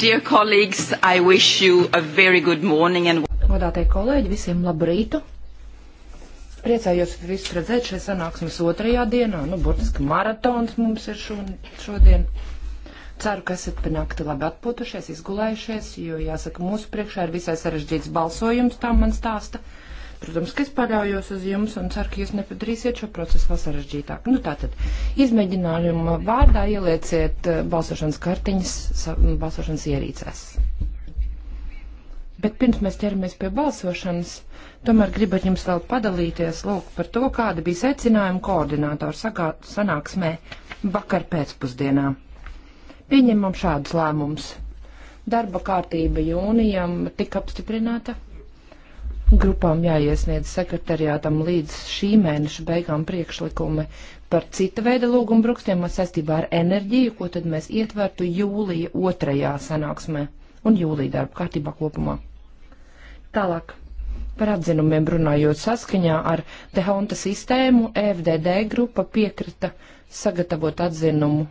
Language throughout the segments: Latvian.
Dear colleagues, I wish you a very good morning and... Godātie kolēģi, visiem labrītu! Priecājos visus redzēt šai sanāksmes otrajā dienā. Nu, burtiski maratons mums ir šo, šodien. Ceru, ka esat panākti labi atpūtušies, izgulējušies, jo, jāsaka, mūsu priekšā ir visai sarežģīts balsojums, tā man stāsta. Uh, Protams, ka es paļaujos uz jums un ceru, ka jūs nepadarīsiet šo procesu vēl sarežģītāk. Nu tātad, izmēģinājuma vārdā ielieciet eh, balsošanas kartiņas balsošanas ierīcēs. Bet pirms mēs ķeramies pie balsošanas, tomēr gribat jums vēl padalīties lūk, par to, kāda bija secinājuma koordinātora sanāksmē vakar pēcpusdienā. Pieņemam šādus lēmumus. Darba kārtība jūnijam tika apstiprināta Grupām jāiesniedz sekretariātam līdz šī mēneša beigām priekšlikumi par cita veida lūgumu brukstiem saistībā ar enerģiju, ko tad mēs ietvertu jūlija otrajā sanāksmē un jūlija darba kārtībā kopumā. Tālāk. Par atzinumiem runājot saskaņā ar Tehonta sistēmu, e FDD grupa piekrita sagatavot atzinumu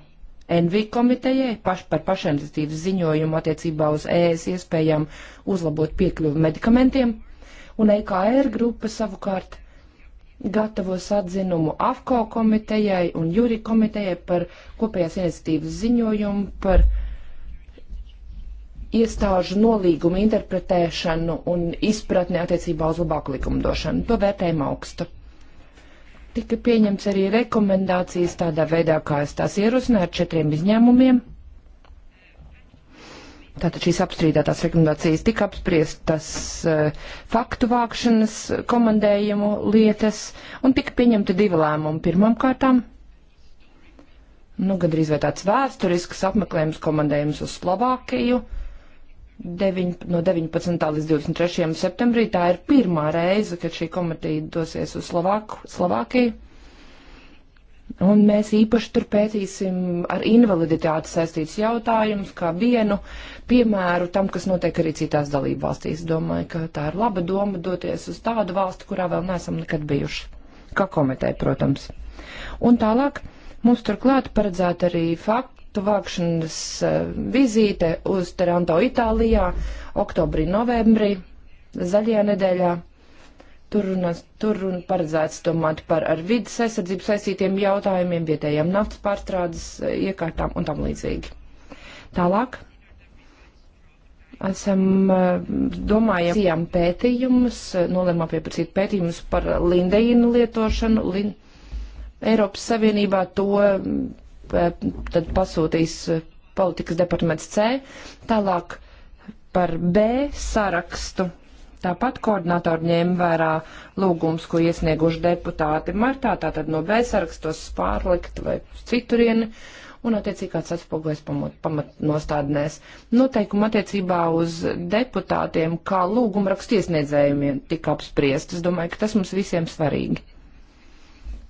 NV komitejai paš, par pašiniciatīvas ziņojumu attiecībā uz ES iespējām uzlabot piekļuvu medikamentiem un EKR grupa savukārt gatavos atzinumu AFKO komitejai un Juri komitejai par kopējās iniciatīvas ziņojumu par iestāžu nolīgumu interpretēšanu un izpratni attiecībā uz labāku likumdošanu. To vērtējumu augstu. Tika pieņemts arī rekomendācijas tādā veidā, kā es tās ierosināju ar četriem izņēmumiem. Tātad šīs apstrīdētās rekomendācijas tika apspriestas uh, faktu vākšanas komandējumu lietas un tika pieņemti divi lēmumi. Pirmam kārtām, nu, gandrīz vai tāds vēsturisks apmeklējums komandējums uz Slovākiju. Deviņ, no 19. līdz 23. septembrī tā ir pirmā reize, kad šī komitīja dosies uz Slovāku, Slovākiju Un mēs īpaši tur pētīsim ar invaliditāti saistīts jautājums, kā vienu piemēru tam, kas notiek arī citās dalību valstīs. Domāju, ka tā ir laba doma doties uz tādu valsti, kurā vēl neesam nekad bijuši. Kā komitē, protams. Un tālāk mums turklāt paredzēta arī faktu vākšanas eh, vizīte uz Taranto, Itālijā, oktobrī, novembrī, zaļajā nedēļā Tur, runas, tur un paredzēts domāt par ar vidas aizsardzību saistītiem jautājumiem, vietējām naftas pārstrādes e, iekārtām un tam līdzīgi. Tālāk esam e, domājām pētījumus, e, nolēmām pieprasīt pētījumus par lindeīnu lietošanu. Lin... Eiropas Savienībā to tad pasūtīs politikas departaments C. Tālāk par B sarakstu Tāpat koordinatori ņēma vērā lūgums, ko iesnieguši deputāti martā, tātad no bezsarakstos pārlikt vai citurieni, un attiecīgi kāds atspoguļas pamatnostādnēs. Pamat Noteikuma attiecībā uz deputātiem, kā lūguma rakstu iesniedzējumiem tika apspriest. Es domāju, ka tas mums visiem svarīgi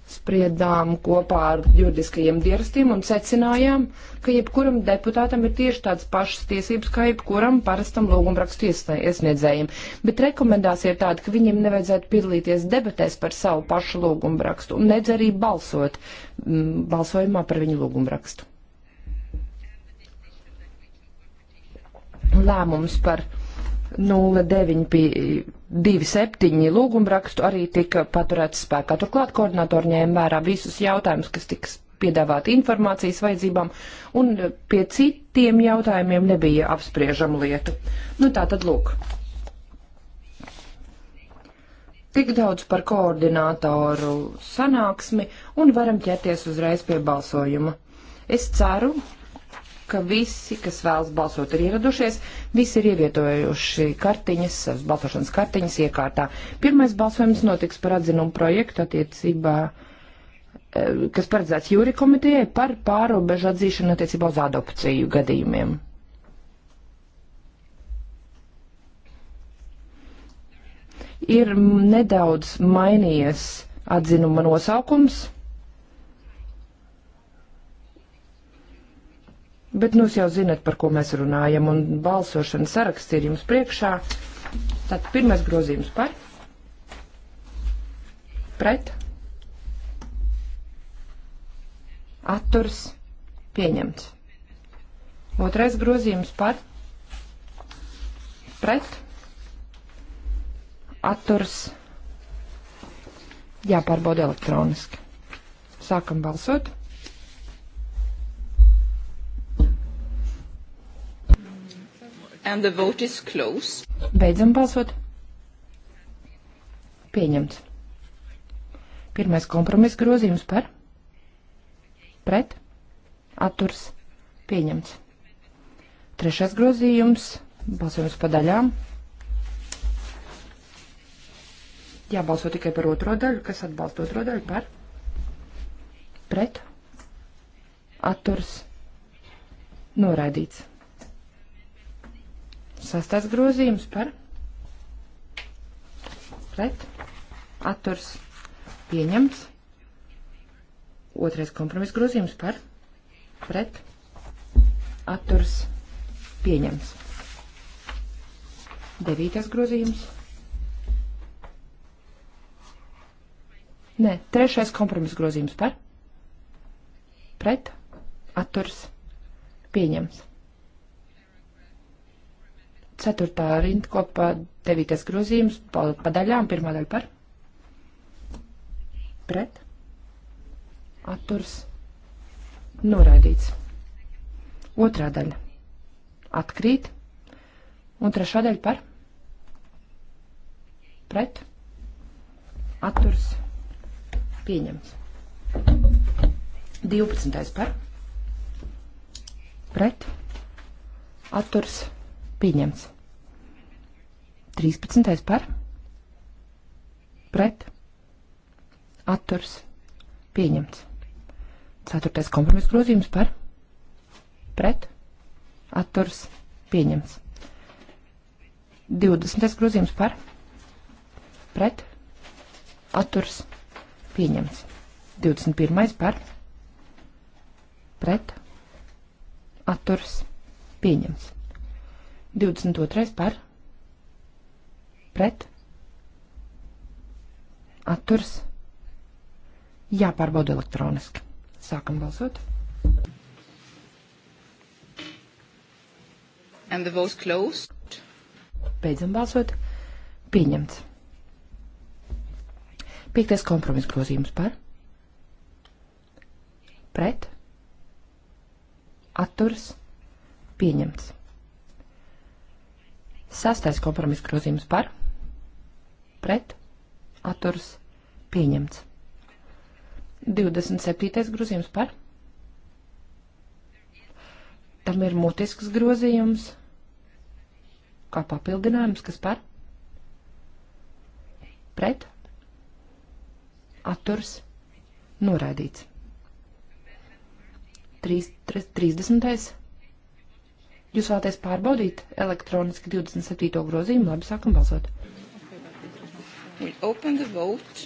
spriedām kopā ar juridiskajiem dienestiem un secinājām, ka jebkuram deputātam ir tieši tādas pašas tiesības kā jebkuram parastam lūgumrakstu iesniedzējiem. Bet rekomendācija ir tāda, ka viņiem nevajadzētu piedalīties debatēs par savu pašu lūgumrakstu un nedz arī balsot m, mm, balsojumā par viņu lūgumrakstu. Lēmums par 09 divi septiņi lūgumrakstu arī tika paturēts spēkā. Turklāt koordinatori ņēma vērā visus jautājumus, kas tiks piedāvāti informācijas vajadzībām, un pie citiem jautājumiem nebija apspriežama lieta. Nu tā tad lūk. Tik daudz par koordinātoru sanāksmi un varam ķerties uzreiz pie balsojuma. Es ceru, ka visi, kas vēlas balsot, ir ieradušies, visi ir ievietojuši kartiņas, savas balsošanas kartiņas iekārtā. Pirmais balsojums notiks par atzinumu projektu attiecībā eh, kas paredzēts jūri komitejai par pārobežu atzīšanu attiecībā uz adopciju gadījumiem. Ir nedaudz mainījies atzinuma nosaukums. Bet nu, jūs jau zinat, par ko mēs runājam, un balsošanas saraksts ir jums priekšā. Tad pirmais grozījums par, pret, atturs, pieņemts. Otrais grozījums par, pret, atturs, jāpārbauda elektroniski. Sākam balsot. And the vote is closed. Beidzam balsot. Pieņemts. Pirmais kompromiss grozījums par. Pret. Atturs. Pieņemts. Trešais grozījums. Balsojums pa daļām. Jābalso tikai par otro daļu. Kas atbalsta otro daļu? Par. Pret. Atturs. Noraidīts. Sastais grozījums par pret atturs pieņemts. Otrais kompromiss grozījums par pret atturs pieņemts. Devītais grozījums. Nē, trešais kompromiss grozījums par pret atturs pieņemts. Ceturtā rinda kopā devītais grozījums pa, pa daļām. Pirmā daļa par. Pret. Atturs. Noraidīts. Otrā daļa. Atkrīt. Un trešā daļa par. Pret. Atturs. Pieņemts. 12. par. Pret. Atturs. Pieņemts Pieņemts. 13. par. Pret. Atturs. Pieņemts. 4. kompromiss grozījums par. Pret. Atturs. Pieņemts. 20. grozījums par. Pret. Atturs. Pieņemts. 21. par. Pret. Atturs. Pieņemts. 22. par pret atturs jāpārbauda elektroniski. Sākam balsot. And the vote's closed. Beidzam balsot. Pieņemts. Piektais kompromiss grozījums par pret atturs pieņemts. Sastais kompromiss grozījums par, pret, atturs, pieņemts. 27. grozījums par. Tam ir mutisks grozījums, kā papildinājums, kas par, pret, atturs, noraidīts. 3, 3, 30. Jūs vēlaties pārbaudīt elektroniski 27. grozījumu? Labi, sākam balsot. We open the vote.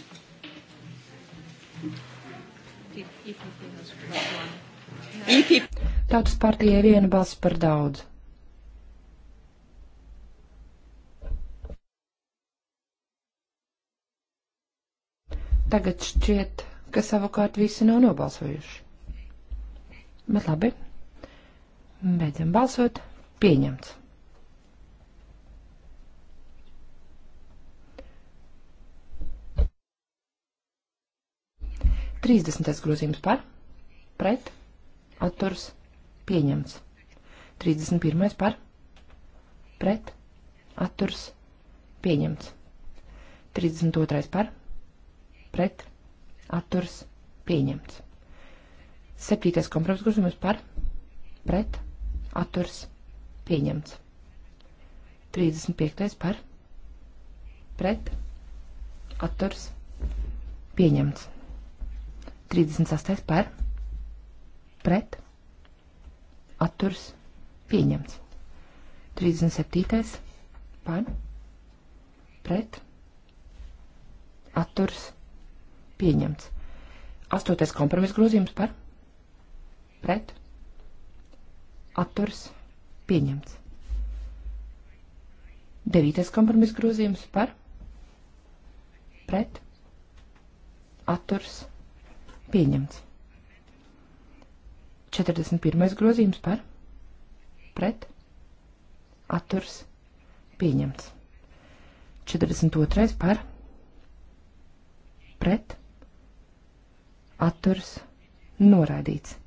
E Tautas partijai viena balss par daudz. Tagad šķiet, ka savukārt visi nav nobalsojuši. Bet labi. Beidzam balsot. Pieņemts. Trīsdesmitais grozījums par, pret, atturs, pieņemts. Trīsdesmit pirmais par, pret, atturs, pieņemts. Trīsdesmit otrais par, pret, atturs, pieņemts. Septītais kompromiss grozījums par, pret, atturs pieņemts. 35. par pret atturs pieņemts. 36. par pret atturs pieņemts. 37. par pret atturs pieņemts. 8. kompromis grozījums par pret atturs pieņemts atturs pieņemts. Devītais kompromiss grozījums par pret atturs pieņemts. 41. grozījums par pret atturs pieņemts. 42. par pret atturs noraidīts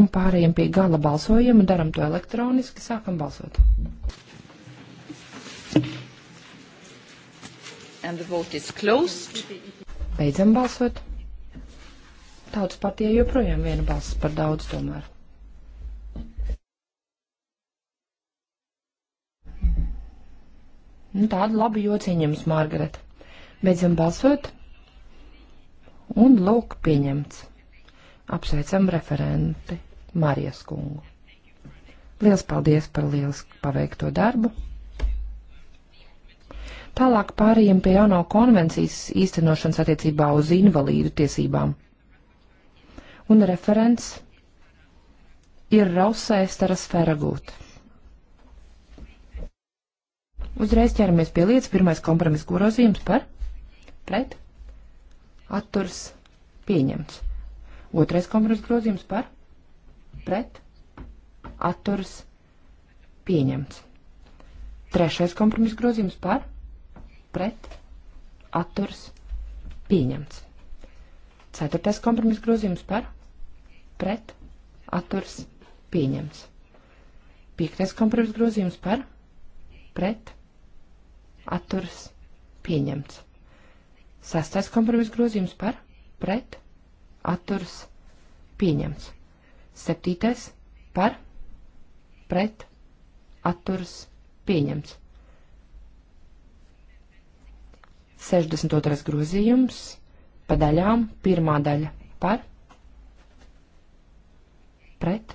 un pārējiem pie gala balsojuma, daram to elektroniski, sākam balsot. Beidzam balsot. Tautas partija joprojām viena balss par daudz tomēr. Nu, tāda laba jociņums, Margaret. Beidzam balsot. Un lūk pieņemts. Apsveicam referenti. Marijas kungu. Liels paldies par lielisku paveikto darbu! Tālāk pārējiem pie ANO konvencijas īstenošanas attiecībā uz invalīdu tiesībām. Un referents ir Rausē Staras Feragūt. Uzreiz ķeramies pie lietas. Pirmais kompromiss grozījums par pret atturs pieņemts. Otrais kompromiss grozījums par pret, atturas, pieņemts. Trešais kompromiss grozījums par, pret, atturas, pieņemts. Ceturtais kompromiss grozījums par, pret, atturas, pieņemts. Piektais kompromiss grozījums par, pret, atturas, pieņemts. Sastais kompromiss grozījums par, pret, atturas, pieņemts. Septītais par, pret, atturas, pieņemts. 62. grozījums pa daļām, pirmā daļa par, pret,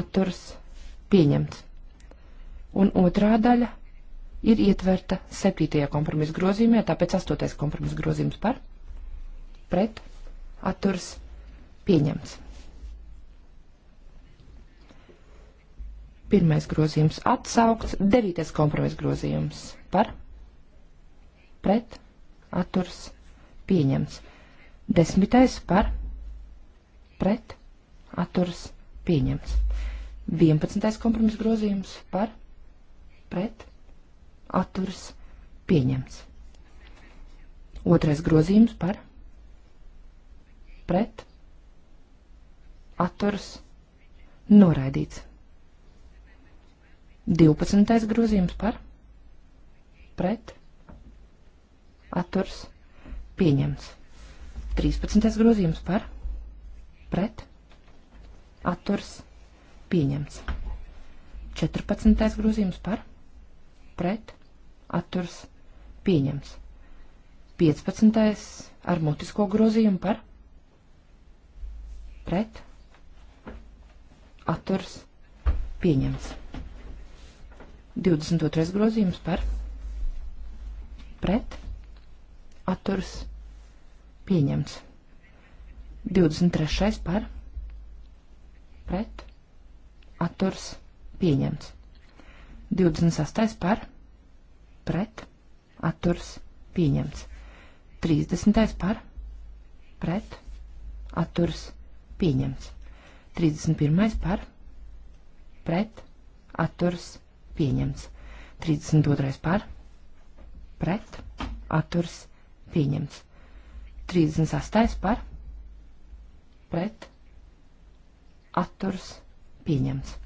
atturas, pieņemts. Un otrā daļa ir ietverta 7. kompromisa grozījumā, tāpēc 8. kompromisa grozījums par, pret, atturas, pieņemts. Pirmais grozījums atsaukts, devītais kompromiss grozījums par, pret, atturs, pieņemts. Desmitais par, pret, atturs, pieņemts. Vienpadsmitais kompromiss grozījums par, pret, atturs, pieņemts. Otrais grozījums par, pret, atturs, noraidīts. 12. grozījums par pret atturs pieņemts. 13. grozījums par pret atturs pieņemts. 14. grozījums par pret atturs pieņemts. 15. ar mutisko grozījumu par pret atturs pieņemts. 22. grozījums par pret atturs pieņemts. 23. par pret atturs pieņemts. 26. par pret atturs pieņemts. 30. par pret atturs pieņemts. 31. par pret atturs pieņemts pieņemts. 32. par, pret, atturs, pieņemts. 36. par, pret, atturs, pieņemts.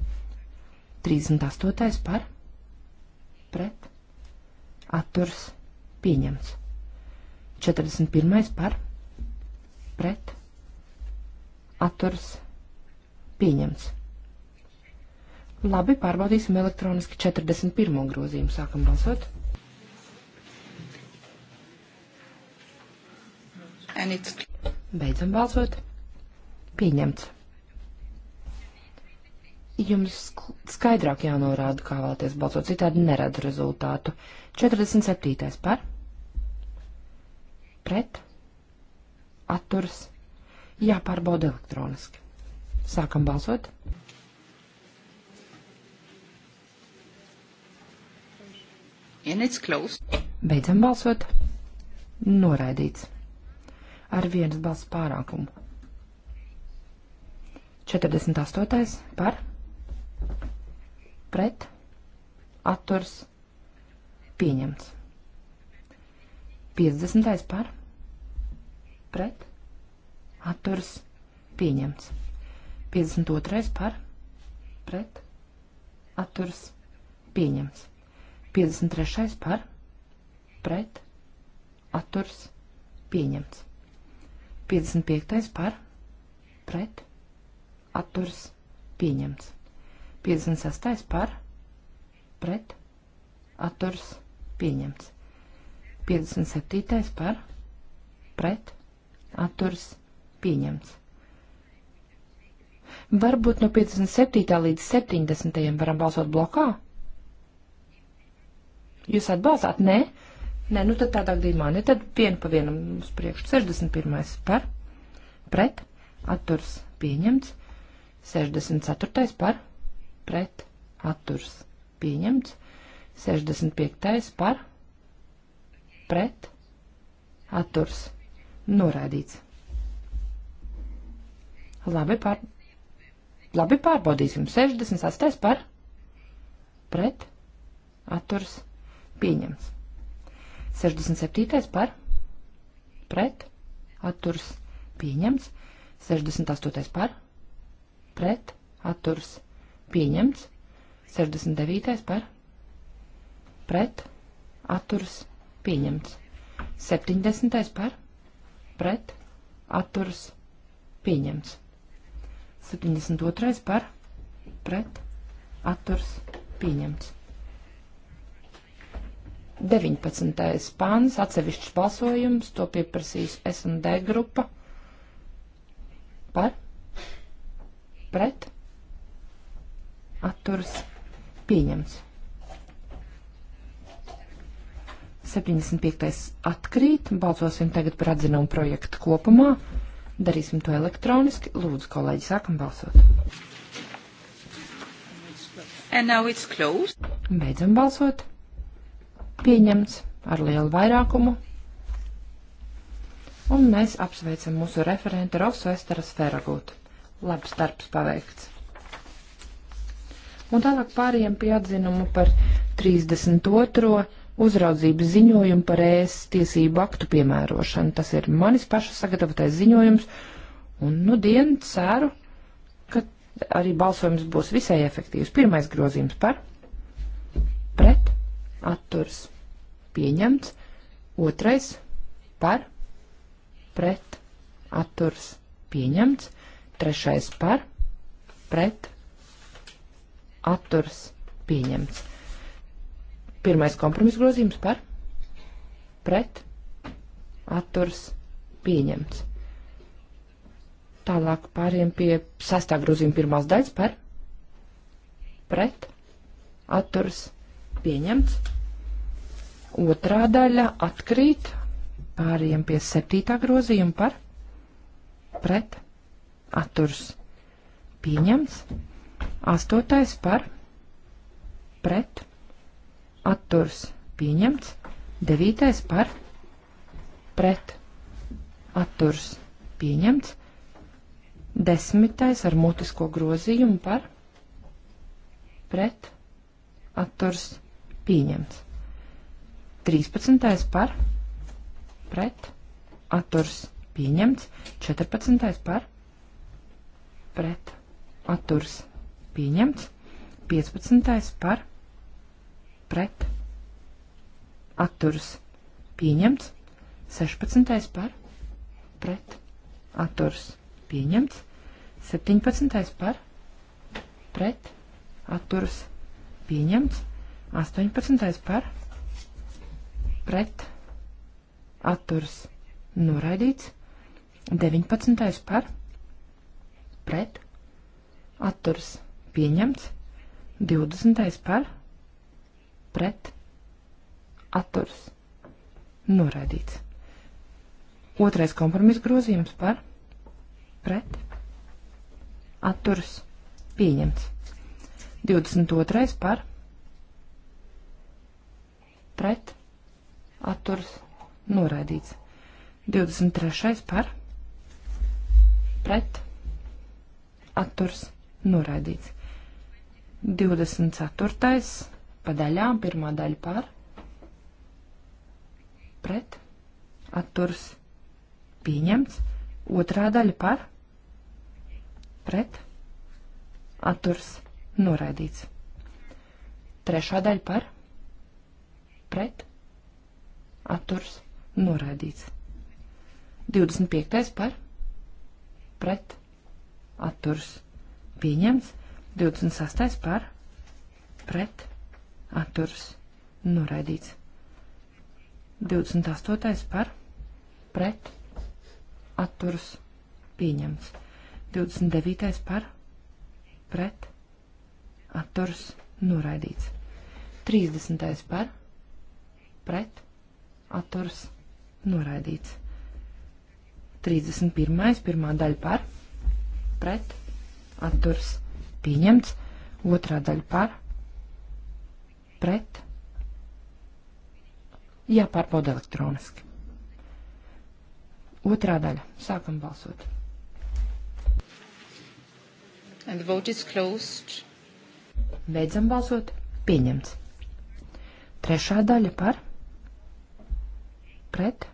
38. par, pret, atturs, pieņemts. 41. par, pret, atturs, pieņemts. Labi, pārbaudīsim elektroniski 41. grozījumu. Sākam balsot. Beidzam balsot. Pieņemts. Jums skaidrāk jānorāda, kā vēlaties balsot, citādi neredzu rezultātu. 47. par. Pret. Atturs. Jāpārbauda elektroniski. Sākam balsot. Beidzam balsot. Noraidīts. Ar vienas balss pārākumu. 48. par. Pret. Atturs. Pieņemts. 50. par. Pret. Atturs. Pieņemts. 52. par. Pret. Atturs. Pieņemts. 53. par pret atturs pieņemts. 55. par pret atturs pieņemts. 56. par pret atturs pieņemts. 57. par pret atturs pieņemts. Varbūt no 57. līdz 70. varam balsot blokā? Jūs atbalstāt? Nē. Nē, nu tad tādā gadījumā, ne nu tad vienu pa vienam uz priekšu. 61. par, pret, atturs pieņemts. 64. par, pret, atturs pieņemts. 65. par, pret, atturs norādīts. Labi, pār... Labi pārbaudīsim. 68. par, pret, atturs Pieņems. 67. par pret atturs pieņems. 68. par pret atturs pieņems. 69. par pret atturs pieņemts. 70. par pret atturs pieņemts. 72. par pret atturs pieņemts. 19. pāns, atsevišķs balsojums, to pieprasīs S&D grupa. Par? Pret? Atturs? Pieņemts. 75. atkrīt, balsosim tagad par atzinumu projektu kopumā. Darīsim to elektroniski. Lūdzu, kolēģi, sākam balsot. Beidzam balsot pieņemts ar lielu vairākumu. Un mēs apsveicam mūsu referentu Rosu Esteras Feragūtu. Labs darbs paveikts. Un tālāk pārējiem pie atzinumu par 32. uzraudzības ziņojumu par ēs tiesību aktu piemērošanu. Tas ir manis paša sagatavotais ziņojums. Un nu dien ceru, ka arī balsojums būs visai efektīvs. Pirmais grozījums par, pret, atturs pieņemts, otrais par, pret, atturs pieņemts, trešais par, pret, atturs pieņemts. Pirmais kompromis grozījums par, pret, atturs pieņemts. Tālāk pāriem pie sastā grozījuma pirmās daļas par, pret, atturs pieņemts. Otrā daļa atkrīt, pāriem pie septītā grozījuma par pret atturs pieņemts. Astotais par pret atturs pieņemts. Devītais par pret atturs pieņemts. Desmitais ar mutisko grozījumu par pret atturs pieņemts. 13. par pret atturs pieņemts. 14. par pret atturs pieņemts. 15. par pret atturs pieņemts. 16. par pret atturs pieņemts. 17. par pret atturs pieņemts. 18. par pret pret atturs noraidīts. 19. par pret atturs pieņemts. 20. par pret atturs noraidīts. Otrais kompromiss grozījums par pret atturs pieņemts. 22. par pret atturs noraidīts. 23. par pret atturs noraidīts. 24. pa daļām pirmā daļa par pret atturs pieņemts. Otrā daļa par pret atturs noraidīts. Trešā daļa par pret atturs atturs noraidīts. 25. par pret atturs pieņemts. 26. par pret atturs noraidīts. 28. par pret atturs pieņemts. 29. par pret atturs noraidīts. 30. par pret atturs noraidīts. 31. pirmā daļa par, pret, atturs pieņemts, otrā daļa par, pret, jāpārbauda elektroniski. Otrā daļa. Sākam balsot. And the vote is closed. Beidzam balsot. Pieņemts. Trešā daļa par pret,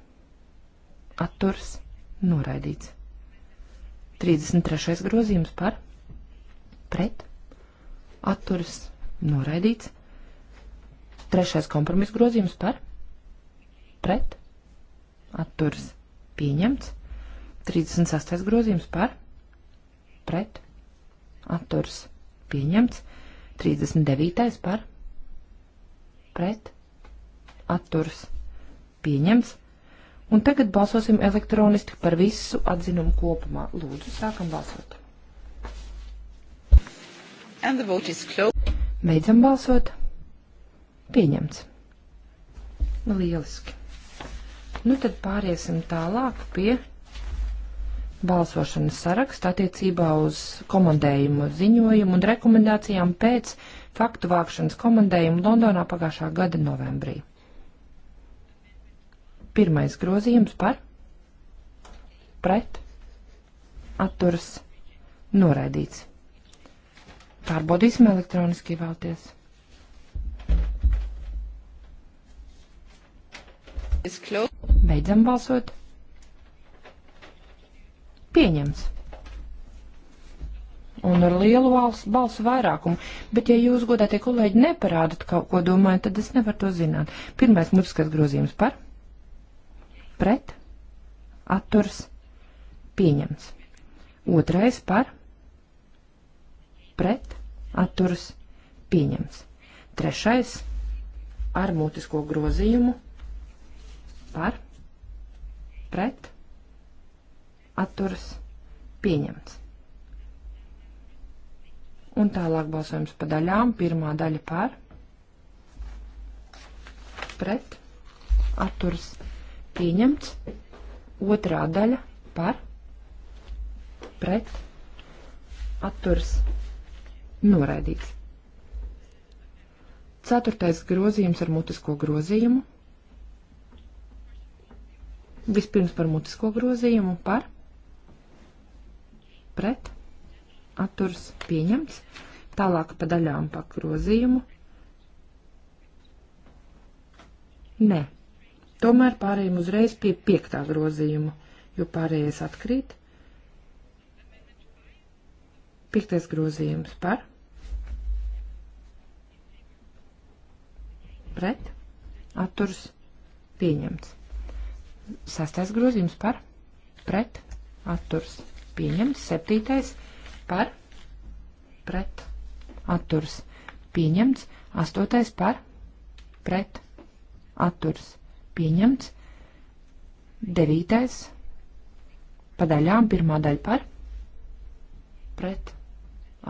atturs, noraidīts. 33. grozījums par, pret, atturs, noraidīts. 3. kompromis grozījums par, pret, atturs, pieņemts. 36. grozījums par, pret, atturs, pieņemts. 39. par, pret, atturs, pieņemts. Pieņemts. Un tagad balsosim elektroniski par visu atzinumu kopumā. Lūdzu, sākam balsot. Beidzam balsot. Pieņemts. Lieliski. Nu tad pāriesim tālāk pie balsošanas saraksta attiecībā uz komandējumu ziņojumu un rekomendācijām pēc faktu vākšanas komandējumu Londonā pagājušā gada novembrī. Pirmais grozījums par pret atturas noraidīts. Pārbaudīsim elektroniski vēlties. Beidzam balsot. Pieņems. Un ar lielu valsts balsu vairākumu. Bet, ja jūs godātie kolēģi neparādat kaut ko domājat, tad es nevaru to zināt. Pirmais mutiskais grozījums par pret, atturs, pieņems. Otrais par, pret, atturs, pieņems. Trešais ar mutisko grozījumu par, pret, atturas, pieņems. Un tālāk balsojums pa daļām. Pirmā daļa par, pret, atturas, pieņems pieņemts. Otrā daļa par, pret, atturs, noraidīts. Ceturtais grozījums ar mutisko grozījumu. Vispirms par mutisko grozījumu par, pret, atturs, pieņemts. Tālāk pa daļām pa grozījumu. Nē, Tomēr pārējiem uzreiz pie piektā grozījuma, jo pārējais atkrīt. Piektais grozījums par. Pret. Atturs. Pieņemts. Sastais grozījums par. Pret. Atturs. Pieņemts. Septītais par. Pret. Atturs. Pieņemts. Astotais par. Pret. Atturs pieņemts. Devītais padaļām pirmā daļa par, pret,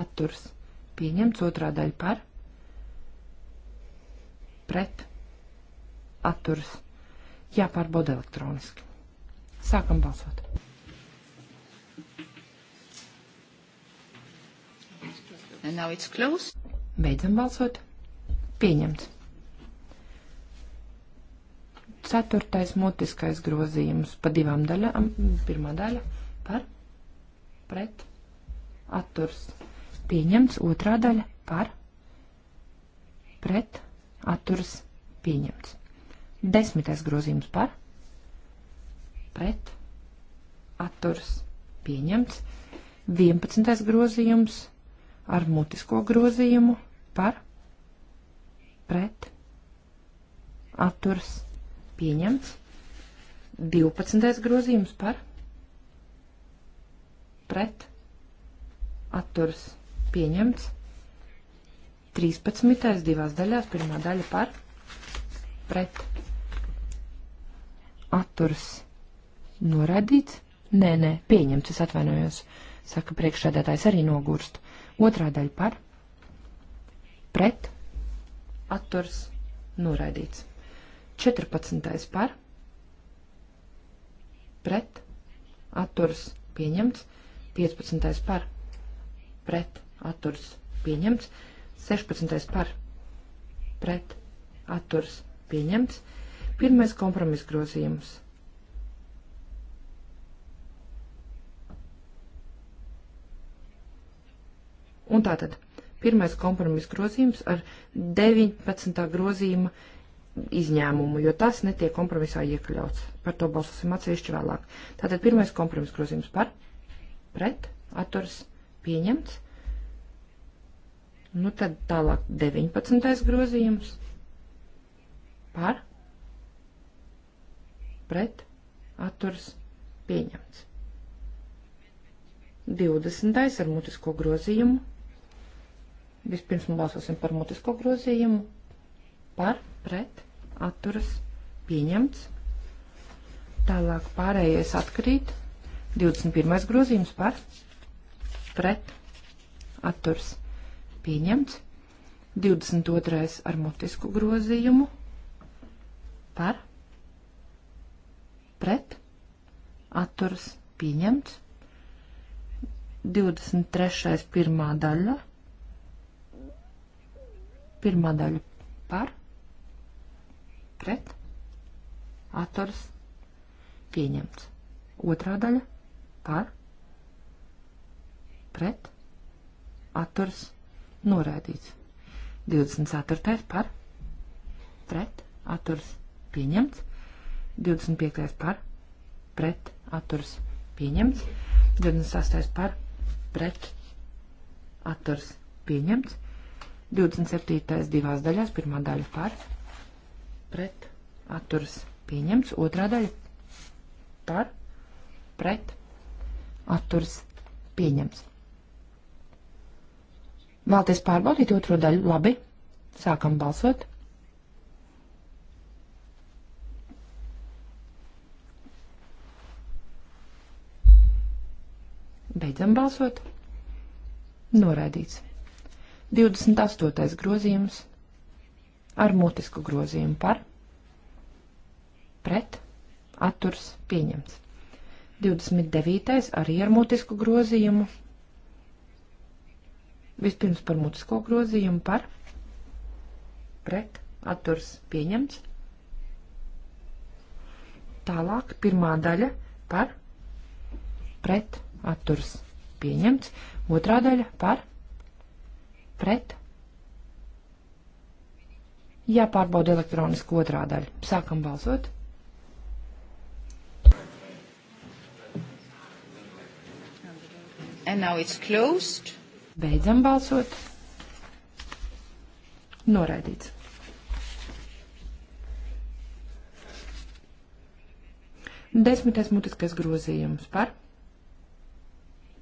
atturs, pieņemts otrā daļa par, pret, atturs, jāpārbauda elektroniski. Sākam balsot. Beidzam balsot. Pieņemts. Ceturtais mutiskais grozījums pa divām daļām. Pirmā daļa par, pret, atturs. Pieņemts. Otrā daļa par, pret, atturs. Pieņemts. Desmitais grozījums par, pret, atturs. Pieņemts. Vienpadsmitais grozījums ar mutisko grozījumu par, pret, atturs. Pieņemts Pieņemts. 12. grozījums par pret atturas pieņemts. 13. divās daļās, pirmā daļa par pret atturas noraidīts. Nē, nē, pieņemts, es atvainojos, saka priekšsēdētājs arī nogurst. Otrā daļa par pret atturas noraidīts. 14. par, pret, atturs pieņemts, 15. par, pret, atturs pieņemts, 16. par, pret, atturs pieņemts, pirmais kompromis grozījums. Un tātad, pirmais kompromis grozījums ar 19. grozījuma izņēmumu, jo tas netiek kompromisā iekļauts. Par to balsosim atsevišķi vēlāk. Tātad pirmais kompromis grozījums par, pret, atturs, pieņemts. Nu tad tālāk 19. grozījums par, pret, atturs, pieņemts. 20. ar mutisko grozījumu. Vispirms balsosim par mutisko grozījumu. Par, pret, atturas, pieņemts. Tālāk pārējais atkrīt. 21. grozījums par, pret, atturas, pieņemts. 22. ar mutisku grozījumu par, pret, atturas, pieņemts. 23. pirmā daļa, pirmā daļa par, pret, atturas, pieņemts. Otrā daļa par, pret, atturas, noraidīts. 24. par, pret, atturas, pieņemts. 25. par, pret, atturas, pieņemts. 28. par, pret, atturas, pieņemts. 27. divās daļās, pirmā daļa par, pret, atturas pieņemts. Otrā daļa par, pret, atturas pieņemts. Vēlties pārbaudīt otro daļu? Labi. Sākam balsot. Beidzam balsot. Noraidīts. 28. grozījums ar mutisku grozījumu par, pret, atturs pieņemts. 29. arī ar mutisku grozījumu. Vispirms par mutisko grozījumu par, pret, atturs pieņemts. Tālāk pirmā daļa par, pret, atturs pieņemts. Otrā daļa par, pret, Jāpārbauda elektroniski otrā daļa. Sākam balsot. And now it's closed. Beidzam balsot. Noraidīts. Desmitais mutiskais grozījums par,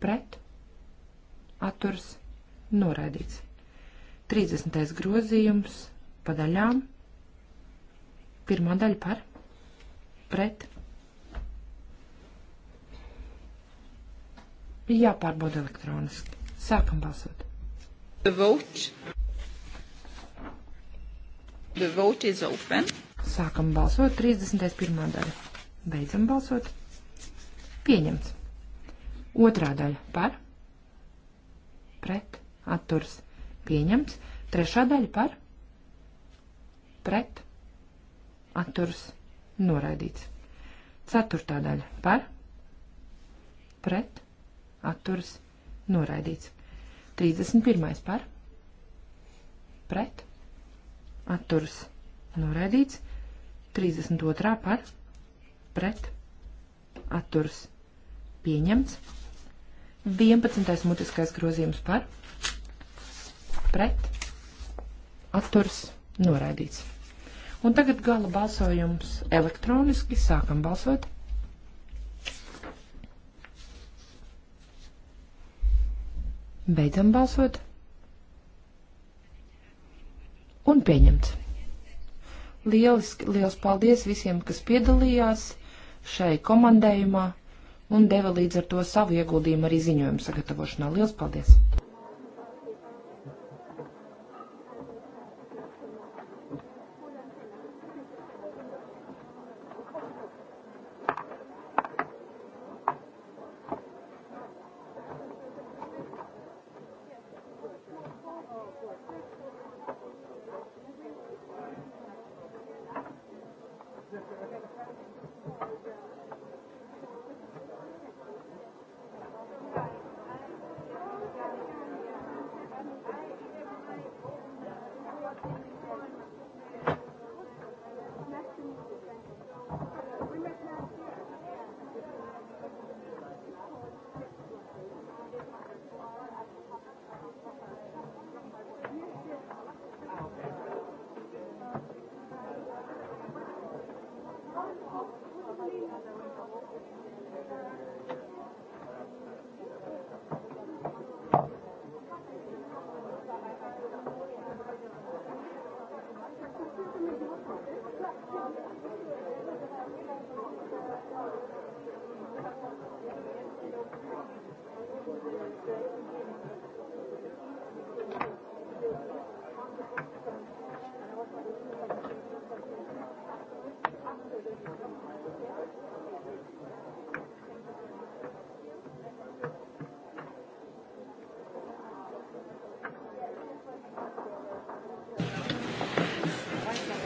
pret, atturs, noraidīts. Trīsdesmitais grozījums pa daļām. Pirmā daļa par pret. Jāpārbauda elektroniski. Sākam balsot. The vote. The vote is open. Sākam balsot. 31. daļa. Beidzam balsot. Pieņemts. Otrā daļa par. Pret. Atturs. Pieņemts. Trešā daļa par pret, atturas, noraidīts. Ceturtā daļa par, pret, atturas, noraidīts. 31. par, pret, atturas, noraidīts. 32. par, pret, atturas, pieņemts. 11. mutiskais grozījums par, pret, atturas, noraidīts Noraidīts. Un tagad gala balsojums elektroniski. Sākam balsot. Beidzam balsot. Un pieņemts. Lieliski, liels paldies visiem, kas piedalījās šai komandējumā un deva līdz ar to savu ieguldījumu arī ziņojumu sagatavošanā. Liels paldies!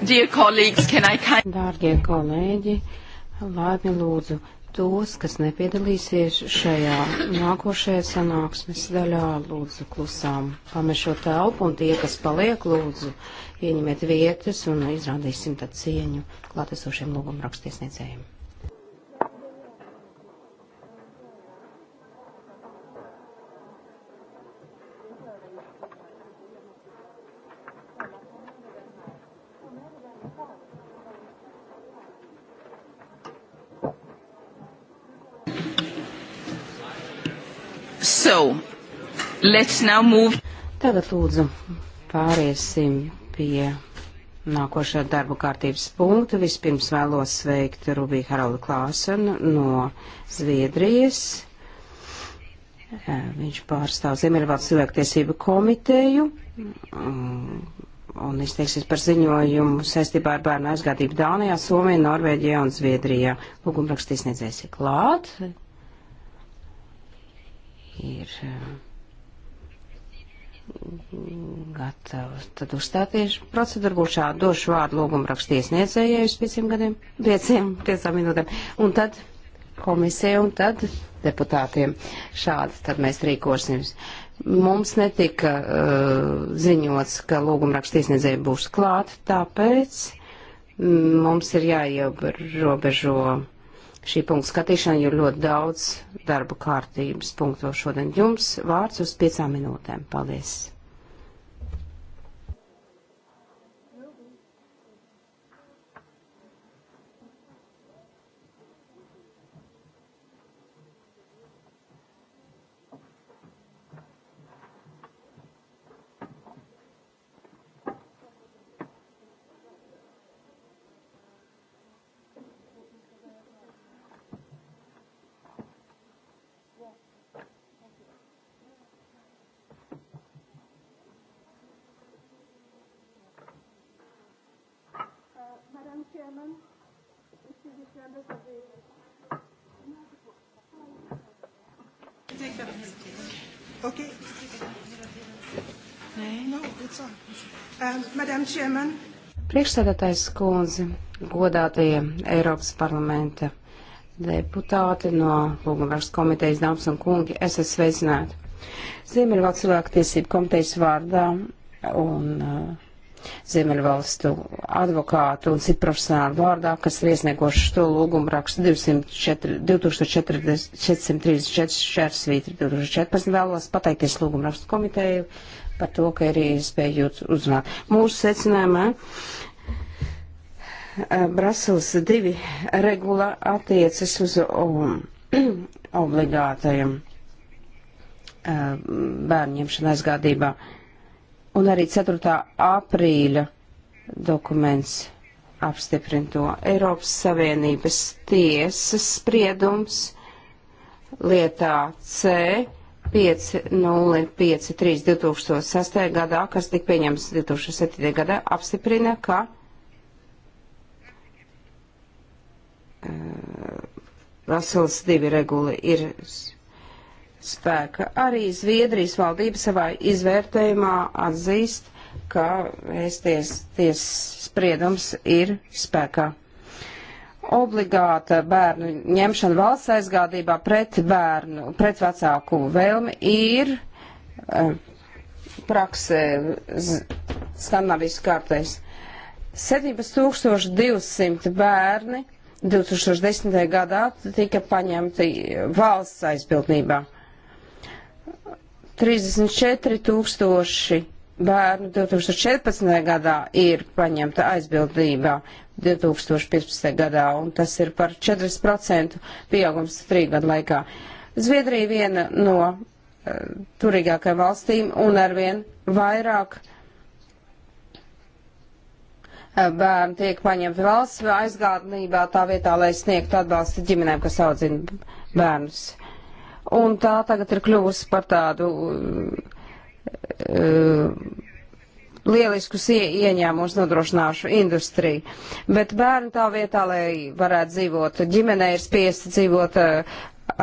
Dārgie kolēģi, labi lūdzu tos, kas nepiedalīsies šajā nākošajā sanāksmes daļā, lūdzu klusām pamešot telpu un tie, kas paliek, lūdzu ieņemiet vietas un izrādīsim tad cieņu klātesošiem lūgumrakstiesniedzējiem. let's now move. Tagad lūdzu pāriesim pie nākošā darba kārtības punkta. Vispirms vēlos sveikt Rubiju Haraldu Klāsenu no Zviedrijas. Eh, viņš pārstāv Ziemeļvalsts cilvēktiesību komiteju mm, un izteiksies par ziņojumu saistībā ar bērnu aizgādību Dānijā, Somijā, Norvēģijā un Zviedrijā. Lūgumrakstīs nedzēsi klāt. Ir. Uh, gatavs tad uzstāties. Procedūra būs šāda. Došu vārdu lūgumu rakstiesniedzējai uz pieciem gadiem, pieciem, piecām minūtēm. Un tad komisija un tad deputātiem. Šādi tad mēs rīkosimies. Mums netika uh, ziņots, ka lūgumrakstīsniedzēji būs klāt, tāpēc mm, mums ir jāierobežo šī punkta skatīšana, jo ļoti daudz darba kārtības punktu šodien. Jums vārds uz piecām minūtēm. Paldies! Hanım. Okay. No, um, Priekšsēdētājs skundzi, godātie Eiropas parlamenta deputāti no Lūgumvaras komitejas dāmas un kungi, es esmu sveicināti. Ziemeļvalsts cilvēku tiesību komitejas vārdā un uh, Ziemeļvalstu advokātu un citu profesionālu vārdā, kas ir iesniegoši to lūgumu rakstu 2434 šērsvītri 2014. Vēlos pateikties lūgumu rakstu komiteju par to, ka ir iespēja uzrunāt. Mūsu secinājumā eh, Brasels divi regula attiecas uz um, obligātajiem eh, bērnu ņemšanu aizgādībā. Uh, un arī 4. aprīļa dokuments apstiprina to. Eiropas Savienības tiesas spriedums lietā C 5053 2006. gadā, kas tika pieņems 2007. gadā, apstiprina, ka Vasaras eh, divi reguli ir spēka. Arī Zviedrijas valdība savā izvērtējumā atzīst, ka ēsties ties spriedums ir spēkā. Obligāta bērnu ņemšana valsts aizgādībā pret bērnu, pret vecāku vēlmi ir eh, praksē Skandinavijas kārtais. 7200 bērni 2010. gadā tika paņemti valsts aizbildnībā. 34 tūkstoši bērnu 2014. gadā ir paņemta aizbildībā 2015. gadā, un tas ir par 40% pieaugums trīs gadu laikā. Zviedrija viena no uh, turīgākajām valstīm un arvien vairāk eh, bērni tiek paņemti valsts aizgādnībā tā vietā, lai sniegtu atbalstu ģimenēm, kas audzina bērnus. Uh, un tā tagad ir kļuvusi par tādu uh, uh lieliskus ie ieņēmumus nodrošināšu industriju. Bet bērni tā vietā, lai varētu dzīvot ģimenē, ir spiesti dzīvot uh,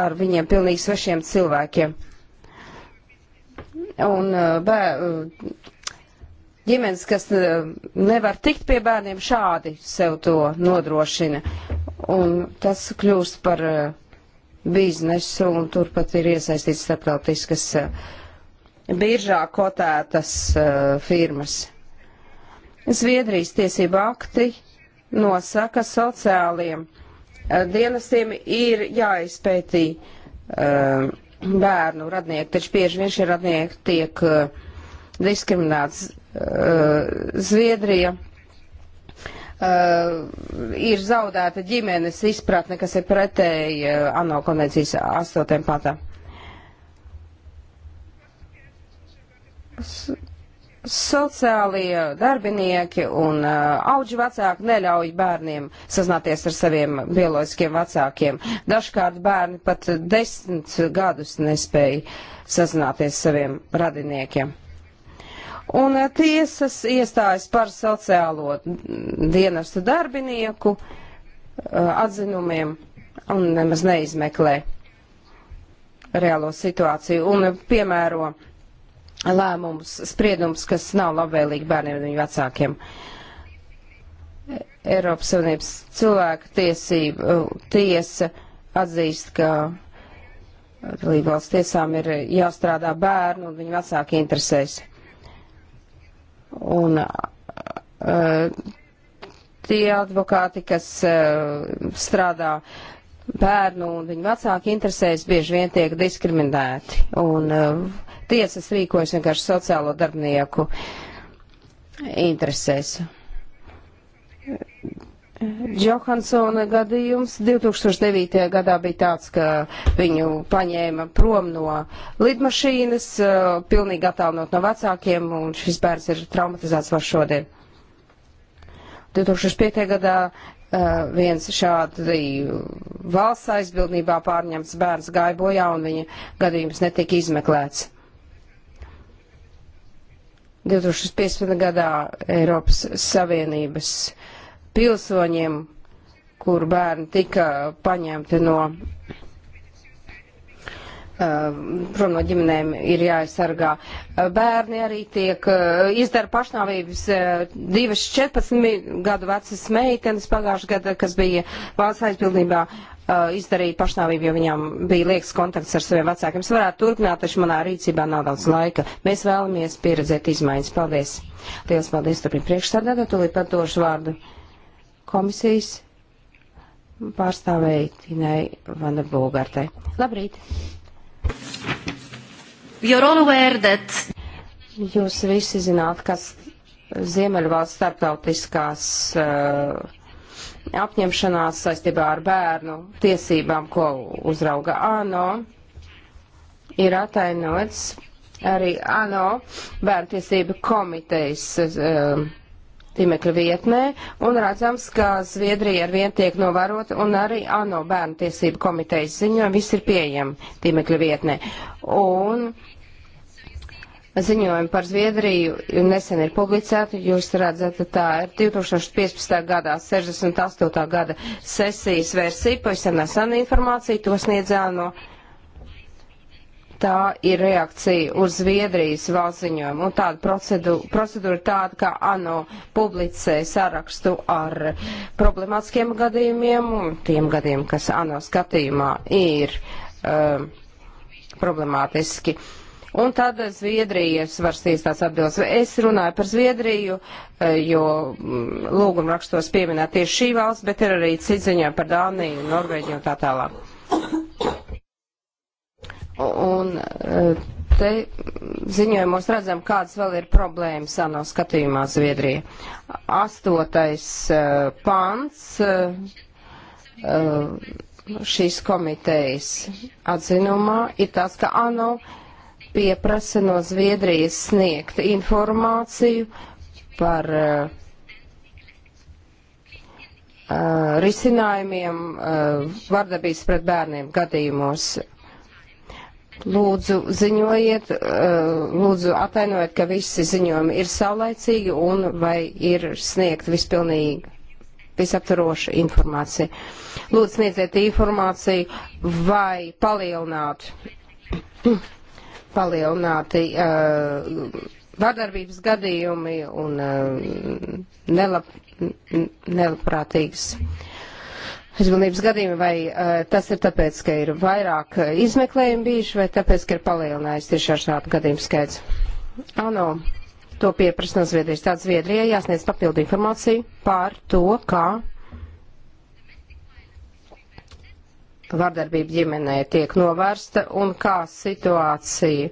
ar viņiem pilnīgi svešiem cilvēkiem. Un uh, bērni. Uh, ģimenes, kas uh, nevar tikt pie bērniem, šādi sev to nodrošina. Un tas kļūst par uh, biznesu, un turpat ir iesaistīts starptautiskas eh, biržā kotētas eh, firmas. Zviedrijas tiesība akti nosaka sociāliem eh, dienestiem ir jāizpētī bērnu radnieki, taču bieži vien šie radnieki tiek diskriminēts Zviedrija uh, ir zaudēta ģimenes izpratne, kas ir pretēji uh, ANO konvencijas 8. pantam. Sociālie darbinieki un uh, eh, auģi vecāki neļauj bērniem sazināties ar saviem bioloģiskiem vecākiem. Dažkārt bērni pat desmit gadus nespēja sazināties saviem radiniekiem. Un eh, tiesas iestājas par sociālo dienestu darbinieku eh, atzinumiem un nemaz neizmeklē reālo situāciju un eh, piemēro lēmums, spriedums, kas nav labvēlīgi bērniem un viņu vecākiem. Eiropas Savienības cilvēku tiesība tiesa atzīst, ka dalībvalsts tiesām ir jāstrādā bērnu un viņu vecāki interesēs. Un eh, tie advokāti, kas eh, strādā bērnu un viņu vecāku interesēs, bieži vien tiek diskriminēti. Un eh, tiesas rīkojas vienkārši sociālo darbinieku interesēs Johansona gadījums 2009. gadā bija tāds, ka viņu paņēma prom no lidmašīnas, eh, pilnīgi attālinot no vecākiem, un šis bērns ir traumatizēts vēl šodien. 2005. gadā eh, viens šādi valsts aizbildnībā pārņemts bērns gāja bojā, un viņa gadījums netika izmeklēts. 2015. gadā Eiropas Savienības uh, pilsoņiem, kur bērni tika paņemti no, uh, prom no ģimenēm, ir jāaizsargā. Uh, bērni arī tiek uh, izdara pašnāvības divas 14 gadu vecas meitenes pagājušajā gadā, kas bija valsts aizbildnībā izdarīja pašnāvību, jo viņām bija liekas kontakts ar saviem vecākiem. Es varētu turpināt, taču manā rīcībā nav daudz laika. Mēs vēlamies pieredzēt izmaiņas. Paldies! Lielas paldies, turpin priekšstādā, tad tūlīt pat došu vārdu komisijas pārstāvēji Tinai Vanda Bulgartai. Labrīt! Jūs visi zināt, kas Ziemeļvalsts starptautiskās uh, apņemšanās saistībā ar bērnu tiesībām, ko uzrauga ANO, ir atainots arī ANO bērntiesība komitejas uh, tīmekļa vietnē un redzams, ka Zviedrija ar vien tiek novērota un arī ANO bērnu tiesību komitejas ziņojumi viss ir pieejami tīmekļa vietnē. Un ziņojumi par Zviedriju nesen ir publicēti, jūs redzat, tā ir 2015. gadā 68. gada sesijas versija, pavisam nesana informācija, to sniedzēja no tā ir reakcija uz Zviedrijas valziņojumu. Un tāda procedūra, procedūra tāda, ka ANO publicē sarakstu ar problemātiskiem gadījumiem un tiem gadījumiem, kas ANO skatījumā ir um, problemātiski. Un tad Zviedrijas var sniegt tās atbildes. Es runāju par Zviedriju, eh, jo mm, lūguma rakstos pieminēt tieši šī valsts, bet ir arī cits ziņā par Dāniju, Norvēģiju un tā tālāk. Un eh, te ziņojumos redzam, kādas vēl ir problēmas ANO skatījumā Zviedrija. Astotais eh, pants eh, šīs komitejas atzinumā ir tas, ka ANO pieprasa no Zviedrijas sniegt informāciju par uh, risinājumiem uh, vardarbības pret bērniem gadījumos Lūdzu, ziņojiet, eh, lūdzu atainojiet, ka visi ziņojumi ir saulaicīgi un vai ir sniegt vispilnīgi visaptaroša informācija. Lūdzu, sniedziet informāciju vai palielināt, palielināt uh, vardarbības gadījumi un uh, nelab, nelabprātīgas. Uh, aizbildnības gadījumi, vai uh, tas ir tāpēc, ka ir vairāk eh, izmeklējumi bijuši, vai tāpēc, ka ir palielinājies tieši ar šādu gadījumu skaits. Ano, to pieprasa no Zviedrijas. Tāds Zviedrijai jāsniedz papildu informāciju par to, kā vardarbība ģimenē tiek novērsta un kā situācija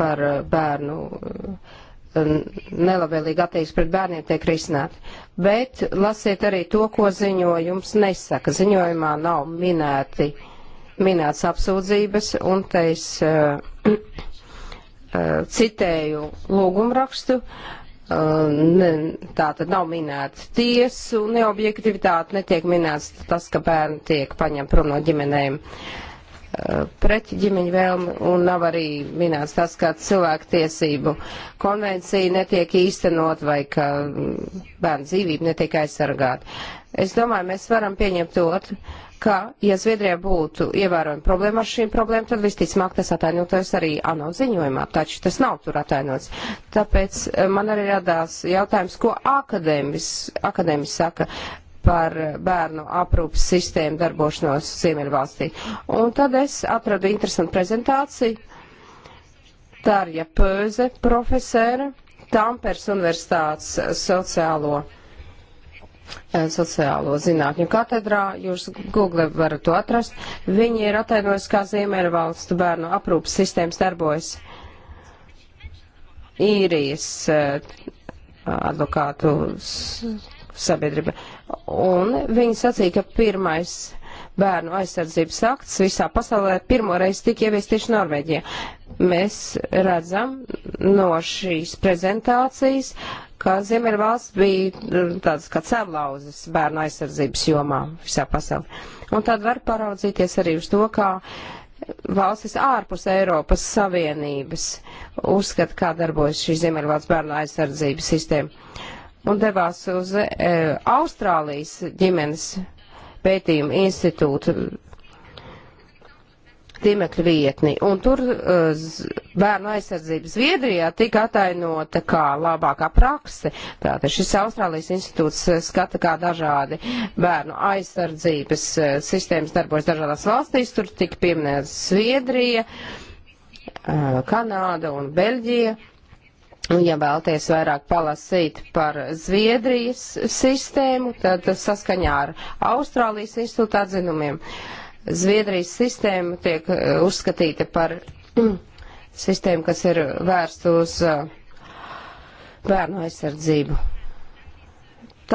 par eh, bērnu. Uh, nelabvēlīga attieksme pret bērniem tiek risināta. Bet lasiet arī to, ko ziņojums nesaka. Ziņojumā nav minēti, minēts apsūdzības, un te es uh, citēju lūgumrakstu. Uh, ne, tā tad nav minēta tiesu neobjektivitāte, netiek minēts tas, ka bērni tiek paņemti prom no ģimenēm. Uh, preķiģimeņu vēlmi un nav arī minēts tas, ka cilvēku tiesību konvencija netiek īstenot vai ka bērnu dzīvība netiek aizsargāta. Es domāju, mēs varam pieņemt to, ka, ja Zviedrijā būtu ievērojama problēma ar šīm problēmām, tad visticamāk tas atainotos arī ANO ziņojumā, taču tas nav tur atainots. Tāpēc eh, man arī radās jautājums, ko akadēmis, akadēmis saka par bērnu aprūpas sistēmu darbošanos Ziemeļvalstī. Un tad es atradu interesantu prezentāciju. Darja Pöze, profesēra, Tampers universitātes sociālo, eh, sociālo zinātņu katedrā, jūs Google varat to atrast. Viņi ir atainojusi, kā Ziemeļvalstu bērnu aprūpas sistēmas darbojas. Īrijas eh, advokātu sabiedrība. Un viņi sacīja, ka pirmais bērnu aizsardzības akts visā pasaulē pirmo reizi tika ieviest tieši Norvēģijā. Mēs redzam no šīs prezentācijas, ka Ziemeļvalsts bija tāds kā cēlauzes bērnu aizsardzības jomā visā pasaulē. Un tad var paraudzīties arī uz to, kā valstis ārpus Eiropas Savienības uzskata, kā darbojas šī Ziemeļvalsts bērnu aizsardzības sistēma un devās uz e, Austrālijas ģimenes pētījumu institūtu tīmekļa vietni. Un tur e, bērnu aizsardzība Zviedrijā tika atainota kā labākā prakse. Tātad šis Austrālijas institūts e, skata, kā dažādi bērnu aizsardzības e, sistēmas darbojas dažādās valstīs. Tur tika pieminēta Zviedrija, Kanāda un Beļģija. Nu, ja vēlties vairāk palasīt par Zviedrijas sistēmu, tad saskaņā ar Austrālijas institūta atzinumiem Zviedrijas sistēma tiek eh, uzskatīta par mm, sistēmu, kas ir vērsta uz eh, bērnu aizsardzību.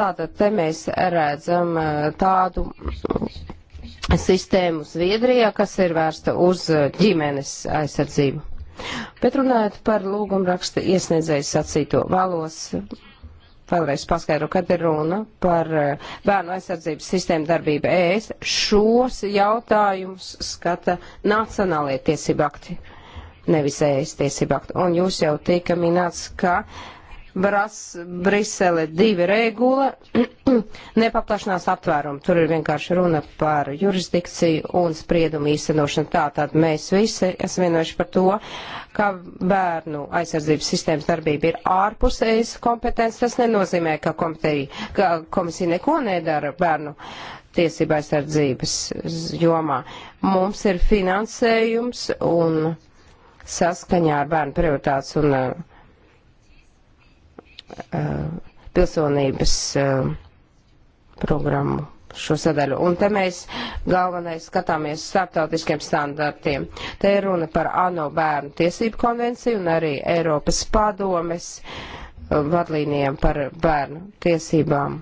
Tātad te mēs redzam eh, tādu mm, sistēmu Zviedrijā, kas ir vērsta uz ģimenes aizsardzību. Bet runājot par lūgumraksta iesniedzēju sacīto, vēlos vēlreiz paskaidro, kad ir runa par eh, bērnu aizsardzības sistēmu darbību ES. Šos jautājumus skata nacionālajie tiesību akti, nevis ES tiesību akti. Un jūs jau tika minēts, ka Bras, Brisele divi regula, nepaplašanās aptvērumu. Tur ir vienkārši runa par jurisdikciju un spriedumu īstenošanu. Tātad mēs visi esam vienojuši par to, ka bērnu aizsardzības sistēmas darbība ir ārpusējas kompetences. Tas nenozīmē, ka, ka komisija neko nedara bērnu tiesība aizsardzības jomā. Mums ir finansējums un saskaņā ar bērnu prioritātes un uh, Eh, pilsonības eh, programmu šo sadaļu. Un te mēs galvenais skatāmies starptautiskiem standartiem. Te ir runa par ANO bērnu tiesību konvenciju un arī Eiropas padomes eh, vadlīnijām par bērnu tiesībām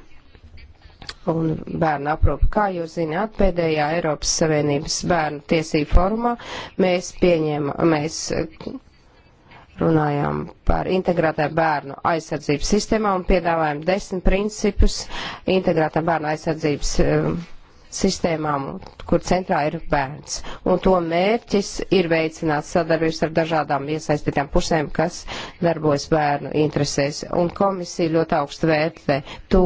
un bērnu aprūpu. Kā jūs zināt, pēdējā Eiropas Savienības bērnu tiesību formā mēs pieņēmām, mēs runājām par integrētām bērnu aizsardzības sistēmām un piedāvājām desmit principus integrētām bērnu aizsardzības. Uh, sistēmām, kur centrā ir bērns. Un to mērķis ir veicināt sadarbības ar dažādām iesaistītām pusēm, kas darbojas bērnu interesēs. Un komisija ļoti augstu vērtē to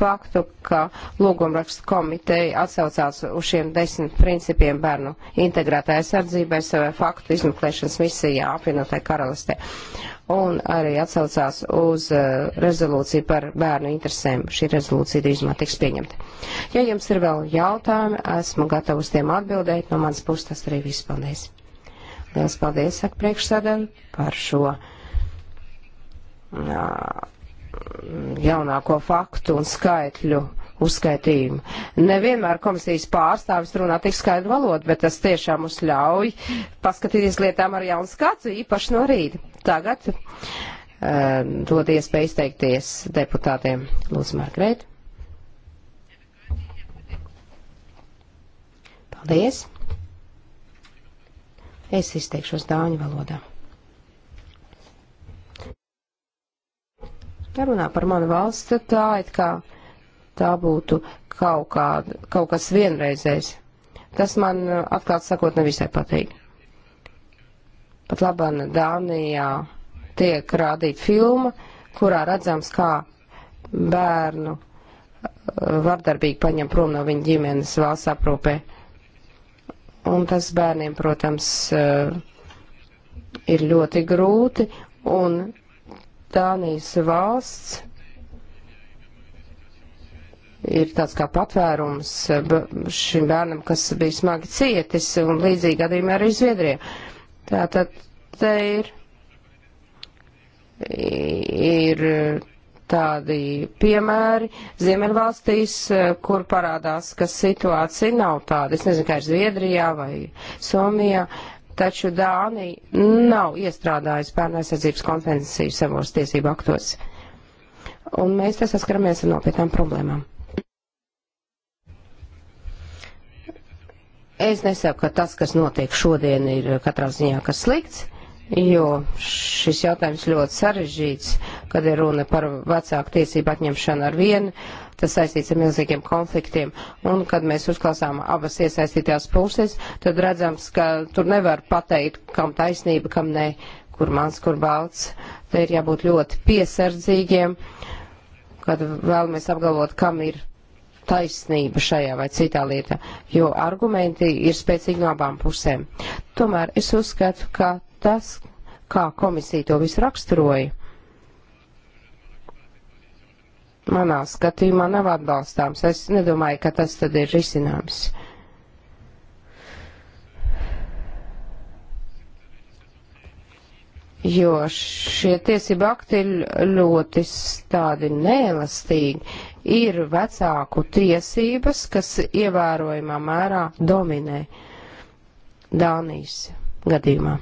faktu, ka lūgumrakstu komiteja atsaucās uz šiem desmit principiem bērnu integrētā aizsardzībai savai faktu izmeklēšanas misijā apvienotai karalistē. Uh, un arī atsaucās uz uh, rezolūciju par bērnu interesēm. Šī rezolūcija drīzumā tiks pieņemta. Ja jums ir vēl jautājumi, esmu gatava uz tiem atbildēt. No manas puses tas arī viss. Paldies! Liels paldies, saka priekšsēdēm, par šo jā, jaunāko faktu un skaitļu uzskaitījumu. Nevienmēr komisijas pārstāvis runā tik skaidru valodu, bet tas tiešām mums ļauj paskatīties lietām ar jaunu skatu, īpaši no rīta tagad uh, dod iespēju izteikties deputātiem. Lūdzu, Margrēt. Paldies. Es izteikšos dāņu valodā. Ja runā par manu valsts, tad tā it kā tā būtu kaut, kā, kaut kas vienreizējs. Tas man eh, atklāt sakot nevisai patīk. Pat labāk Dānijā tiek rādīta filma, kurā redzams, kā bērnu eh, vardarbīgi paņem prom no viņa ģimenes valsts aprūpē. Un tas bērniem, protams, eh, ir ļoti grūti, un Dānijas valsts ir tāds kā patvērums eh, šim bērnam, kas bija smagi cietis, un līdzīgi gadījumā arī Zviedrija. Tātad te ir, ir tādi piemēri Ziemeļvalstīs, kur parādās, ka situācija nav tāda. Es nezinu, kā ir Zviedrijā vai Somijā, taču Dānija nav iestrādājusi bērnu aizsardzības konvenciju savos tiesību aktos. Un mēs te saskaramies ar nopietnām problēmām. Es nesaku, ka tas, kas notiek šodien, ir katrā ziņā kas slikts, jo šis jautājums ļoti sarežģīts, kad ir runa par vecāku tiesību atņemšanu ar vienu, tas saistīts ar milzīgiem konfliktiem, un kad mēs uzklausām abas iesaistītās puses, tad redzams, ka tur nevar pateikt, kam taisnība, kam nē, kur mans, kur balts. Te ir jābūt ļoti piesardzīgiem, kad vēlamies apgalvot, kam ir taisnība šajā vai citā lietā, jo argumenti ir spēcīgi no abām pusēm. Tomēr es uzskatu, ka tas, kā komisija to visu raksturoja, manā skatījumā nav atbalstāms. Es nedomāju, ka tas tad ir risinājums. Jo šie tiesība akti ir ļoti tādi neelastīgi ir vecāku tiesības, kas ievērojumā mērā dominē Dānijas gadījumā.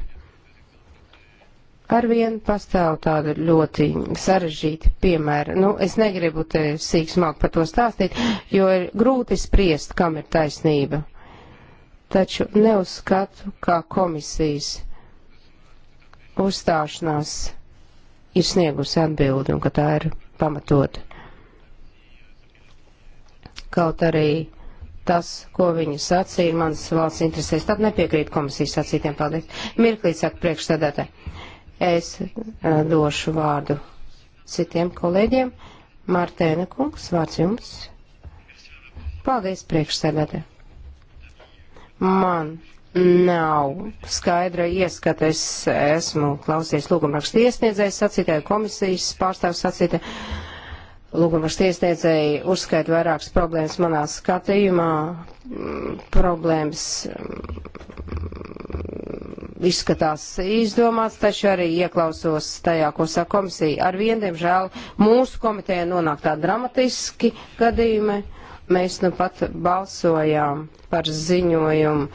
Arvien pastāv tāda ļoti sarežģīta piemēra. Nu, es negribu te sīksmāk par to stāstīt, jo ir grūti spriest, kam ir taisnība. Taču neuzskatu, kā komisijas uzstāšanās ir sniegusi atbildi un ka tā ir pamatota. Kaut arī tas, ko viņi sacīja, manas valsts interesēs, tad nepiekrīt komisijas sacītiem. Paldies. Mirklīt saka priekšstādātē. Es uh, došu vārdu citiem kolēģiem. Mārtēna kungs, vārds jums. Paldies priekšstādātē. Man nav skaidra ieskata. Es esmu klausies lūgumrakstu iesniedzējs sacītāju komisijas pārstāvs sacītāju Lūgumas tiesniedzēji uzskaita vairākas problēmas manā skatījumā, mm, problēmas mm, izskatās izdomāts, taču arī ieklausos tajā, ko saka komisija. Ar vien, diemžēl, mūsu komitejā nonāk tā dramatiski gadījumi. Mēs nu pat balsojām par ziņojumu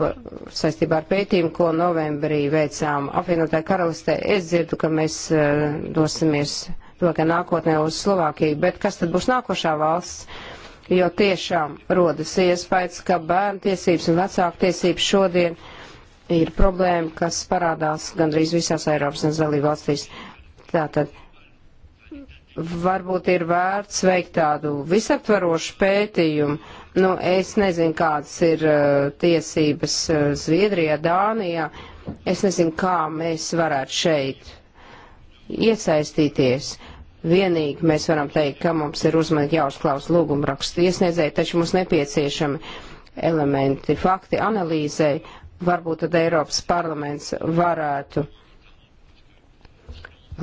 par, saistībā ar pētījumu, ko novembrī veicām apvienotāju karalistē. Es dzirdu, ka mēs uh, dosimies. Uh, vilka nākotnē uz Slovākiju, bet kas tad būs nākošā valsts? Jo tiešām rodas iespējas, ka bērnu tiesības un vecāku tiesības šodien ir problēma, kas parādās gandrīz visās Eiropas dalību valstīs. Tātad varbūt ir vērts veikt tādu visaptvarošu pētījumu. Nu, es nezinu, kādas ir uh, tiesības uh, Zviedrijā, Dānijā. Es nezinu, kā mēs varētu šeit iesaistīties. Vienīgi mēs varam teikt, ka mums ir uzmanīgi jāuzklaus lūguma rakstu iesniedzēji, taču mums nepieciešami elementi, fakti analīzei. Varbūt tad Eiropas parlaments varētu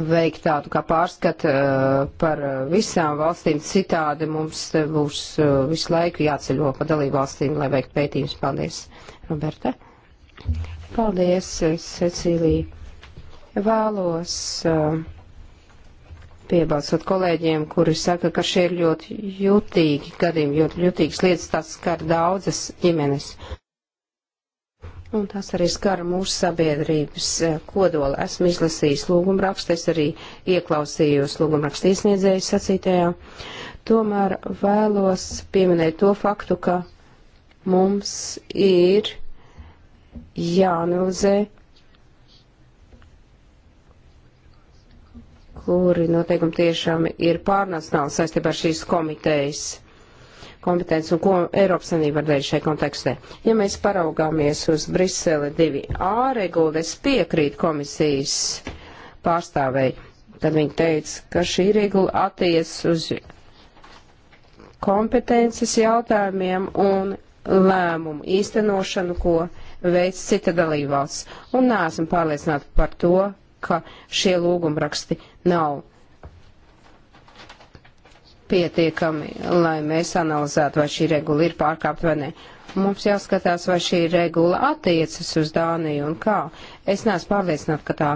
veikt tādu kā pārskatu uh, par uh, visām valstīm. Citādi mums būs uh, visu laiku jāceļo pa dalību valstīm, lai veiktu pētījumus. Paldies, Roberta. Paldies, Cecīlija. Vēlos uh, piebalsot kolēģiem, kuri saka, ka šie ir ļoti jutīgi gadījumi, ļoti jutīgas lietas, tas skar daudzas ģimenes. Un tas arī skar mūsu sabiedrības uh, kodolu. Esmu izlasījis lūgumrakstu, es arī ieklausījos lūgumrakstu iesniedzēju sacītajā. Tomēr vēlos pieminēt to faktu, ka mums ir jāanalizē kuri noteikumi tiešām ir pārnacionāli saistībā ar šīs komitejas kompetenci un ko Eiropas Savienība var darīt šai kontekstē. Ja mēs paraugāmies uz Brisele 2A regulu, es piekrītu komisijas pārstāvēji, tad viņi teica, ka šī regula attiec uz kompetences jautājumiem un lēmumu īstenošanu, ko veids cita dalībvalsts. Un neesmu pārliecināta par to, ka šie lūgumraksti nav pietiekami, lai mēs analizētu, vai šī regula ir pārkāpta vai nē. Mums jāskatās, vai šī regula attiecas uz Dāniju un kā. Es neesmu pārliecināta, ka tā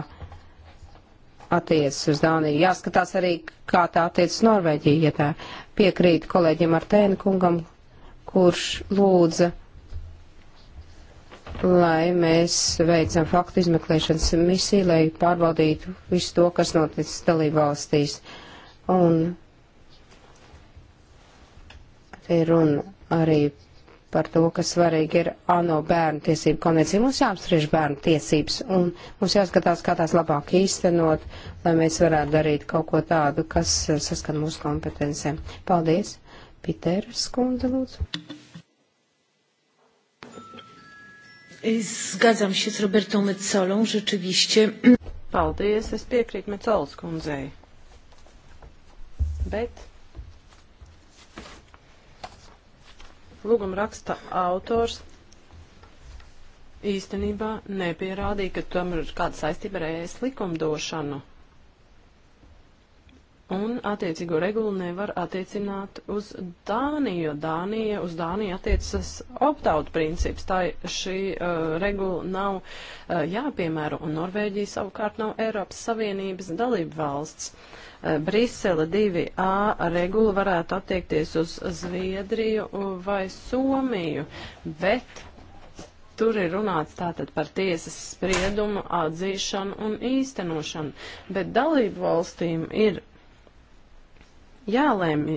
attiecas uz Dāniju. Jāskatās arī, kā tā attiecas Norvēģija, ja tā piekrīt kolēģim Artēna kungam, kurš lūdza lai mēs veicam faktu izmeklēšanas misiju, lai pārbaudītu visu to, kas noticis dalībvalstīs. Un te ir runa arī par to, ka svarīgi ir ANO bērnu tiesību konvencija. Mums jāapspriež bērnu tiesības un mums jāskatās, kā tās labāk īstenot, lai mēs varētu darīt kaut ko tādu, kas saskan mūsu kompetencijām. Paldies! Pitēras kundze, lūdzu. Zgadzam się z Robertą Metsolą, rzeczywiście. Paldies, es piekrītu Metsolas kundzei. Bet lūguma raksta autors īstenībā nepierādīja, ka tam ir kāda saistība ar ēs likumdošanu un attiecīgo regulu nevar attiecināt uz Dāniju, jo Dānija uz Dāniju attiecas opt-out princips. Tā šī uh, regula nav uh, jāpiemēro, un Norvēģija savukārt nav Eiropas Savienības dalība valsts. Uh, Brisele 2A regula varētu attiekties uz Zviedriju vai Somiju, bet Tur ir runāts tātad par tiesas spriedumu atzīšanu un īstenošanu, bet dalību valstīm ir jālēmj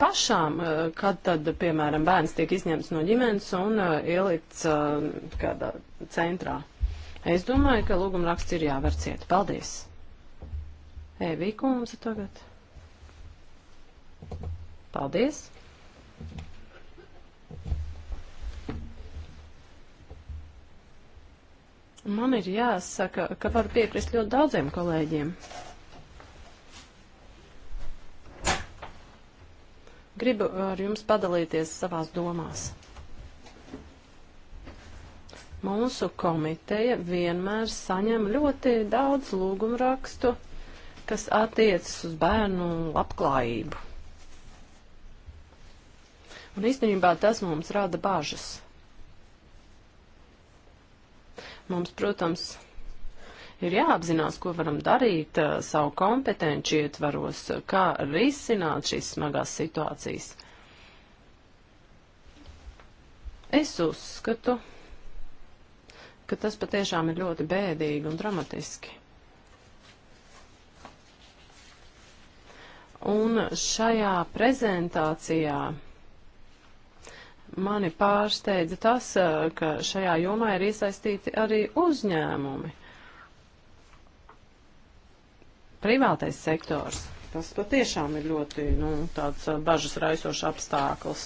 pašām, eh, kad tad, piemēram, bērns tiek izņemts no ģimenes un eh, ielikts eh, kādā centrā. Es domāju, ka lūgumraksts ir jāver ciet. Paldies! Evīku mums ir tagad. Paldies! Man ir jāsaka, ka varu piekrist ļoti daudziem kolēģiem. Gribu ar jums padalīties savās domās. Mūsu komiteja vienmēr saņem ļoti daudz lūgumu rakstu, kas attiecas uz bērnu labklājību. Un īstenībā tas mums rada bažas. Mums, protams, Ir jāapzinās, ko varam darīt eh, savu kompetenci ietvaros, kā risināt šīs smagās situācijas. Es uzskatu, ka tas patiešām ir ļoti bēdīgi un dramatiski. Un šajā prezentācijā mani pārsteidza tas, eh, ka šajā jomā ir iesaistīti arī uzņēmumi privātais sektors. Tas patiešām ir ļoti nu, tāds bažas raisošs apstākļs.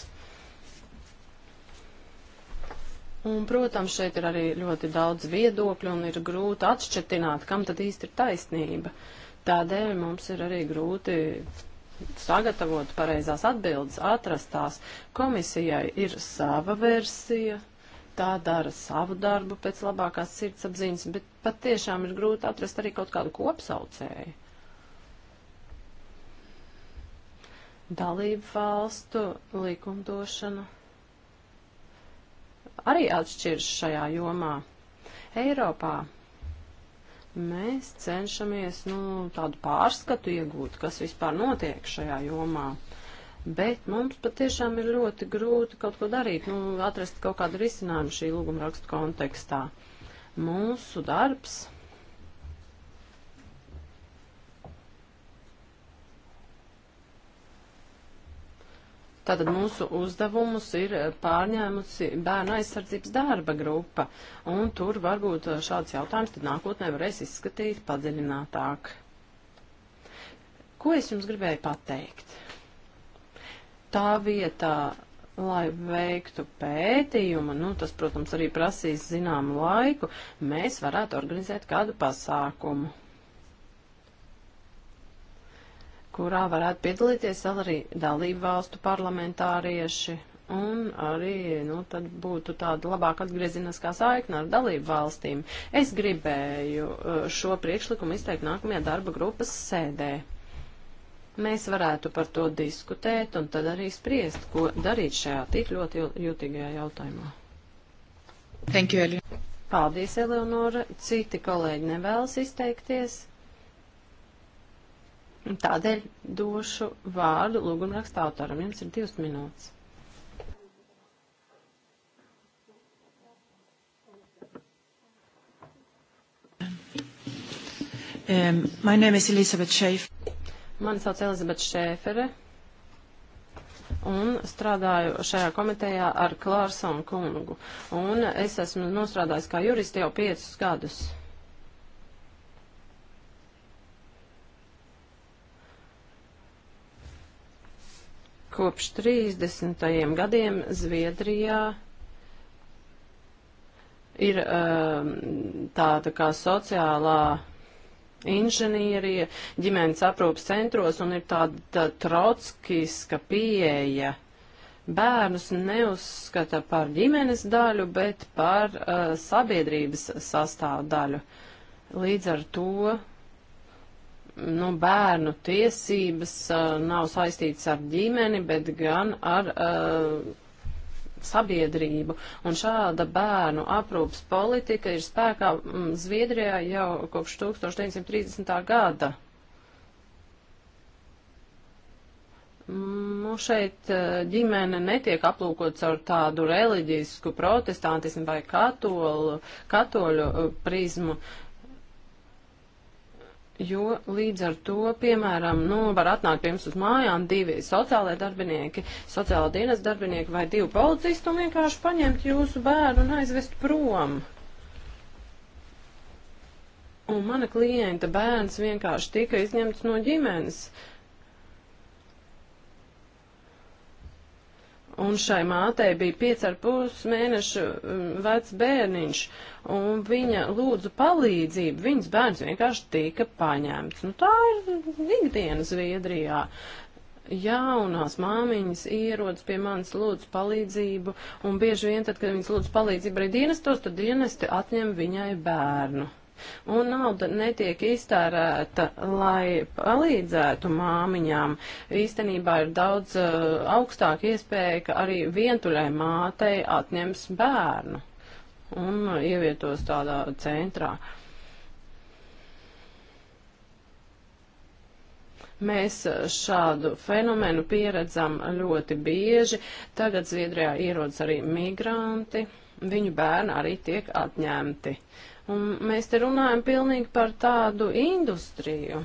Un, protams, šeit ir arī ļoti daudz viedokļu un ir grūti atšķetināt, kam tad īsti ir taisnība. Tādēļ mums ir arī grūti sagatavot pareizās atbildes, atrast tās. Komisijai ir sava versija, tā dara savu darbu pēc labākās sirdsapziņas, bet patiešām ir grūti atrast arī kaut kādu kopsaucēju. dalību valstu likumdošana arī atšķiras šajā jomā. Eiropā mēs cenšamies nu, tādu pārskatu iegūt, kas vispār notiek šajā jomā. Bet mums patiešām ir ļoti grūti kaut ko darīt, nu, atrast kaut kādu risinājumu šī lūguma rakstu kontekstā. Mūsu darbs Tātad mūsu uzdevumus ir eh, pārņēmusi bērna aizsardzības darba grupa, un tur varbūt eh, šāds jautājums tad nākotnē varēs izskatīt padziļinātāk. Ko es jums gribēju pateikt? Tā vietā, lai veiktu pētījumu, nu, tas, protams, arī prasīs zināmu laiku, mēs varētu organizēt kādu pasākumu kurā varētu piedalīties arī dalību valstu parlamentārieši. Un arī, nu, tad būtu tāda labāka atgrieziniskā saikna ar dalību valstīm. Es gribēju uh, šo priekšlikumu izteikt nākamajā darba grupas sēdē. Mēs varētu par to diskutēt un tad arī spriest, ko darīt šajā tik ļoti jūtīgajā jautājumā. Thank you, Eleonora. Paldies, Eleonora. Citi kolēģi nevēlas izteikties. Un tādēļ došu vārdu lūgumraksta autoram. Jums ir divas minūtes. Um, my name is Elizabeth Schaefer. Mani sauc Elizabeth Šēfere un strādāju šajā komitejā ar Klārsonu kungu. Un es esmu nostrādājis kā juristi jau piecus gadus. Kopš 30. gadiem Zviedrijā ir um, tāda kā sociālā inženierija ģimenes aprūpas centros un ir tāda tā trotskiska pieeja. Bērnus neuzskata par ģimenes daļu, bet par uh, sabiedrības sastāvdaļu. Līdz ar to nu, bērnu tiesības uh, nav saistītas ar ģimeni, bet gan ar uh, sabiedrību. Un šāda bērnu aprūpas politika ir spēkā mm, Zviedrijā jau kopš 1930. gada. Mm, nu, šeit ģimene netiek aplūkot caur tādu reliģisku protestantismu vai katoļu, katoļu prizmu. Uh, jo līdz ar to, piemēram, nu, var atnākt pie jums uz mājām divi sociālai darbinieki, sociāla dienas darbinieki vai divi policisti un vienkārši paņemt jūsu bērnu un aizvest prom. Un mana klienta bērns vienkārši tika izņemts no ģimenes. Uh, Un šai mātei bija 5,5 mēnešu mm, vecs bērniņš, un viņa lūdza palīdzību. Viņas bērns vienkārši tika paņemts. Nu, tā ir ikdiena Zviedrijā. Jaunās māmiņas ierodas pie manis lūdzu palīdzību, un bieži vien tad, kad viņas lūdz palīdzību arī dienestos, tad dienesti atņem viņai bērnu un nauda netiek iztērēta, lai palīdzētu māmiņām. Īstenībā ir daudz uh, augstāka iespēja, ka arī vientuļai mātei atņems bērnu un ievietos tādā centrā. Mēs uh, šādu fenomenu pieredzam ļoti bieži. Tagad Zviedrijā ierodas arī migranti, viņu bērni arī tiek atņemti. Uh, Un mēs te runājam pilnīgi par tādu industriju.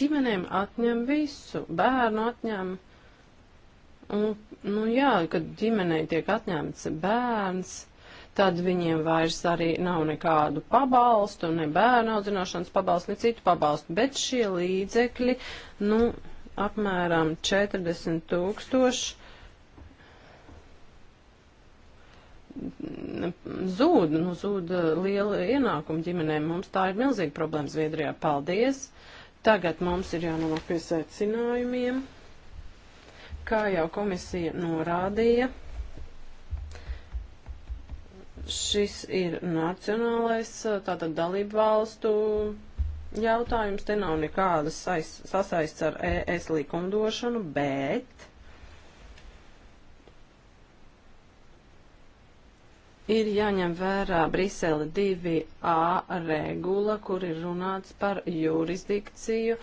Ģimenēm atņem visu, bērnu atņem. Un, nu jā, kad ģimenei tiek atņemts bērns, tad viņiem vairs arī nav nekādu pabalstu, ne bērnu audzināšanas pabalstu, ne citu pabalstu, bet šie līdzekļi, nu, apmēram 40 tūkstoši zūd, nu, zūd liela ienākuma ģimenēm. Mums tā ir milzīga problēma Zviedrijā. Paldies! Tagad mums ir jānonāk pie secinājumiem. Kā jau komisija norādīja, šis ir nacionālais, tātad dalību valstu jautājums. Te nav nekādas saists, sasaists ar ES likumdošanu, bet ir jāņem vērā Brisele 2A regula, kur ir runāts par jurisdikciju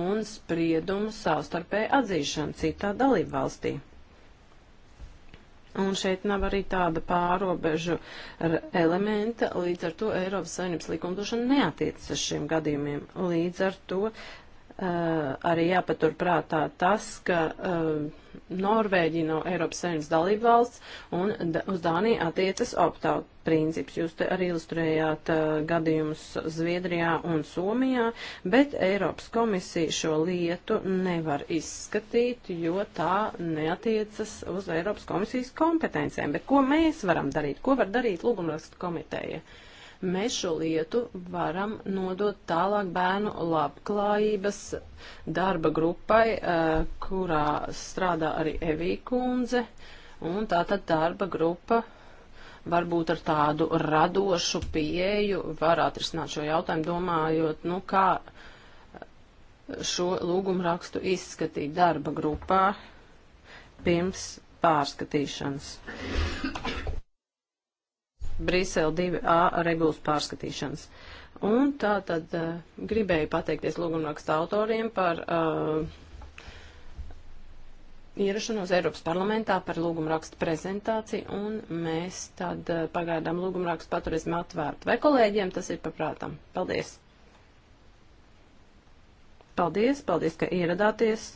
un spriedumu savstarpēju atzīšanu citā dalību valstī. Un šeit nav arī tāda pārobežu elementa, līdz ar to Eiropas saimnības likumdošana neatiecas uz šiem gadījumiem. Līdz ar to Uh, arī jāpatur prātā tas, ka uh, Norvēģija nav no Eiropas Savienības dalība valsts un da uz Dāniju attiecas opt-out princips. Jūs te arī ilustrējāt uh, gadījumus Zviedrijā un Somijā, bet Eiropas komisija šo lietu nevar izskatīt, jo tā neatiecas uz Eiropas komisijas kompetencijām. Bet ko mēs varam darīt? Ko var darīt lūgumrakstu komiteja? Uh, Mēs šo lietu varam nodot tālāk bērnu labklājības darba grupai, eh, kurā strādā arī Evī kundze, un tātad darba grupa varbūt ar tādu radošu pieeju var atrisināt šo jautājumu, domājot, nu kā šo lūgumu rakstu izskatīt darba grupā pirms pārskatīšanas. Brisele 2A regulas pārskatīšanas. Un tā tad uh, gribēju pateikties lūgumraksta autoriem par uh, ierašanos Eiropas parlamentā, par lūgumraksta prezentāciju, un mēs tad uh, pagaidām lūgumrakstu paturēsim atvērtu. Vai kolēģiem tas ir paprātam? Paldies! Paldies, paldies, ka ieradāties!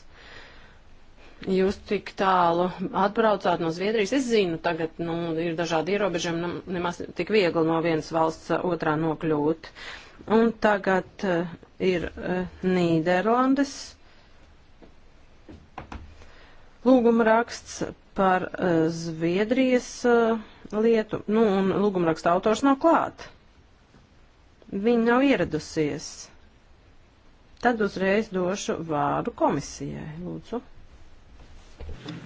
jūs tik tālu atbraucāt no Zviedrijas. Es zinu, tagad nu, ir dažādi ierobežojumi, nu, nemaz tik viegli no vienas valsts uh, otrā nokļūt. Un tagad uh, ir uh, Nīderlandes lūguma raksts par uh, Zviedrijas uh, lietu, nu, un lūguma raksta autors nav klāt. Viņa nav ieradusies. Tad uzreiz došu vārdu komisijai, lūdzu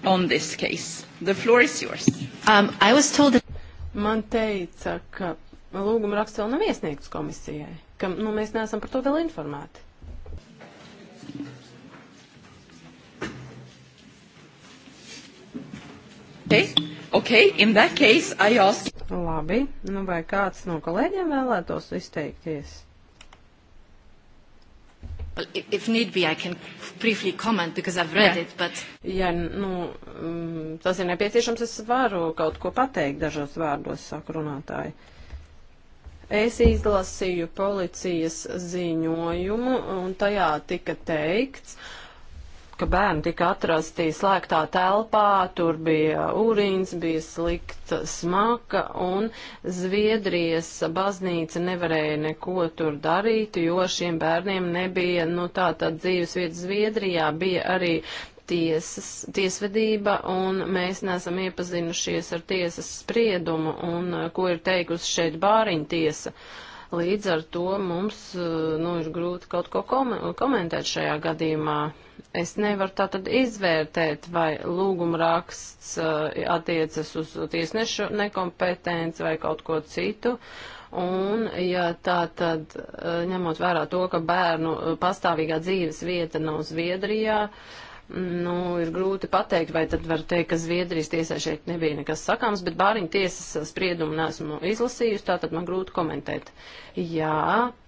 on this case. The floor is yours. Um, I was told that... Man teica, ka lūguma raksts vēl nav iesniegts komisijai, ka nu, mēs neesam par to vēl informēti. Okay. Okay, in that case I ask... Labi, nu vai kāds no kolēģiem vēlētos izteikties? Well, if need be, I can briefly comment because I've read yeah. it, but... Ja, nu, mm, tas ir nepieciešams, es varu kaut ko pateikt dažos vārdos, saka runātāji. Es izlasīju policijas ziņojumu, un tajā tika teikts, uh, ka bērni tika atrasti slēgtā telpā, tur bija urīns, bija slikta smaka, un Zviedrijas baznīca nevarēja neko tur darīt, jo šiem bērniem nebija, nu tā tad dzīves vietas Zviedrijā bija arī tiesas, tiesvedība, un mēs neesam iepazinušies ar tiesas spriedumu, un ko ir teikusi šeit bāriņtiesa. tiesa Līdz ar to mums eh, nu, ir grūti kaut ko komentēt šajā gadījumā. Es nevaru tātad izvērtēt, vai lūguma raksts eh, attiecas uz tiesnešu nekompetenci vai kaut ko citu. Un, ja tā tad eh, ņemot vērā to, ka bērnu pastāvīgā dzīves vieta nav Zviedrijā, uh, Nu, ir grūti pateikt, vai tad var teikt, ka Zviedrijas tiesai šeit nebija nekas sakāms, bet bāriņu tiesas spriedumu nesmu izlasījusi, tā tad man grūti komentēt. Jā,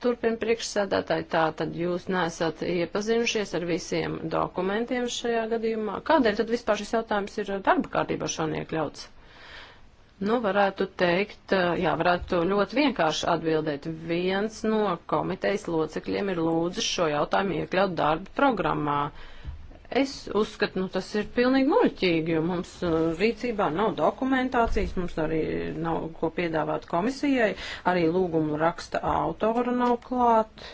turpin priekšsēdētāji, tā tad jūs nesat iepazinušies ar visiem dokumentiem šajā gadījumā. Kādēļ tad vispār šis jautājums ir darba kārtībā šodien iekļauts? Nu, varētu teikt, jā, varētu ļoti vienkārši atbildēt. Viens no komitejas locekļiem ir lūdzis šo jautājumu iekļaut darba programmā. Uh, Es uzskatu, nu tas ir pilnīgi muļķīgi, jo mums uh, rīcībā nav dokumentācijas, mums arī nav ko piedāvāt komisijai, arī lūgumu raksta autora nav klāt.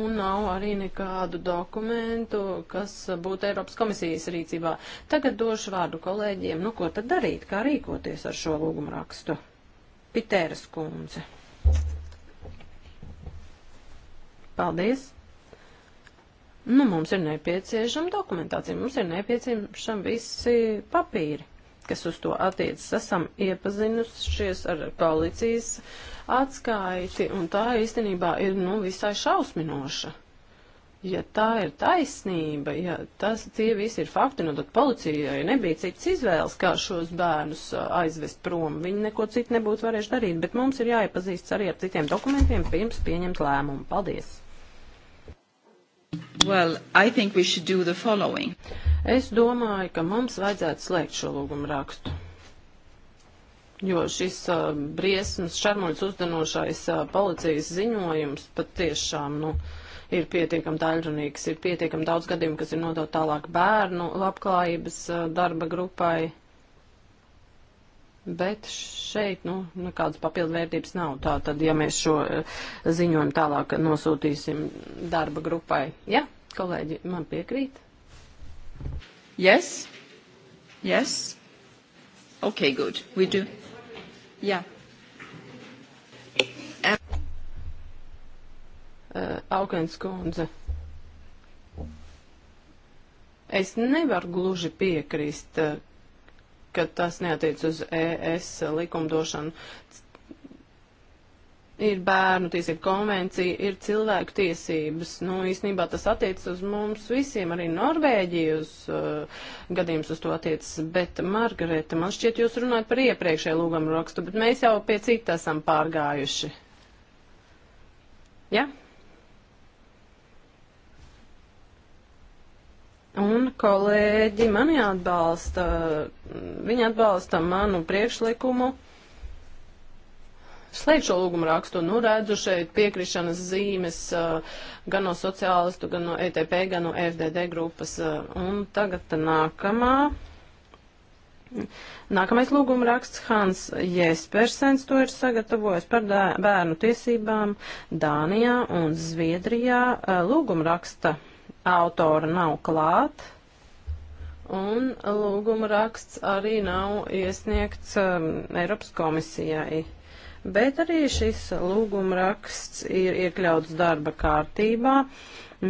Un nav arī nekādu dokumentu, kas būtu Eiropas komisijas rīcībā. Tagad došu vārdu kolēģiem. Nu, ko tad darīt? Kā rīkoties ar šo lūgumu rakstu? Pitēras kundze. Paldies! Nu, mums ir nepieciešama dokumentācija, mums ir nepieciešama visi papīri, kas uz to attiecas. Esam iepazinušies ar policijas atskaiti, un tā īstenībā ir, nu, visai šausminoša. Ja tā ir taisnība, ja tas, tie visi ir fakti, nu no tad policijai nebija cits izvēles, kā šos bērnus uh, aizvest prom. Viņi neko citu nebūtu varējuši darīt, bet mums ir jāiepazīstas arī ar citiem dokumentiem pirms pieņemt lēmumu. Paldies! Well, I think we should do the following. Es domāju, ka mums vajadzētu slēgt šo lūgumu rakstu. Jo šis uh, briesmas šarmuļs uzdanošais uh, policijas ziņojums pat tiešām, nu, ir pietiekam daļrunīgs, ir pietiekam daudz gadījumu, kas ir nodot tālāk bērnu labklājības uh, darba grupai. Bet šeit nu, nekādas papildu vērtības nav. Tā tad, ja mēs šo eh, ziņojumu tālāk nosūtīsim darba grupai. Ja, kolēģi, man piekrīt? Yes. Yes. Okay, good. We do. Yeah. And... Um, uh, eh, Aukens kundze. Es nevaru gluži piekrist. Uh, ka tas neatiec uz ES likumdošanu. Ir bērnu tiesību konvencija, ir cilvēku tiesības. Nu, īstenībā tas attiecas uz mums visiem, arī Norvēģiju uz uh, gadījums uz to attiecas. Bet, Margareta, man šķiet, jūs runājat par iepriekšēju lūgumu rakstu, bet mēs jau pie cita esam pārgājuši. Ja? Un kolēģi mani atbalsta, viņi atbalsta manu priekšlikumu. Slēgšu lūgumu rakstu, nu redzu šeit piekrišanas zīmes uh, gan no sociālistu, gan no ETP, gan no FDD grupas. Uh, un tagad nākamā. Nākamais lūguma raksts Hans Jespersens to ir sagatavojis par bērnu tiesībām Dānijā un Zviedrijā. Uh, lūguma raksta autora nav klāt, un lūguma raksts arī nav iesniegts um, Eiropas komisijai. Bet arī šis lūguma raksts ir iekļauts darba kārtībā,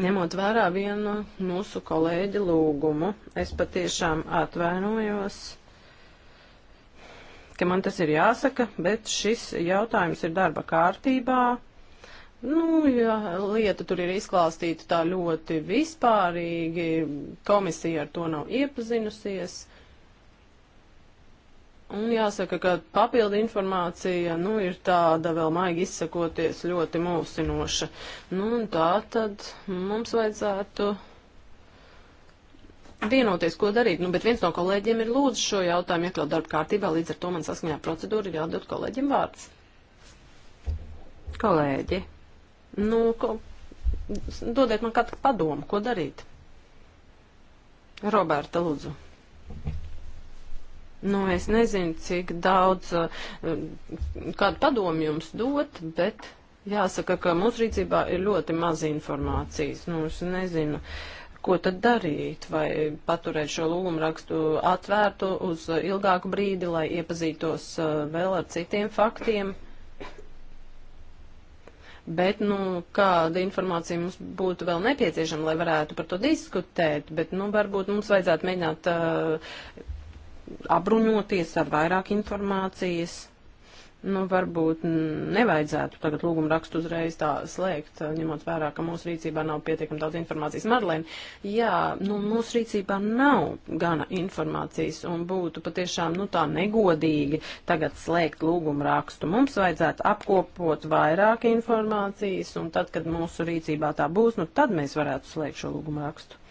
ņemot vērā vienu mūsu kolēģi lūgumu. Es patiešām atvainojos ka man tas ir jāsaka, bet šis jautājums ir darba kārtībā. Nu, ja lieta tur ir izklāstīta tā ļoti vispārīgi, komisija ar to nav iepazinusies. Un jāsaka, ka papildu informācija, nu, ir tāda vēl maigi izsakoties ļoti mūsinoša. Nu, un tā tad mums vajadzētu vienoties, ko darīt. Nu, bet viens no kolēģiem ir lūdzu šo jautājumu iekļaut darba kārtībā, līdz ar to man saskaņā procedūra ir jādod kolēģim vārds. Kolēģi. Nu, ko, dodiet man kādu padomu, ko darīt. Roberta, lūdzu. Nu, es nezinu, cik daudz, eh, kādu padomu jums dot, bet jāsaka, ka mūsu rīcībā ir ļoti maz informācijas. Nu, es nezinu, ko tad darīt, vai paturēt šo lūgumu rakstu atvērtu uz ilgāku brīdi, lai iepazītos eh, vēl ar citiem faktiem bet, nu, kāda informācija mums būtu vēl nepieciešama, lai varētu par to diskutēt, bet, nu, varbūt mums vajadzētu mēģināt uh, apbruņoties ar vairāk informācijas. Nu, varbūt nevajadzētu tagad lūgumu rakstu uzreiz tā slēgt, ņemot vērā, ka mūsu rīcībā nav pietiekami daudz informācijas. Marlēna, jā, nu, mūsu rīcībā nav gana informācijas un būtu patiešām, nu, tā negodīgi tagad slēgt lūgumu rakstu. Mums vajadzētu apkopot vairāk informācijas un tad, kad mūsu rīcībā tā būs, nu, tad mēs varētu slēgt šo lūgumu rakstu.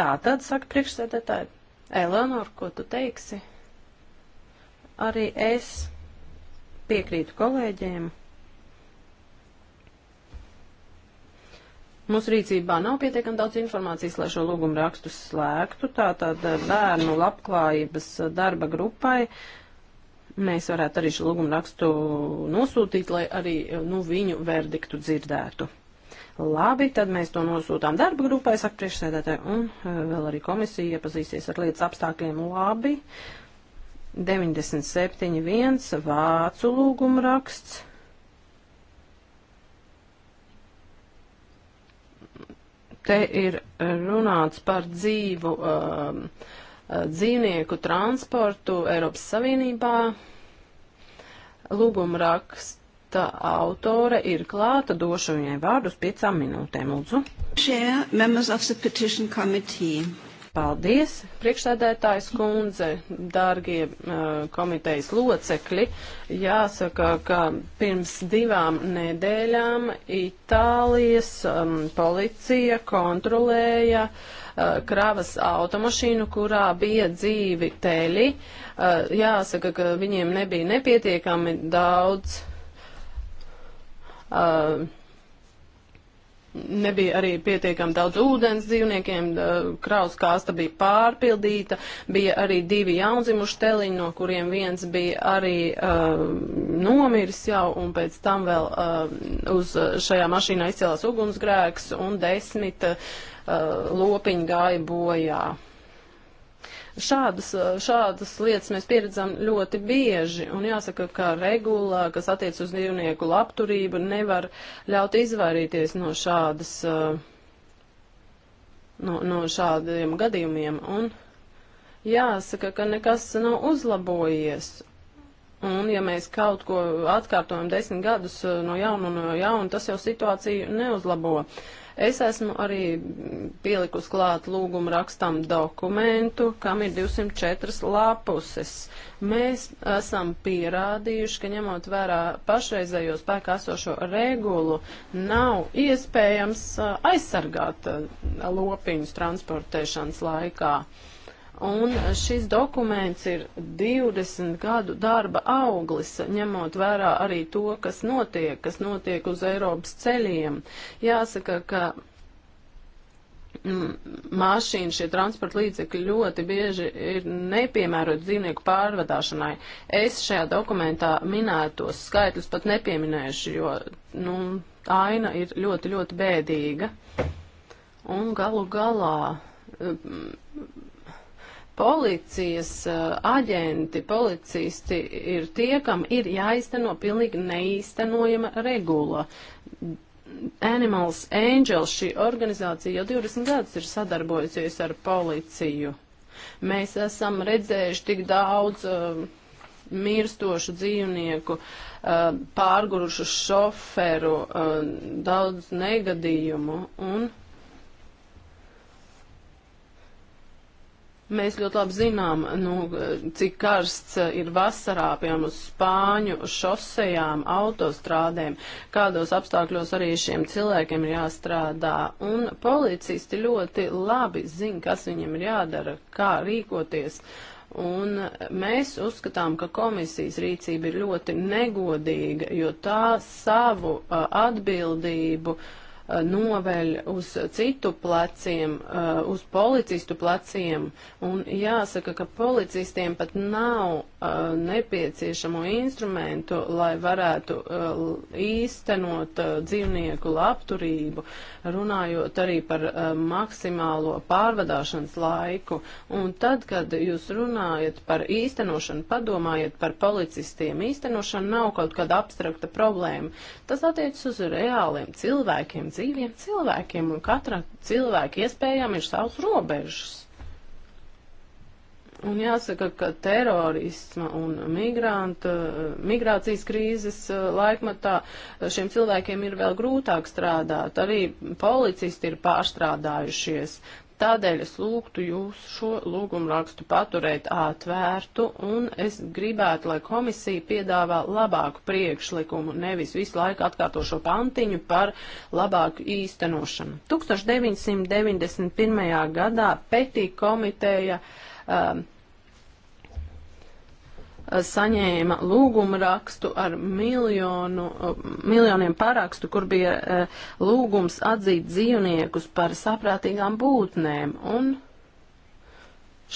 Tā tad, saka priekšsēdētāji, Eleonor, ko tu teiksi? Arī es Piekrītu kolēģiem. Mūsu rīcībā nav pietiekami daudz informācijas, lai šo lūgumu rakstu slēgtu. Tātad eh, bērnu labklājības eh, darba grupai mēs varētu arī šo lūgumu rakstu nosūtīt, lai arī eh, nu, viņu verdiktu dzirdētu. Labi, tad mēs to nosūtām darba grupai, saka priekšsēdētāji, un vēl arī komisija iepazīsies ar lietas apstākļiem labi. Uh, 97.1 vācu lūguma raksts. Te ir runāts par dzīvu um, dzīvnieku transportu Eiropas Savienībā. Lūguma raksta autore ir klāta, došu viņai vārdus piecām minūtēm, lūdzu. Chair, members of the petition committee. Paldies, priekšsēdētājs kundze, dārgie uh, komitejas locekļi. Jāsaka, ka pirms divām nedēļām Itālijas um, policija kontrolēja uh, kravas automašīnu, kurā bija dzīvi teļi. Uh, jāsaka, ka viņiem nebija nepietiekami daudz. Uh, nebija arī pietiekami daudz ūdens dzīvniekiem, kraus kāsta bija pārpildīta, bija arī divi jaundzimuši teliņi, no kuriem viens bija arī uh, nomiris jau, un pēc tam vēl uh, uz šajā mašīnā izcēlās ugunsgrēks, un desmit uh, lopiņi gāja bojā. Šādas, eh, šādas lietas mēs pieredzam ļoti bieži, un jāsaka, ka regula, kas attiec uz dzīvnieku labturību, nevar ļaut izvairīties no šādas, eh, no, no šādiem gadījumiem, un jāsaka, ka nekas nav uzlabojies, Un, ja mēs kaut ko atkārtojam desmit gadus eh, no jauna un no jauna, tas jau situāciju neuzlabo. Uh, Es esmu arī pielikus klāt lūgumu rakstam dokumentu, kam ir 204 lapuses. Mēs esam pierādījuši, ka ņemot vērā pašreizējo spēkā esošo regulu, nav iespējams uh, aizsargāt uh, lopiņus transportēšanas laikā. Uh, Un šis dokuments ir 20 gadu darba auglis, ņemot vērā arī to, kas notiek, kas notiek uz Eiropas ceļiem. Jāsaka, ka mm, mašīna, šie transporta līdzekļi ļoti bieži ir nepiemēroti dzīvnieku pārvadāšanai. Es šajā dokumentā minētos skaitļus pat nepieminēšu, jo nu, aina ir ļoti, ļoti bēdīga. Un galu galā mm, Policijas eh, aģenti, policisti ir tie, kam ir jāizteno pilnīgi neīstenojama regula. Animals Angels šī organizācija jau 20 gadus ir sadarbojusies ar policiju. Mēs esam redzējuši tik daudz uh, mirstošu dzīvnieku, uh, pārgurušu šoferu, uh, daudz negadījumu un Mēs ļoti labi zinām, nu, cik karsts eh, ir vasarā, piemēram, uz Spāņu šosejām, autostrādēm, kādos apstākļos arī šiem cilvēkiem ir jāstrādā. Un policisti ļoti labi zina, kas viņiem ir jādara, kā rīkoties. Un mēs uzskatām, ka komisijas rīcība ir ļoti negodīga, jo tā savu uh, atbildību uh, noveļ uz citu pleciem, eh, uz policistu pleciem. Un jāsaka, ka policistiem pat nav Uh, nepieciešamo instrumentu, lai varētu uh, īstenot uh, dzīvnieku labturību, runājot arī par maksimālo pārvadāšanas laiku. Un tad, kad jūs runājat par īstenošanu, padomājiet par policistiem. Īstenošana nav kaut kāda abstrakta problēma. Tas attiecas uz reāliem cilvēkiem, dzīviem cilvēkiem, un katra cilvēka iespējām ir savs robežas. Un jāsaka, ka terorisma un migranta, migrācijas krīzes eh, laikmatā eh, šiem cilvēkiem ir vēl grūtāk strādāt. Arī policisti ir pārstrādājušies. Tādēļ es lūgtu jūs šo lūgumu rakstu paturēt atvērtu, un es gribētu, lai komisija piedāvā labāku priekšlikumu, nevis visu laiku atkārto šo pantiņu par labāku īstenošanu. 1991. gadā Petī komiteja uh, um, saņēma lūgumu rakstu ar miljonu, miljoniem parakstu, kur bija uh, lūgums atzīt dzīvniekus par saprātīgām būtnēm. Un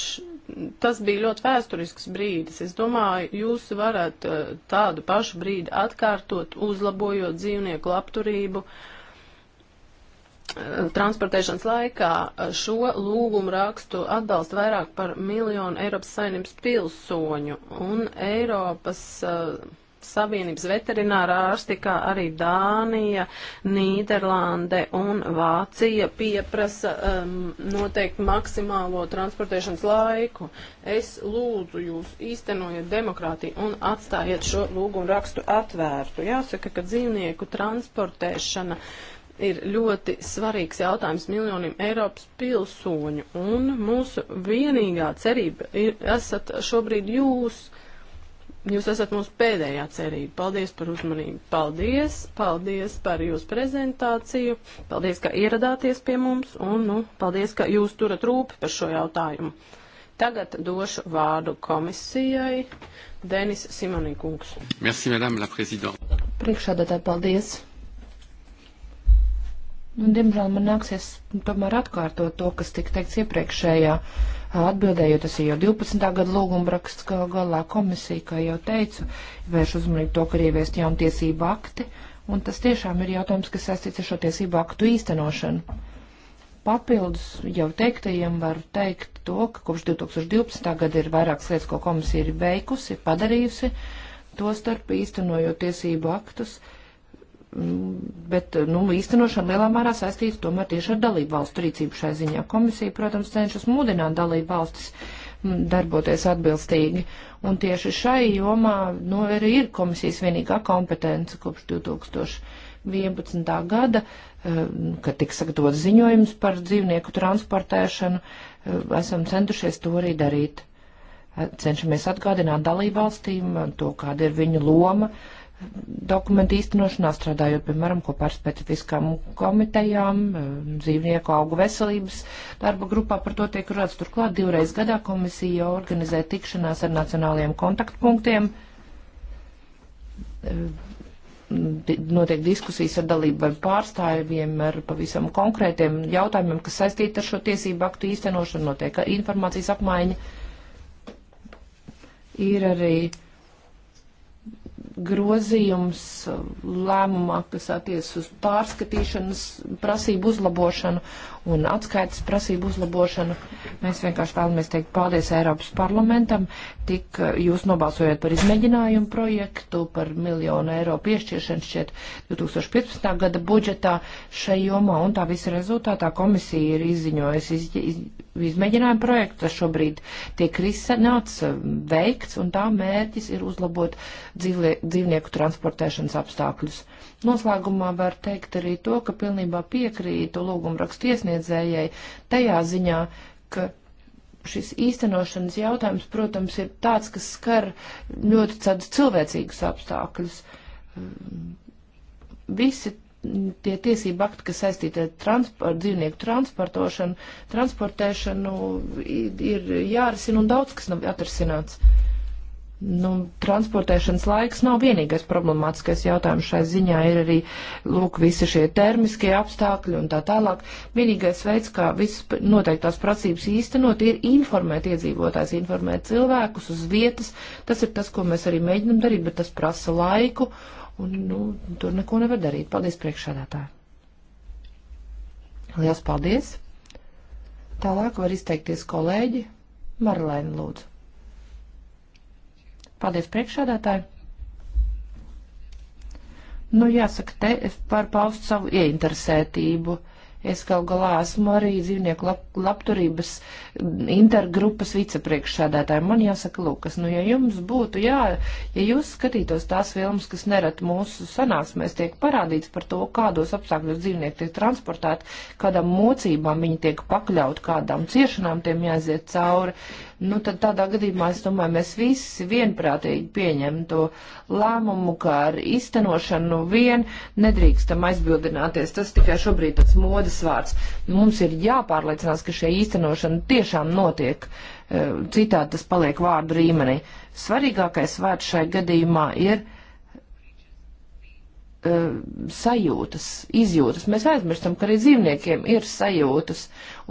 š, tas bija ļoti vēsturisks brīdis. Es domāju, jūs varat uh, tādu pašu brīdi atkārtot, uzlabojot dzīvnieku labturību. Uh, transportēšanas laikā šo lūgumu rakstu atbalsta vairāk par miljonu Eiropas Savienības pilsoņu un Eiropas uh, Savienības veterinārā ārsti, kā arī Dānija, Nīderlande un Vācija pieprasa um, noteikti maksimālo transportēšanas laiku. Es lūdzu jūs īstenojiet demokrātiju un atstājiet šo lūgumu rakstu atvērtu. Jāsaka, ka dzīvnieku transportēšana uh, ir ļoti svarīgs jautājums miljoniem Eiropas pilsoņu, un mūsu vienīgā cerība ir, esat šobrīd jūs, jūs esat mūsu pēdējā cerība. Paldies par uzmanību, paldies, paldies par jūsu prezentāciju, paldies, ka ieradāties pie mums, un, nu, paldies, ka jūs turat rūpi par šo jautājumu. Tagad došu vārdu komisijai. Denis Simonīkungs. Merci, madame la présidente. Priekšādā tā paldies. Nu, diemžēl man nāksies tomēr atkārtot to, kas tika teikts iepriekšējā atbildējot. Tas ir jau 12. gada lūguma raksts, kā galā komisija, kā jau teicu, vērš uzmanību to, ka ir ieviest jaunu tiesību akti, un tas tiešām ir jautājums, kas saistīts ar šo tiesību aktu īstenošanu. Papildus jau teiktajiem varu teikt to, ka kopš 2012. gada ir vairākas lietas, ko komisija ir veikusi, padarījusi, to starp īstenojot tiesību aktus. Uh, bet nu, īstenošana lielā mērā saistīta tomēr tieši ar dalību valstu rīcību šai ziņā. Komisija, protams, cenšas mudināt dalību valstis darboties atbilstīgi, un tieši šai jomā nu, arī ir komisijas vienīgā kompetence kopš 2011. gada, eh, kad tika sagatavots ziņojums par dzīvnieku transportēšanu, eh, esam centušies to arī darīt. Eh, cenšamies atgādināt dalībvalstīm to, kāda ir viņu loma uh, dokumentu īstenošanā strādājot, piemēram, kopā ar specifiskām komitejām, eh, dzīvnieku augu veselības darba grupā par to tiek runāts. Turklāt divreiz gadā komisija organizē tikšanās ar nacionālajiem kontaktpunktiem. Eh, notiek diskusijas ar dalību ar pārstāvjiem, ar pavisam konkrētiem jautājumiem, kas saistīti ar šo tiesību aktu īstenošanu, notiek informācijas apmaiņa. Ir arī grozījums lēmumā, kas attiec uz pārskatīšanas prasību uzlabošanu un atskaites prasību uzlabošanu. Mēs vienkārši vēlamies teikt paldies Eiropas parlamentam, tik eh, jūs nobalsojot par izmēģinājumu projektu, par miljonu eiro piešķiršanu šķiet 2015. gada budžetā šai jomā, un tā visa rezultātā komisija ir izziņojusi iz, iz, izmēģinājumu projekts, kas šobrīd tiek risināts, eh, veikts, un tā mērķis ir uzlabot dzīvlie, dzīvnieku transportēšanas apstākļus. Noslēgumā var teikt arī to, ka pilnībā piekrītu lūgumrakstu iesniedzējai tajā ziņā, ka šis īstenošanas jautājums, protams, ir tāds, kas skar ļoti tādus cilvēcīgus apstākļus. Ehm, visi tie tiesība akti, kas saistīti ar transport, dzīvnieku transportošanu, transportēšanu, ir jārisina un daudz kas nav atrasināts. Nu, transportēšanas laiks nav vienīgais problemātiskais jautājums šai ziņā, ir arī, lūk, visi šie termiskie apstākļi un tā tālāk. Vienīgais veids, kā visas noteiktās prasības īstenot, ir informēt iedzīvotājs, informēt cilvēkus uz vietas. Tas ir tas, ko mēs arī mēģinam darīt, bet tas prasa laiku. Uh, un, nu, tur neko nevar darīt. Paldies priekšsādātāji. Liels paldies. Tālāk var izteikties kolēģi. Marlēna lūdzu. Paldies priekšsādātāji. Nu, jāsaka, te es pārpaustu savu ieinteresētību Es kaut galā esmu arī dzīvnieku lab, labturības intergrupas vicepriekšsādātāja. Man jāsaka, Lukas, nu ja jums būtu, jā, ja jūs skatītos tās filmas, kas nerat mūsu sanāksmēs, tiek parādīts par to, kādos apstākļos dzīvnieki tiek transportēti, kādām mocībām viņi tiek pakļaut, kādām ciešanām tiem jāiziet cauri. Uh, nu tad tādā gadījumā, es domāju, mēs visi vienprātīgi pieņem to lēmumu, kā ar iztenošanu vien nedrīkstam aizbildināties. Tas tikai šobrīd tāds modes vārds. Nu, mums ir jāpārliecinās, ka šie iztenošana tiešām notiek. Eh, citādi tas paliek vārdu rīmenī. Svarīgākais vārds šai gadījumā ir E, sajūtas, izjūtas. Mēs aizmirstam, ka arī dzīvniekiem ir sajūtas,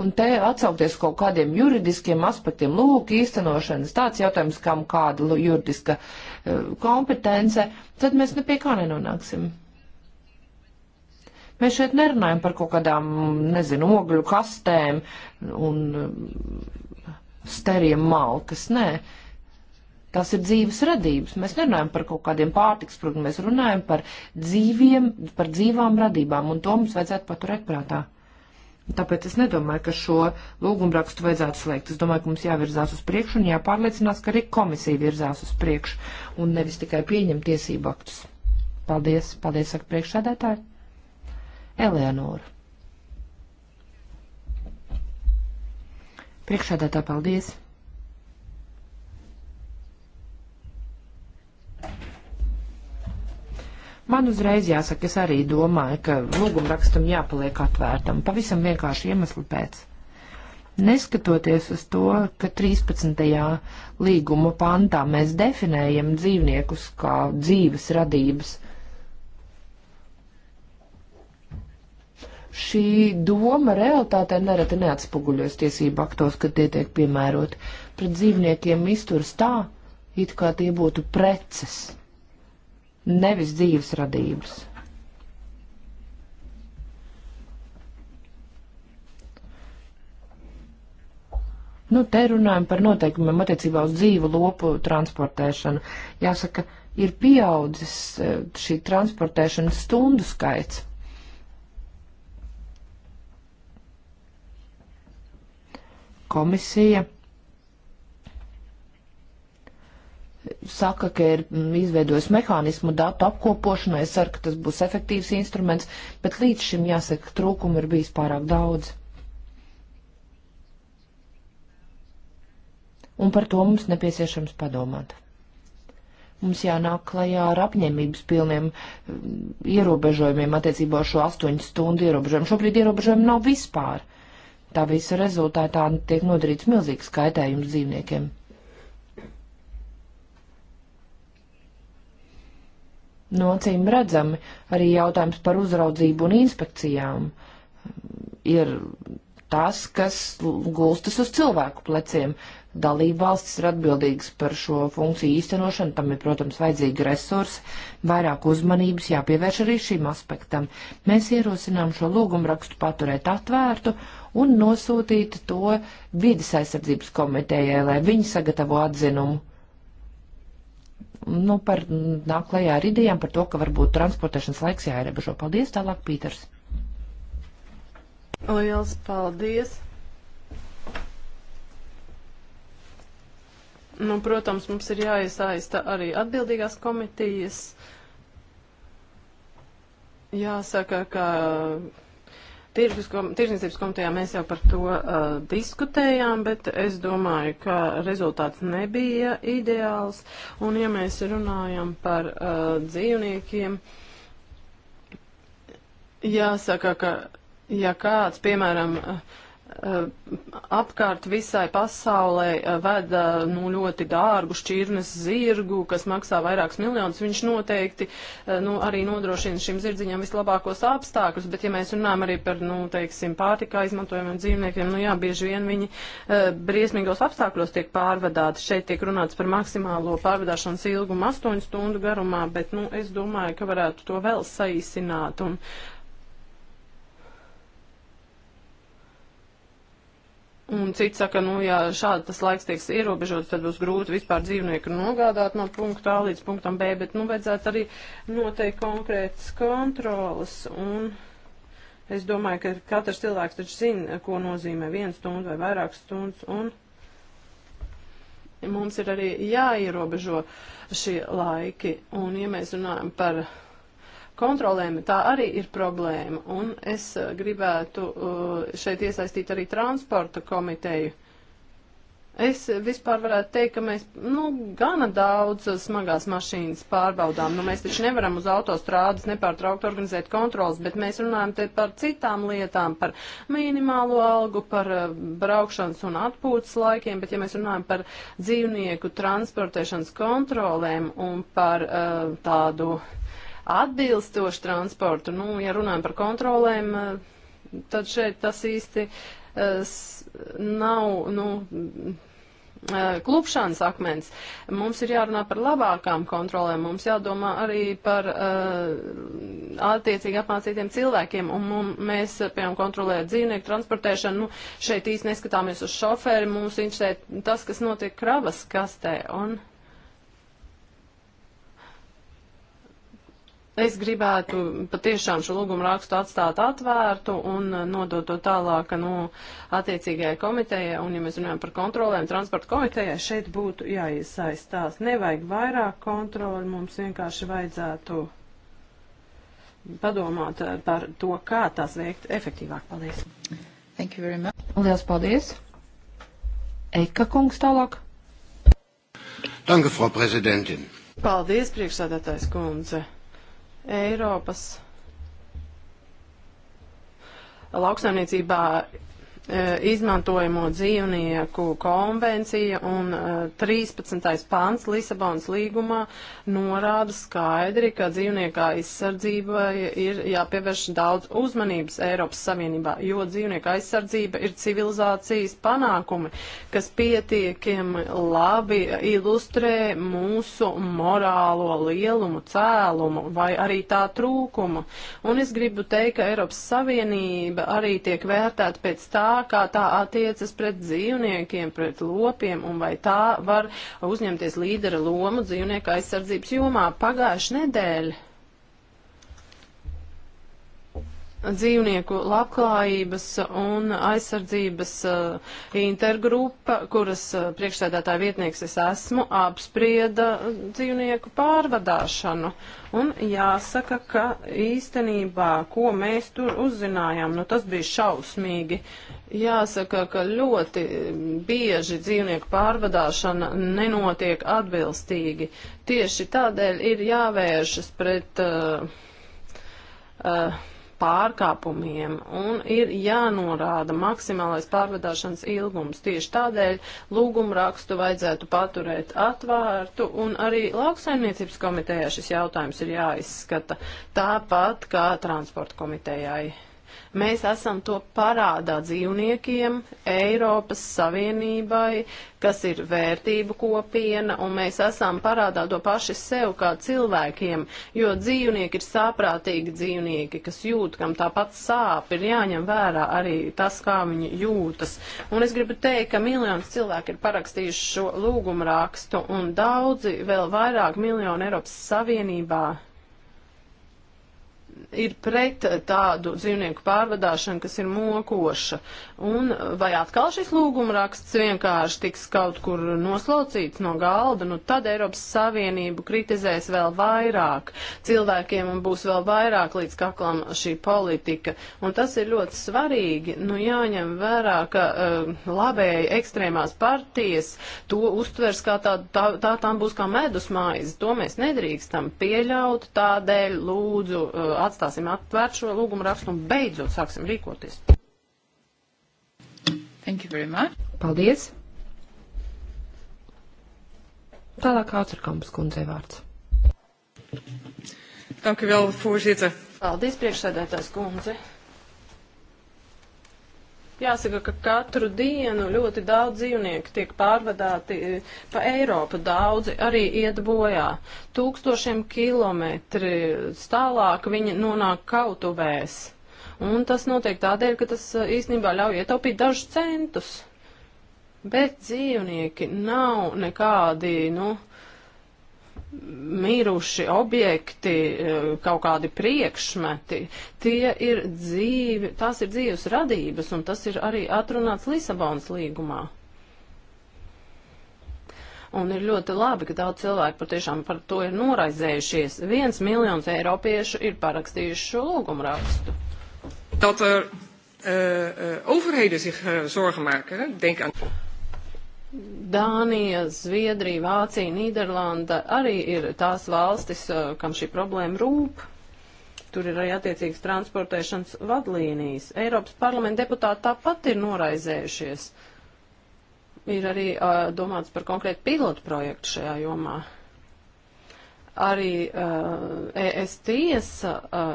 un te atsaukties kaut kādiem juridiskiem aspektiem, lūk, īstenošanas, tāds jautājums, kam kāda juridiska e, kompetence, tad mēs ne nu pie kā nenonāksim. Mēs šeit nerunājam par kaut kādām, nezinu, ogļu kastēm un e, steriem malkas, nē. Ne Tās ir dzīves radības. Mēs nerunājam par kaut kādiem pārtiks produktiem, mēs runājam par dzīviem, par dzīvām radībām, un to mums vajadzētu paturēt prātā. Tāpēc es nedomāju, ka šo lūgumrakstu vajadzētu slēgt. Es domāju, ka mums jāvirzās uz priekšu un jāpārliecinās, ka arī komisija virzās uz priekšu un nevis tikai pieņem tiesību aktus. Paldies, paldies, saka priekšsēdētāji. Eleonora. Priekšsēdētāji, paldies. Man uzreiz jāsaka, es arī domāju, ka lūgumrakstam jāpaliek atvērtam, pavisam vienkārši iemesli pēc neskatoties uz to, ka 13. līguma pantā mēs definējam dzīvniekus kā dzīves radības. Šī doma realitātē nereti neatspoguļojas tiesību aktos, kad tie tiek piemēroti. Pret dzīvniekiem izturas tā, it kā tie būtu preces nevis dzīves radības. Nu, te runājam par noteikumiem attiecībā uz dzīvu lopu transportēšanu. Jāsaka, ir pieaudzis e, šī transportēšanas stundu skaits. Komisija saka, ka ir mm, izveidojis mehānismu datu apkopošanai, cer, ka tas būs efektīvs instruments, bet līdz šim jāsaka, trūkumu ir bijis pārāk daudz. Un par to mums nepieciešams padomāt. Mums jānāk klajā ar apņēmības pilniem mm, ierobežojumiem attiecībā ar šo astoņu stundu ierobežojumu. Šobrīd ierobežojumu nav vispār. Tā visa rezultātā tiek nodarīts milzīgs kaitējums dzīvniekiem. nocīm redzami. Arī jautājums par uzraudzību un inspekcijām ir tas, kas gulstas uz cilvēku pleciem. Dalība valstis ir atbildīgas par šo funkciju īstenošanu, tam ir, protams, vajadzīgi resursi, vairāk uzmanības jāpievērš arī šim aspektam. Mēs ierosinām šo lūgumrakstu paturēt atvērtu un nosūtīt to vidas aizsardzības komitejai, lai viņi sagatavo atzinumu nu, par nāk klajā ar idejām par to, ka varbūt transportēšanas laiks jāierobežo. Paldies, tālāk, Pīters. Liels paldies! Nu, protams, mums ir jāiesaista arī atbildīgās komitijas. Jāsaka, ka Tirzniecības komitejā mēs jau par to uh, diskutējām, bet es domāju, ka rezultāts nebija ideāls. Un ja mēs runājam par uh, dzīvniekiem, jāsaka, ka ja kāds, piemēram, uh, Eh, apkārt visai pasaulē eh, veda eh, nu, ļoti dārgu šķirnes zirgu, kas maksā vairākus miljonus. Viņš noteikti nu, arī nodrošina šim zirdziņam vislabākos apstākļus, bet ja mēs runājam arī par, nu, teiksim, pārtikā izmantojumiem dzīvniekiem, nu jā, bieži vien viņi uh, briesmīgos apstākļos tiek pārvadāti. Šeit tiek runāts par maksimālo pārvadāšanas ilgumu 8 stundu garumā, bet, nu, es domāju, ka varētu to vēl saīsināt. Un, uh, Un citi saka, nu, ja šādi tas laiks tiks ierobežots, tad būs grūti vispār dzīvnieku nogādāt no punkta A līdz punktam B, bet, nu, vajadzētu arī noteikt konkrētas kontrolas. Un es domāju, ka katrs cilvēks taču zina, ko nozīmē viena stunda vai vairākas stundas. Un mums ir arī jāierobežo šie laiki. Un, ja mēs runājam par kontrolēm, tā arī ir problēma. Un es uh, gribētu uh, šeit iesaistīt arī transporta komiteju. Es vispār varētu teikt, ka mēs nu, gana daudz smagās mašīnas pārbaudām. Nu, mēs taču nevaram uz autostrādes nepārtraukti organizēt kontrolas, bet mēs runājam te par citām lietām, par minimālo algu, par uh, braukšanas un atpūtas laikiem, bet ja mēs runājam par dzīvnieku transportēšanas kontrolēm un par uh, tādu uh, atbilstošu transportu. Nu, ja runājam par kontrolēm, eh, tad šeit tas īsti eh, nav, nu, eh, klupšanas akmens. Mums ir jārunā par labākām kontrolēm, mums jādomā arī par uh, attiecīgi apmācītiem cilvēkiem, un mums, mēs, piemēram, kontrolējam dzīvnieku transportēšanu, nu, šeit īsti neskatāmies uz šoferi, mums interesē tas, kas notiek kravas kastē, un Es gribētu patiešām šo lūgumu rakstu atstāt atvērtu un uh, nodot to tālāk nu, attiecīgajai komitejai. Un, ja mēs runājam par kontrolēm, transporta komitejai šeit būtu jāiesaistās. Nevajag vairāk kontroli, mums vienkārši vajadzētu padomāt uh, par to, kā tās veikt efektīvāk. Paldies! Thank you very much. Lielas paldies! Eika kungs tālāk. Danke, Frau Präsidentin. Paldies, priekšsādātājs kundze. Eiropas lauksaimniecībā E, izmantojamo dzīvnieku konvencija un 13. E, pants Lisabonas līgumā norāda skaidri, ka dzīvniekā aizsardzībai ir jāpievērš daudz uzmanības Eiropas Savienībā, jo dzīvnieka aizsardzība ir civilizācijas panākumi, kas pietiekami labi ilustrē mūsu morālo lielumu, cēlumu vai arī tā trūkumu. Un es gribu teikt, ka Eiropas Savienība arī tiek vērtēta pēc tā, tā, kā tā attiecas pret dzīvniekiem, pret lopiem, un vai tā var uzņemties līdera lomu dzīvnieku aizsardzības jomā pagājuši nedēļa. dzīvnieku labklājības un aizsardzības uh, intergrupa, kuras uh, priekšsēdētāja vietnieks es esmu, apsprieda dzīvnieku pārvadāšanu. Un jāsaka, ka īstenībā, ko mēs tur uzzinājām, nu tas bija šausmīgi. Jāsaka, ka ļoti bieži dzīvnieku pārvadāšana nenotiek atbilstīgi. Tieši tādēļ ir jāvēršas pret. Uh, uh, pārkāpumiem un ir jānorāda maksimālais pārvedāšanas ilgums. Tieši tādēļ lūgumu rakstu vajadzētu paturēt atvērtu un arī lauksaimniecības komitejā šis jautājums ir jāizskata tāpat kā transporta komitejai. Mēs esam to parādā dzīvniekiem, Eiropas Savienībai, kas ir vērtību kopiena, un mēs esam parādā to paši sev kā cilvēkiem, jo dzīvnieki ir sāprātīgi dzīvnieki, kas jūt, kam tāpat sāp, ir jāņem vērā arī tas, kā viņi jūtas. Un es gribu teikt, ka miljons cilvēku ir parakstījuši šo lūgumu rakstu, un daudzi vēl vairāk miljonu Eiropas Savienībā ir pret tādu dzīvnieku pārvadāšanu, kas ir mokoša. Un vai atkal šis lūgumraksts vienkārši tiks kaut kur noslaucīts no galda, nu tad Eiropas Savienību kritizēs vēl vairāk. Cilvēkiem būs vēl vairāk līdz kaklam šī politika. Un tas ir ļoti svarīgi. Nu jāņem vērā, ka uh, labēji ekstrēmās partijas to uztvers kā tā, tā, tā tām būs kā medusmaize. To mēs nedrīkstam pieļaut. Tādēļ lūdzu uh, atstāsim atvērt šo lūgumu rakstu un beidzot sāksim rīkoties. Thank you very much. Paldies. Tālāk Ācerkampas kundzei vārds. Dank u wel, voorzitter. Paldies, priekšsēdētājs kundze. Jāsaka, ka katru dienu ļoti daudz dzīvnieku tiek pārvadāti e, pa Eiropu, daudzi arī iet bojā. Tūkstošiem kilometri tālāk viņi nonāk kautuvēs. Un tas notiek tādēļ, ka tas e, īstenībā ļauj ietaupīt dažus centus. Bet dzīvnieki nav nekādi, nu, uh, miruši objekti, e, kaut kādi priekšmeti, tie ir dzīvi, tās ir dzīves radības, un tas ir arī atrunāts Lisabonas līgumā. Un ir ļoti labi, ka daudz cilvēku patiešām par to ir noraizējušies. Viens miljons eiropiešu ir parakstījuši šo lūgumu rakstu. Dat er uh, uh, overheden zich uh, zorgen maken, denk aan. Dānija, Zviedrija, Vācija, Nīderlanda arī ir tās valstis, eh, kam šī problēma rūp. Tur ir arī attiecīgas transportēšanas vadlīnijas. Eiropas parlamenta deputāti tāpat ir noraizējušies. Ir arī uh, domāts par konkrētu pilotu projektu šajā jomā. Arī uh, eh, ES tiesa uh,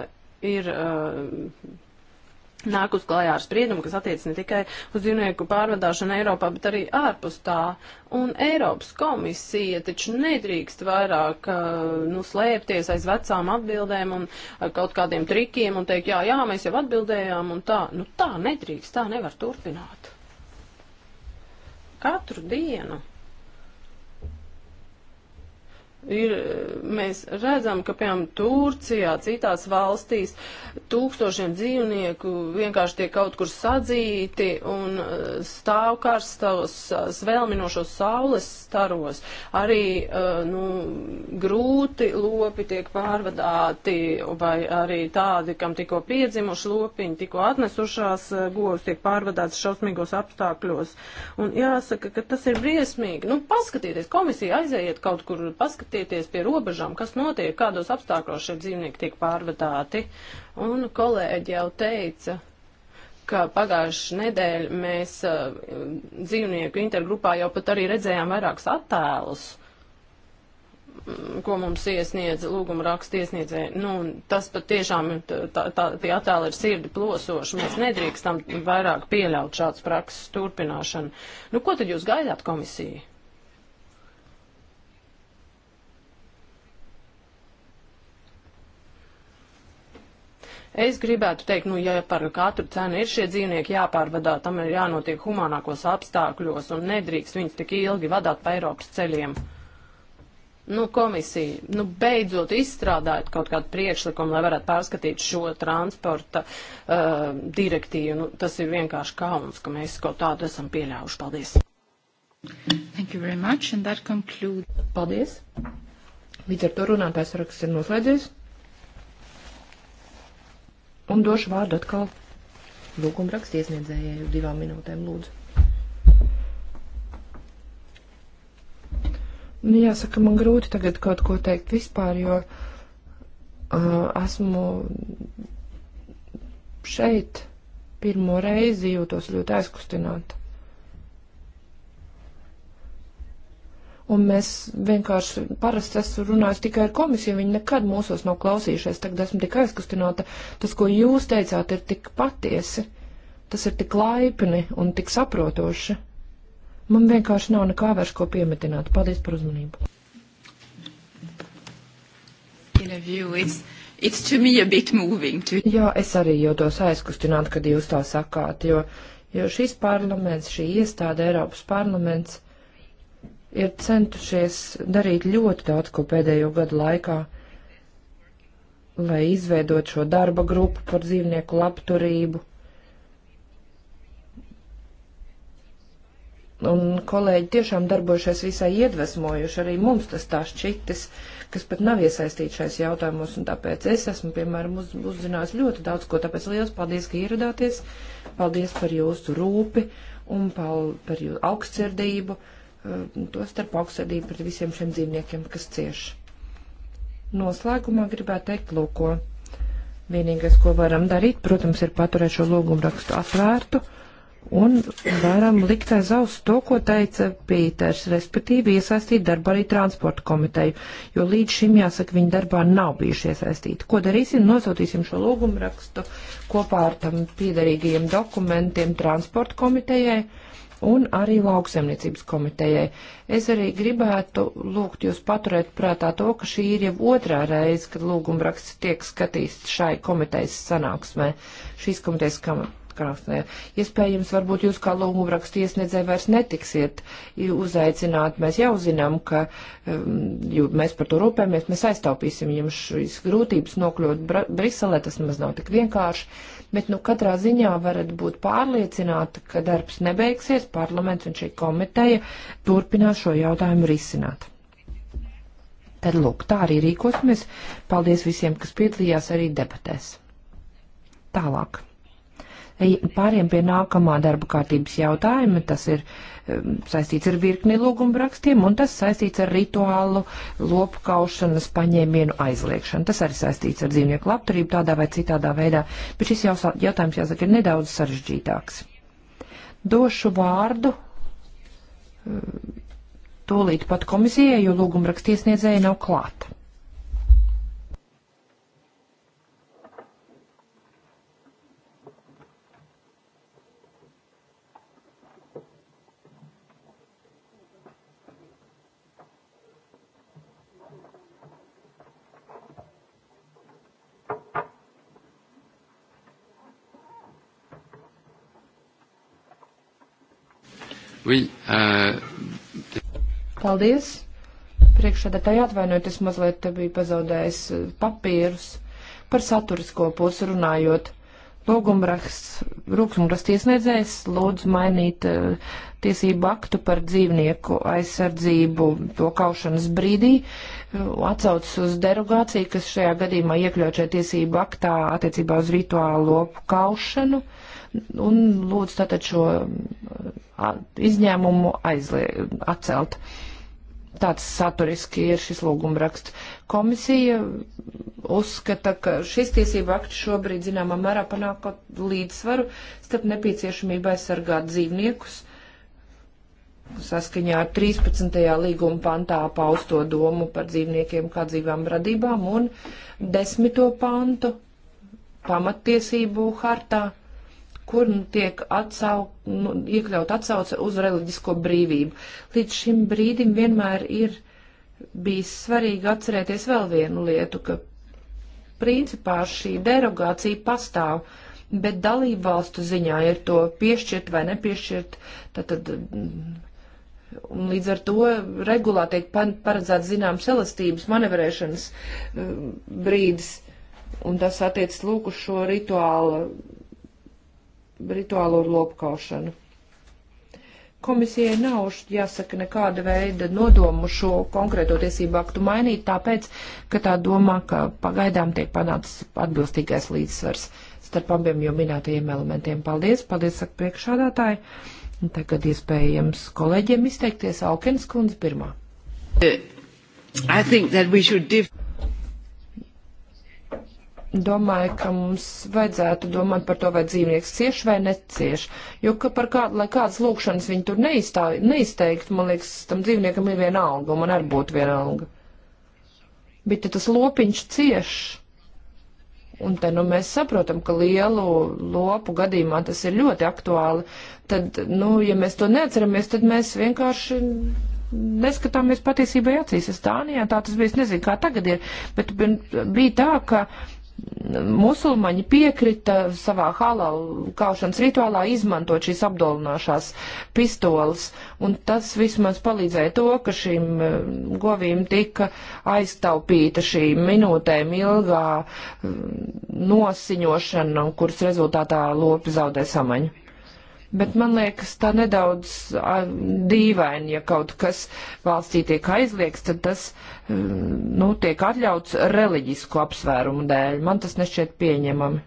ir. Uh, nāk uz klājā ar spriedumu, kas attiec ne tikai uz dzīvnieku pārvadāšanu Eiropā, bet arī ārpus tā. Un Eiropas komisija taču nedrīkst vairāk eh, nu, slēpties aiz vecām atbildēm un eh, kaut kādiem trikiem un teikt, jā, jā, mēs jau atbildējām un tā. Nu tā nedrīkst, tā nevar turpināt. Katru dienu Ir, mēs redzam, ka, piemēram, Turcijā, citās valstīs tūkstošiem dzīvnieku vienkārši tiek kaut kur sadzīti un eh, stāv karstos svelminošos saules staros. Arī, eh, nu, grūti lopi tiek pārvadāti vai arī tādi, kam tikko piedzimuši lopiņi, tikko atnesušās eh, govs tiek pārvadāts šausmīgos apstākļos. Un jāsaka, ka tas ir briesmīgi. Nu, paskatieties, komisija aiziet kaut kur, paskatieties paskatieties pie robežām, kas notiek, kādos apstākļos šie dzīvnieki tiek pārvadāti. Un kolēģi jau teica, ka pagājušajā nedēļā mēs uh, dzīvnieku intergrupā jau pat arī redzējām vairākus attēlus mm, ko mums iesniedz lūguma raksta iesniedzēji. Nu, tas pat tiešām tā, tā, tie attēli ir sirdi plosoši. Mēs nedrīkstam vairāk pieļaut šādas prakses turpināšanu. Nu, ko tad jūs gaidāt komisiju? Es gribētu teikt, nu, ja par katru cenu ir šie dzīvnieki jāpārvadā, tam ir jānotiek humānākos apstākļos un nedrīkst viņus tik ilgi vadāt pa Eiropas ceļiem. Nu, komisija, nu, beidzot izstrādājot kaut kādu priekšlikumu, lai varētu pārskatīt šo transporta uh, direktīvu. Nu, tas ir vienkārši kauns, ka mēs kaut tādu esam pieļāvuši. Paldies! Thank you very much, and that concludes. Paldies! Līdz ar to runātājs raksts ir noslēdzies. Un došu vārdu atkal lūguma rakstu iesniedzējai divām minūtēm lūdzu. Nu, jāsaka, man grūti tagad kaut ko teikt vispār, jo uh, esmu šeit pirmo reizi jūtos ļoti aizkustināta. Un mēs vienkārši parasti esmu runājusi tikai ar komisiju, viņi nekad mūsos nav klausījušies. Tagad esmu tik aizkustināta. Tas, ko jūs teicāt, ir tik patiesi. Tas ir tik laipni un tik saprotoši. Man vienkārši nav nekā vairs ko piemetināt. Paldies par uzmanību. It's, it's to... Jā, es arī jūtos aizkustināta, kad jūs tā sakāt, jo, jo šis parlaments, šī iestāde Eiropas parlaments ir centušies darīt ļoti daudz ko pēdējo gadu laikā, lai izveidot šo darba grupu par dzīvnieku labturību. Un kolēģi tiešām darbojušies visai iedvesmojuši, arī mums tas tā šķitis, kas pat nav iesaistīts šais jautājumos, un tāpēc es esmu, piemēram, uz, uzzinājis ļoti daudz ko, tāpēc liels paldies, ka ieradāties, paldies par jūsu rūpi un pal, par jūsu augstsirdību Uh, to starp augstsadību pret visiem šiem dzīvniekiem, kas cieš. Noslēgumā gribētu teikt, lūko, vienīgais, ko varam darīt, protams, ir paturēt šo lūgumu rakstu atvērtu un varam likt aiz auss to, ko teica Pīters, respektīvi iesaistīt darbā arī transporta komiteju, jo līdz šim, jāsaka, viņi darbā nav bijuši iesaistīti. Ko darīsim? Nosūtīsim šo lūgumu rakstu kopā ar tam piederīgajiem dokumentiem transporta komitejai un arī lauksemniecības komitejai. Es arī gribētu lūgt jūs paturēt prātā to, ka šī ir jau otrā reize, kad lūgumraksts tiek skatīts šai komitejas sanāksmē, šīs komitejas krāsnē. Iespējams, varbūt jūs kā lūgumrakstu iesniedzēji vairs netiksiet uzaicināt. Mēs jau zinām, ka um, mēs par to rūpējamies, mēs aiztaupīsim jums šīs grūtības nokļūt Briselē, tas nemaz nav tik vienkārši bet nu katrā ziņā varat būt pārliecināta, ka darbs nebeigsies, parlaments un šī komiteja turpinās šo jautājumu risināt. Tad lūk, tā arī rīkosimies. Paldies visiem, kas piedalījās arī debatēs. Tālāk. Pāriem pie nākamā darba kārtības jautājuma. Tas ir um, saistīts ar virkni lūgumu rakstiem, un tas saistīts ar rituālu lopkaušanas paņēmienu aizliekšanu. Tas arī saistīts ar dzīvnieku labturību tādā vai citādā veidā, bet šis jautājums, jāsaka, ir nedaudz sarežģītāks. Došu vārdu um, tūlīt pat komisijai, jo lūgumrakstiesniedzēja nav klāta. Oui, uh... Paldies. Priekšsēdētāji atvainojieties, mazliet te bija pazaudējis eh, papīrus par saturisko pusi runājot. Lūgumraksts iesniedzējs lūdz mainīt uh, tiesību aktu par dzīvnieku aizsardzību to kaušanas brīdī, uh, atcaucas uz derogāciju, kas šajā gadījumā iekļaut šajā tiesību aktā attiecībā uz rituālo kaušanu, un lūdz tātad šo uh, izņēmumu aizlie, atcelt. Tāds saturiski ir šis lūgumraksts. Komisija uzskata, ka šis tiesība akts šobrīd, zināmā mērā, panāk līdzsvaru starp nepieciešamību aizsargāt dzīvniekus saskaņā ar 13. līguma pantā pausto domu par dzīvniekiem kā dzīvām radībām un 10. pantu pamattiesību hartā kur nu tiek atsau, nu, iekļaut atsauce uz reliģisko brīvību. Līdz šim brīdim vienmēr ir bijis svarīgi atcerēties vēl vienu lietu, ka principā šī derogācija pastāv, bet dalību valstu ziņā ir to piešķirt vai nepiešķirt, tad, tad Un līdz ar to regulā tiek paredzēts zināms elastības manevrēšanas uh, brīdis, un tas attiec lūk uz šo rituālu rituālo lopkaušanu. Komisijai nav, jāsaka, nekāda veida nodomu šo konkrēto tiesību aktu mainīt, tāpēc, ka tā domā, ka pagaidām tiek panācis atbilstīgais līdzsvars starp abiem jau minētajiem elementiem. Paldies, paldies, saka priekšādātāji. Tagad iespējams kolēģiem izteikties Alkins kundze pirmā. I think that we should differ domāju, ka mums vajadzētu domāt par to, vai dzīvnieks cieš vai necieš. Jo ka par kādu, lai kādas lūkšanas viņi tur neizstāj, neizteikt, man liekas, tam dzīvniekam ir viena alga, man arī būtu viena alga. Bet ja tas lopiņš cieš, un te nu mēs saprotam, ka lielu lopu gadījumā tas ir ļoti aktuāli, tad, nu, ja mēs to neatceramies, tad mēs vienkārši neskatāmies patiesībai acīs. Es Dānijā tā, tā tas bija, es nezinu, kā tagad ir, bet bija tā, ka musulmaņi piekrita savā halalu kaušanas rituālā izmantot šīs apdolināšās pistoles, un tas vismaz palīdzēja to, ka šīm eh, govīm tika aiztaupīta šī minūtēm ilgā eh, nosiņošana, kuras rezultātā lopi zaudē samaņu bet man liekas tā nedaudz dīvaini, ja kaut kas valstī tiek aizliegts, tad tas, mm, nu, tiek atļauts reliģisku apsvērumu dēļ. Man tas nešķiet pieņemami.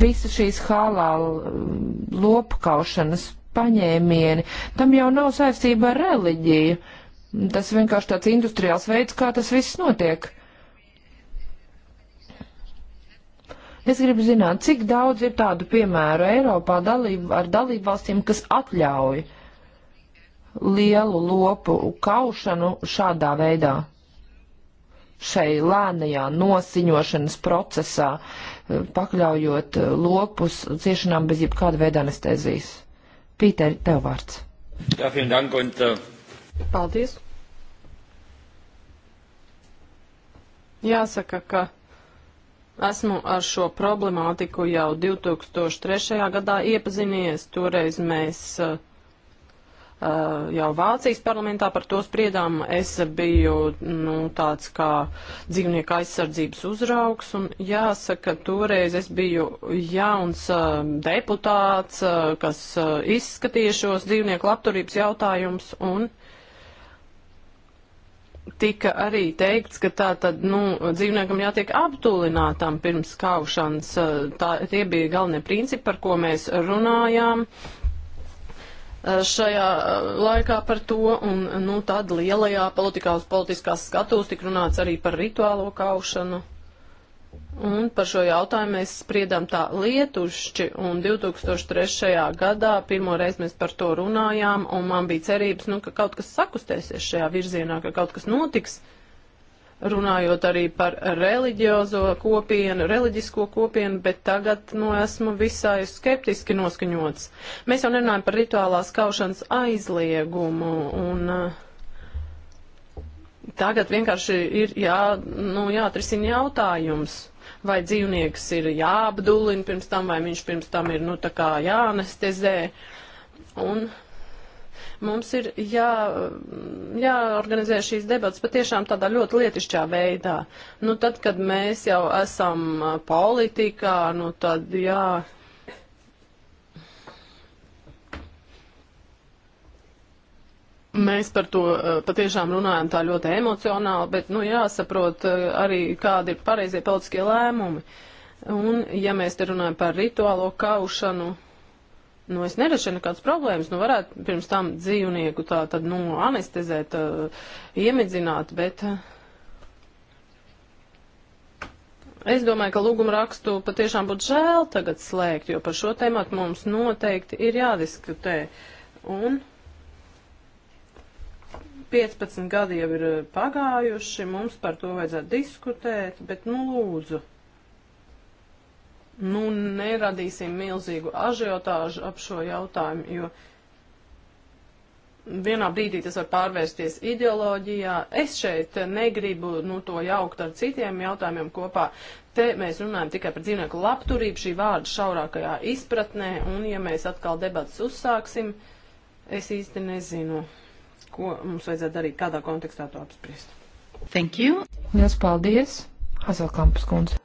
Visa šīs halāla mm, lopkaušanas paņēmieni. Tam jau nav saistība ar reliģiju. Tas vienkārši tāds industriāls veids, kā tas viss notiek. Es gribu zināt, cik daudz ir tādu piemēru Eiropā dalību, ar dalību valstīm, kas atļauj lielu lopu kaušanu šādā veidā. Šai lēnajā nosiņošanas procesā, eh, pakļaujot eh, lopus ciešanām bez jebkāda veida anestezijas. Pīter, tev vārds. Jā, vielen dank un. Uh, Paldies. Jāsaka, ka esmu ar šo problemātiku jau 2003. gadā iepazinies. Toreiz mēs uh, Eh, jau Vācijas parlamentā par to spriedām. Es biju nu, tāds kā dzīvnieku aizsardzības uzraugs, un jāsaka, toreiz es biju jauns uh, deputāts, uh, kas uh, izskatīja šos dzīvnieku labturības jautājumus, un tika arī teikts, ka tā tad, nu, dzīvniekam jātiek aptulinātam pirms kaušanas. Tā, tie bija galvenie principi, par ko mēs runājām. Eh, šajā eh, laikā par to, un eh, nu, tad lielajā politikā uz politiskās skatūs tik runāts arī par rituālo kaušanu. Un par šo jautājumu mēs spriedām tā lietušķi, un 2003. gadā pirmo reizi mēs par to runājām, un man bija cerības, nu, ka kaut kas sakustēsies šajā virzienā, ka kaut kas notiks. Uh, runājot arī par reliģiozo kopienu, reliģisko kopienu, bet tagad nu, esmu visai skeptiski noskaņots. Mēs jau nerunājam par rituālās kaušanas aizliegumu, un eh, tagad vienkārši ir jā, nu, jāatrisina jautājums. Vai dzīvnieks ir jāapdulina pirms tam, vai viņš pirms tam ir, nu, tā kā jāanestezē. Un Mums ir jā, jāorganizē šīs debatas patiešām tādā ļoti lietišķā veidā. Nu, tad, kad mēs jau esam politikā, nu, tad jā, Mēs par to patiešām runājam tā ļoti emocionāli, bet nu, jāsaprot arī, kādi ir pareizie politiskie lēmumi. Un, ja mēs te runājam par rituālo kaušanu, Nu, es nerašanu kādas problēmas, nu varētu pirms tam dzīvnieku tā tad, nu, anestezēt, iemidzināt, bet es domāju, ka lūguma rakstu patiešām būtu žēl tagad slēgt, jo par šo tēmatu mums noteikti ir jādiskutē. Un 15 gadi jau ir pagājuši, mums par to vajadzētu diskutēt, bet, nu, lūdzu nu, neradīsim milzīgu ažiotāžu ap šo jautājumu, jo vienā brīdī tas var pārvērsties ideoloģijā. Es šeit negribu nu, to jaukt ar citiem jautājumiem kopā. Te mēs runājam tikai par dzīvnieku labturību šī vārda šaurākajā izpratnē, un ja mēs atkal debatas uzsāksim, es īsti nezinu, ko mums vajadzētu darīt, kādā kontekstā to apspriest. Thank you! Jās paldies! Hazelkampas kundze.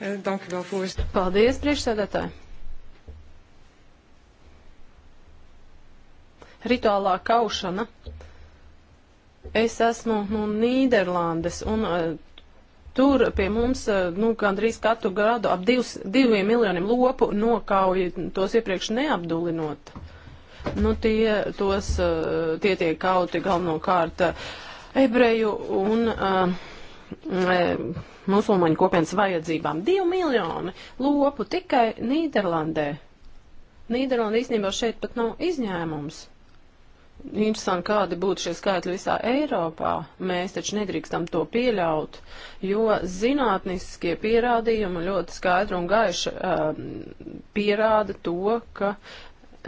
Dank u wel, voorzitter. Paldies, priekšsēdētāji. Rituālā kaušana. Es esmu no nu, Nīderlandes, un uh, tur pie mums uh, nu, gandrīz katru gadu ap divs, diviem miljoniem lopu nokauja tos iepriekš neapdulinot. Nu, tie, tos, uh, tie tiek kauti galvenokārt ebreju un. Uh, Mm, musulmaņu kopienas vajadzībām. Divi miljoni lopu tikai Nīderlandē. Nīderlanda īstenībā šeit pat nav izņēmums. Interesanti, kādi būtu šie skaitļi visā Eiropā. Mēs taču nedrīkstam to pieļaut, jo zinātniskie pierādījumi ļoti skaidri un gaiši uh, pierāda to, ka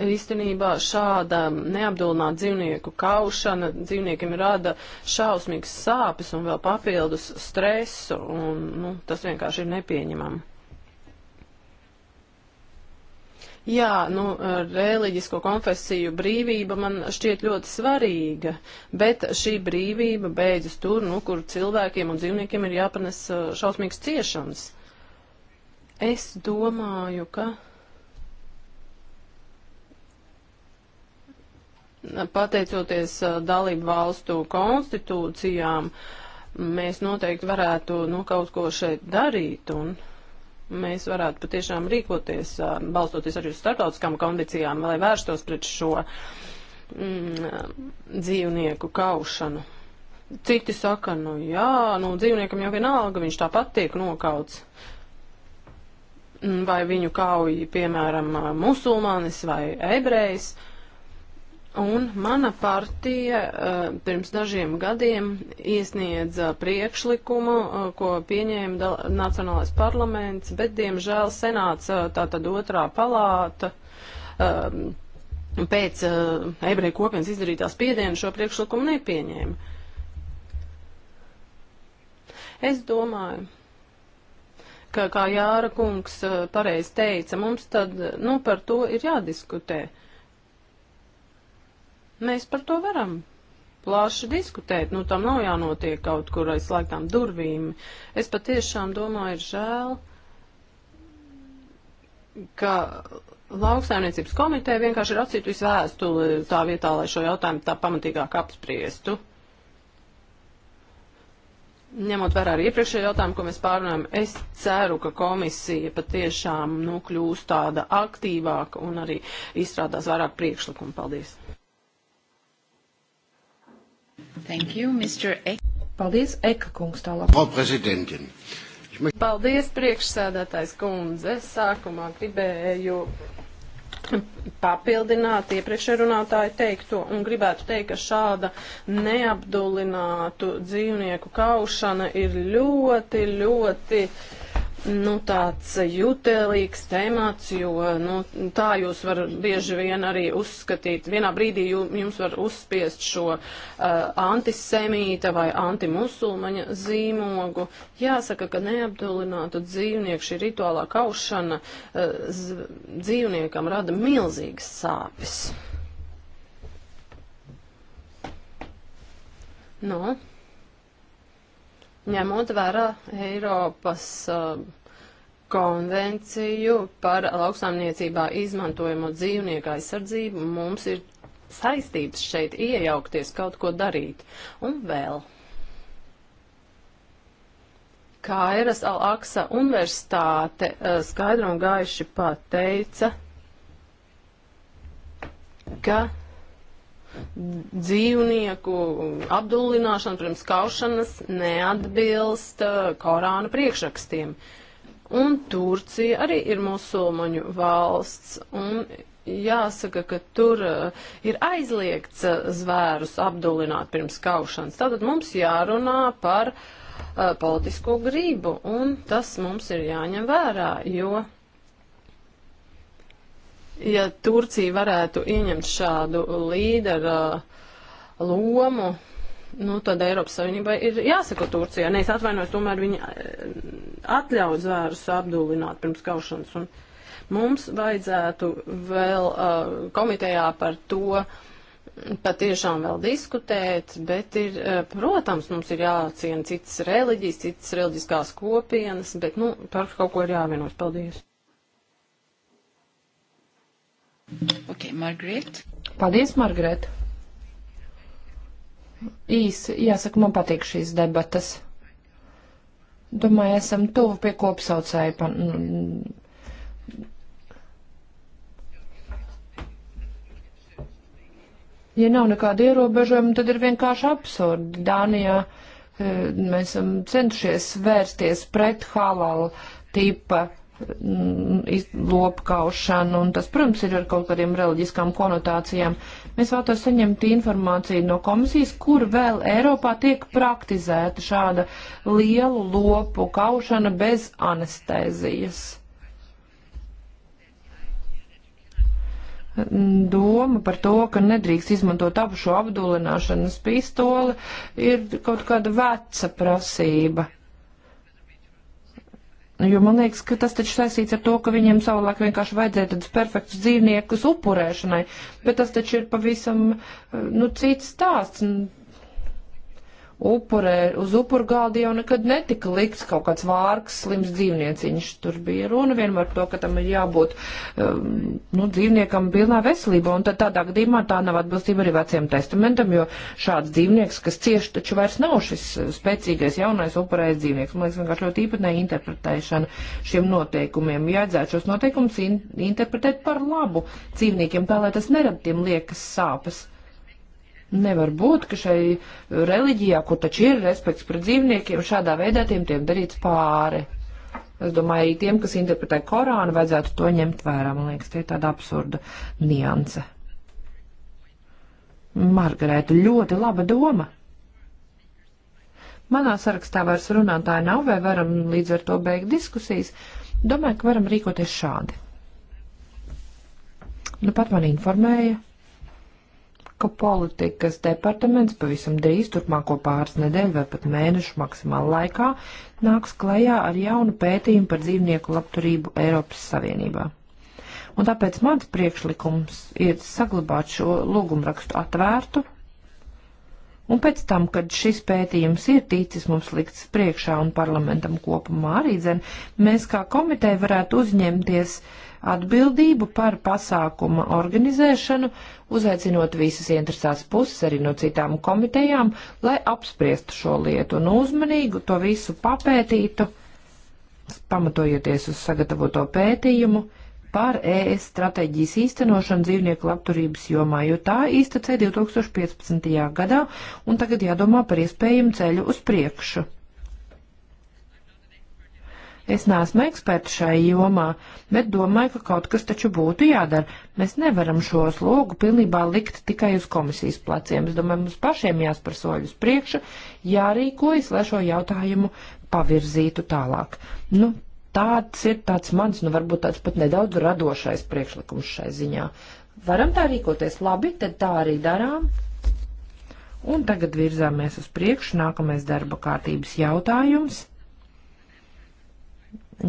Īstenībā šāda neapdulināta dzīvnieku kaušana dzīvniekiem rada šausmīgas sāpes un vēl papildus stresu, un nu, tas vienkārši ir nepieņemami. Jā, nu, reliģisko konfesiju brīvība man šķiet ļoti svarīga, bet šī brīvība beidzas tur, nu, kur cilvēkiem un dzīvniekiem ir jāpanes uh, šausmīgas ciešanas. Es domāju, ka. pateicoties uh, dalību valstu konstitūcijām, mēs noteikti varētu nu, kaut ko šeit darīt. Un, mēs varētu patiešām rīkoties, uh, balstoties arī uz starptautiskām kondicijām, lai vērstos pret šo mm, dzīvnieku kaušanu. Citi saka, nu jā, nu dzīvniekam jau vienalga, viņš tāpat tiek nokauts. Mm, vai viņu kauj, piemēram, uh, musulmanis vai ebrejs. Uh, Un mana partija uh, pirms dažiem gadiem iesniedza priekšlikumu, uh, ko pieņēma da, Nacionālais parlaments, bet, diemžēl, senāts, uh, tātad otrā palāta, pēc ebreju kopienas izdarītās piedienas šo priekšlikumu nepieņēma. Es domāju, ka, kā Jāra kungs pareiz teica, mums tad, nu, par to ir jādiskutē. Uh, Mēs par to varam plaši diskutēt, nu tam nav jānotiek kaut kur aiz slēgtām durvīm. Es patiešām domāju, ir žēl, ka lauksaimniecības komiteja vienkārši ir atsītusi vēstuli tā vietā, lai šo jautājumu tā pamatīgāk apspriestu. Ņemot vērā arī iepriekšējo jautājumu, ko mēs pārunājam, es ceru, ka komisija patiešām nu, kļūs tāda aktīvāka un arī izstrādās vairāk priekšlikumu. Paldies! Thank you, Mr. Ek. Paldies, Eka kungs, tālāk. Frau Präsidentin. Paldies, priekšsēdētājs kundze. Es sākumā gribēju papildināt iepriekšrunātāju teikto un gribētu teikt, ka šāda neapdulinātu dzīvnieku kaušana ir ļoti, ļoti uh, nu, tāds jutelīgs temats, jo nu, tā jūs var bieži vien arī uzskatīt. Vienā brīdī jums var uzspiest šo uh, antisemīta vai antimusulmaņa zīmogu. Jāsaka, ka neapdulinātu dzīvnieku šī rituālā kaušana uh, dzīvniekam rada milzīgas sāpes. Nu. No ņemot vērā Eiropas uh, konvenciju par lauksaimniecībā izmantojamo dzīvnieku aizsardzību, mums ir saistības šeit iejaukties, kaut ko darīt. Un vēl. Kairas Al-Aksa universitāte uh, skaidri un gaiši pateica, ka dzīvnieku apdullināšana pirms kaušanas neatbilst uh, Korāna priekšrakstiem. Un Turcija arī ir musulmaņu valsts, un jāsaka, ka tur uh, ir aizliegts uh, zvērus apdullināt pirms kaušanas. Tātad mums jārunā par uh, politisko gribu, un tas mums ir jāņem vērā, jo ja Turcija varētu ieņemt šādu līderu uh, lomu, nu, tad Eiropas Savienībai ir jāsako Turcijai. Nē, es atvainojos, tomēr viņi uh, atļauj zvērus apdullināt pirms kaušanas. Un mums vajadzētu vēl uh, komitejā par to patiešām vēl diskutēt, bet ir, uh, protams, mums ir jāciena citas reliģijas, citas reliģiskās kopienas, bet, nu, par kaut ko ir jāvienos. Paldies! Okay, Margaret. Paldies, Margaret. Īsi, jāsaka, man patīk šīs debatas. Domāju, esam tuvu pie kopsaucēja. Pan... Ja nav nekāda ierobežojuma, tad ir vienkārši absurdi. Dānijā eh, mēs esam centušies vērsties pret halal tipa uh, Mm, lopkaušanu, un tas, protams, ir ar kaut kādiem reliģiskām konotācijām. Mēs vēlamies saņemt informāciju no komisijas, kur vēl Eiropā tiek praktizēta šāda lielu lopu kaušana bez anestēzijas. doma par to, ka nedrīkst izmantot abu šo apdulināšanas pistoli, ir kaut kāda veca prasība. Jo man liekas, ka tas taču saistīts ar to, ka viņiem savulaik vienkārši vajadzēja tādus perfektus dzīvniekus upurēšanai, bet tas taču ir pavisam, eh, nu, cits stāsts. Nu, upurē, uz upuru galda jau nekad netika likts kaut kāds vārgs, slims dzīvnieciņš. Tur bija runa vienmēr par to, ka tam ir jābūt um, nu, dzīvniekam pilnā veselībā, un tad tādā gadījumā tā nav atbilstība arī veciem testamentam, jo šāds dzīvnieks, kas cieši, taču vairs nav šis uh, spēcīgais jaunais upurējais dzīvnieks. Man liekas, vienkārši ļoti īpatnē interpretēšana šiem noteikumiem. Jādzētu šos noteikumus in interpretēt par labu dzīvniekiem, tā lai tas nerad tiem liekas sāpes. Nevar būt, ka šai reliģijā, kur taču ir respekts pret dzīvniekiem, šādā veidā tiem tiek darīts pāri. Es domāju, tiem, kas interpretē Korānu, vajadzētu to ņemt vērā. Man liekas, tie ir tāda absurda nianse. Margarēta, ļoti laba doma. Manā sarakstā vairs runātāji nav, vai varam līdz ar to beigt diskusijas. Domāju, ka varam rīkoties šādi. Nu, pat man informēja ka politikas departaments pavisam drīz turpmāko pāris nedēļu vai pat mēnešu maksimāli laikā nāks klajā ar jaunu pētījumu par dzīvnieku labturību Eiropas Savienībā. Un tāpēc mans priekšlikums ir saglabāt šo lūgumrakstu atvērtu, un pēc tam, kad šis pētījums ir ticis mums likts priekšā un parlamentam kopumā arī dzen, mēs kā komiteja varētu uzņemties uh, atbildību par pasākuma organizēšanu, uzaicinot visas interesās puses arī no citām komitejām, lai apspriestu šo lietu un uzmanīgu to visu papētītu, pamatojoties uz sagatavoto pētījumu par ES stratēģijas īstenošanu dzīvnieku labturības jomā, jo tā īsta ceļ 2015. gadā un tagad jādomā par iespējumu ceļu uz priekšu. Es neesmu eksperts šai jomā, bet domāju, ka kaut kas taču būtu jādara. Mēs nevaram šo slogu pilnībā likt tikai uz komisijas pleciem. Es domāju, mums pašiem jāspēr soļus priekšu, jārīkojas, lai šo jautājumu pavirzītu tālāk. Nu, tāds ir tāds mans, nu varbūt tāds pat nedaudz radošais priekšlikums šai ziņā. Varam tā rīkoties labi, tad tā arī darām. Un tagad virzāmies uz priekšu, nākamais darba kārtības jautājums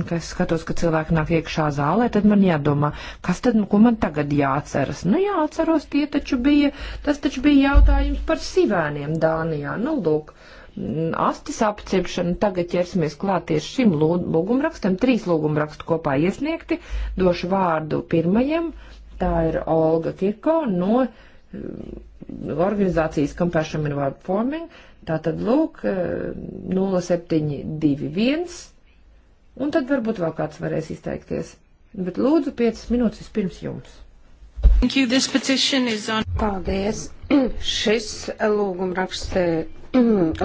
ka es skatos, ka cilvēki nāk iekšā zālē, tad man jādomā, kas tad, nu, ko man tagad jāatceras. Nu, jāatceros, tie taču bija, tas taču bija jautājums par sivēniem Dānijā. Nu, lūk, mm, astis apciepšana, tagad ķersimies klāt tieši šim lūgumrakstam, trīs lūgumrakstu kopā iesniegti, došu vārdu pirmajam, tā ir Olga Kirko no mm, organizācijas Compassion in World Forming, tātad lūk, 0721. Mm, Un tad varbūt vēl kāds varēs izteikties. Bet lūdzu, 5 minūtes vispirms jums. On... Paldies. Šis lūgumraksts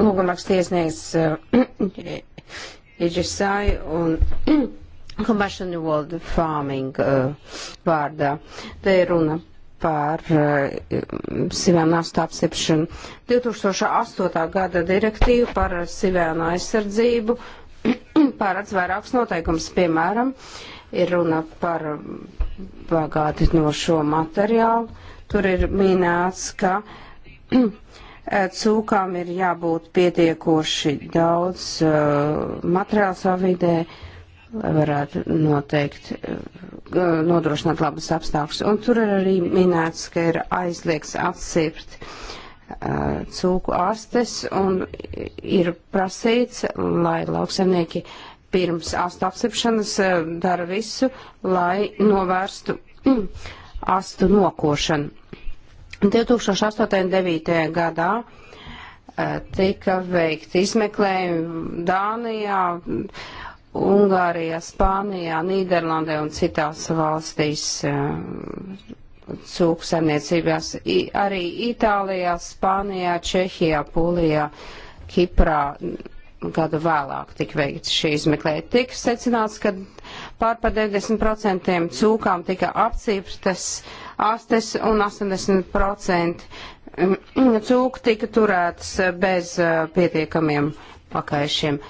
lūgumraksts iesniegs Iģisai un Commercial New World Farming uh, vārdā. Te ir runa par sivēnastu apsipšanu. 2008. gada direktīva par sivēnu aizsardzību pārāds vairākus noteikumus. Piemēram, ir runa par bagātinošo materiālu. Tur ir minēts, ka cūkām ir jābūt pietiekoši daudz uh, materiālu savā vidē, lai varētu noteikt, uh, nodrošināt labus apstākļus. Un tur ir arī minēts, ka ir aizliegts atsirt uh, cūku astes un ir prasīts, lai lauksaimnieki pirms astu apsipšanas dara visu, lai novērstu hm, astu nokošanu. 2008. un 2009. gadā tika veikti izmeklējumi Dānijā, Ungārijā, Spānijā, Nīderlandē un citās valstīs cūku saimniecībās. I, arī Itālijā, Spānijā, Čehijā, Polijā, Kiprā gadu vēlāk tika veikts šī izmeklēšana. Tika secināts, ka pār par 90% cūkām tika apcirptas astes un 80% mm, mm, cūku tika turētas bez eh, pietiekamiem pakaišiem.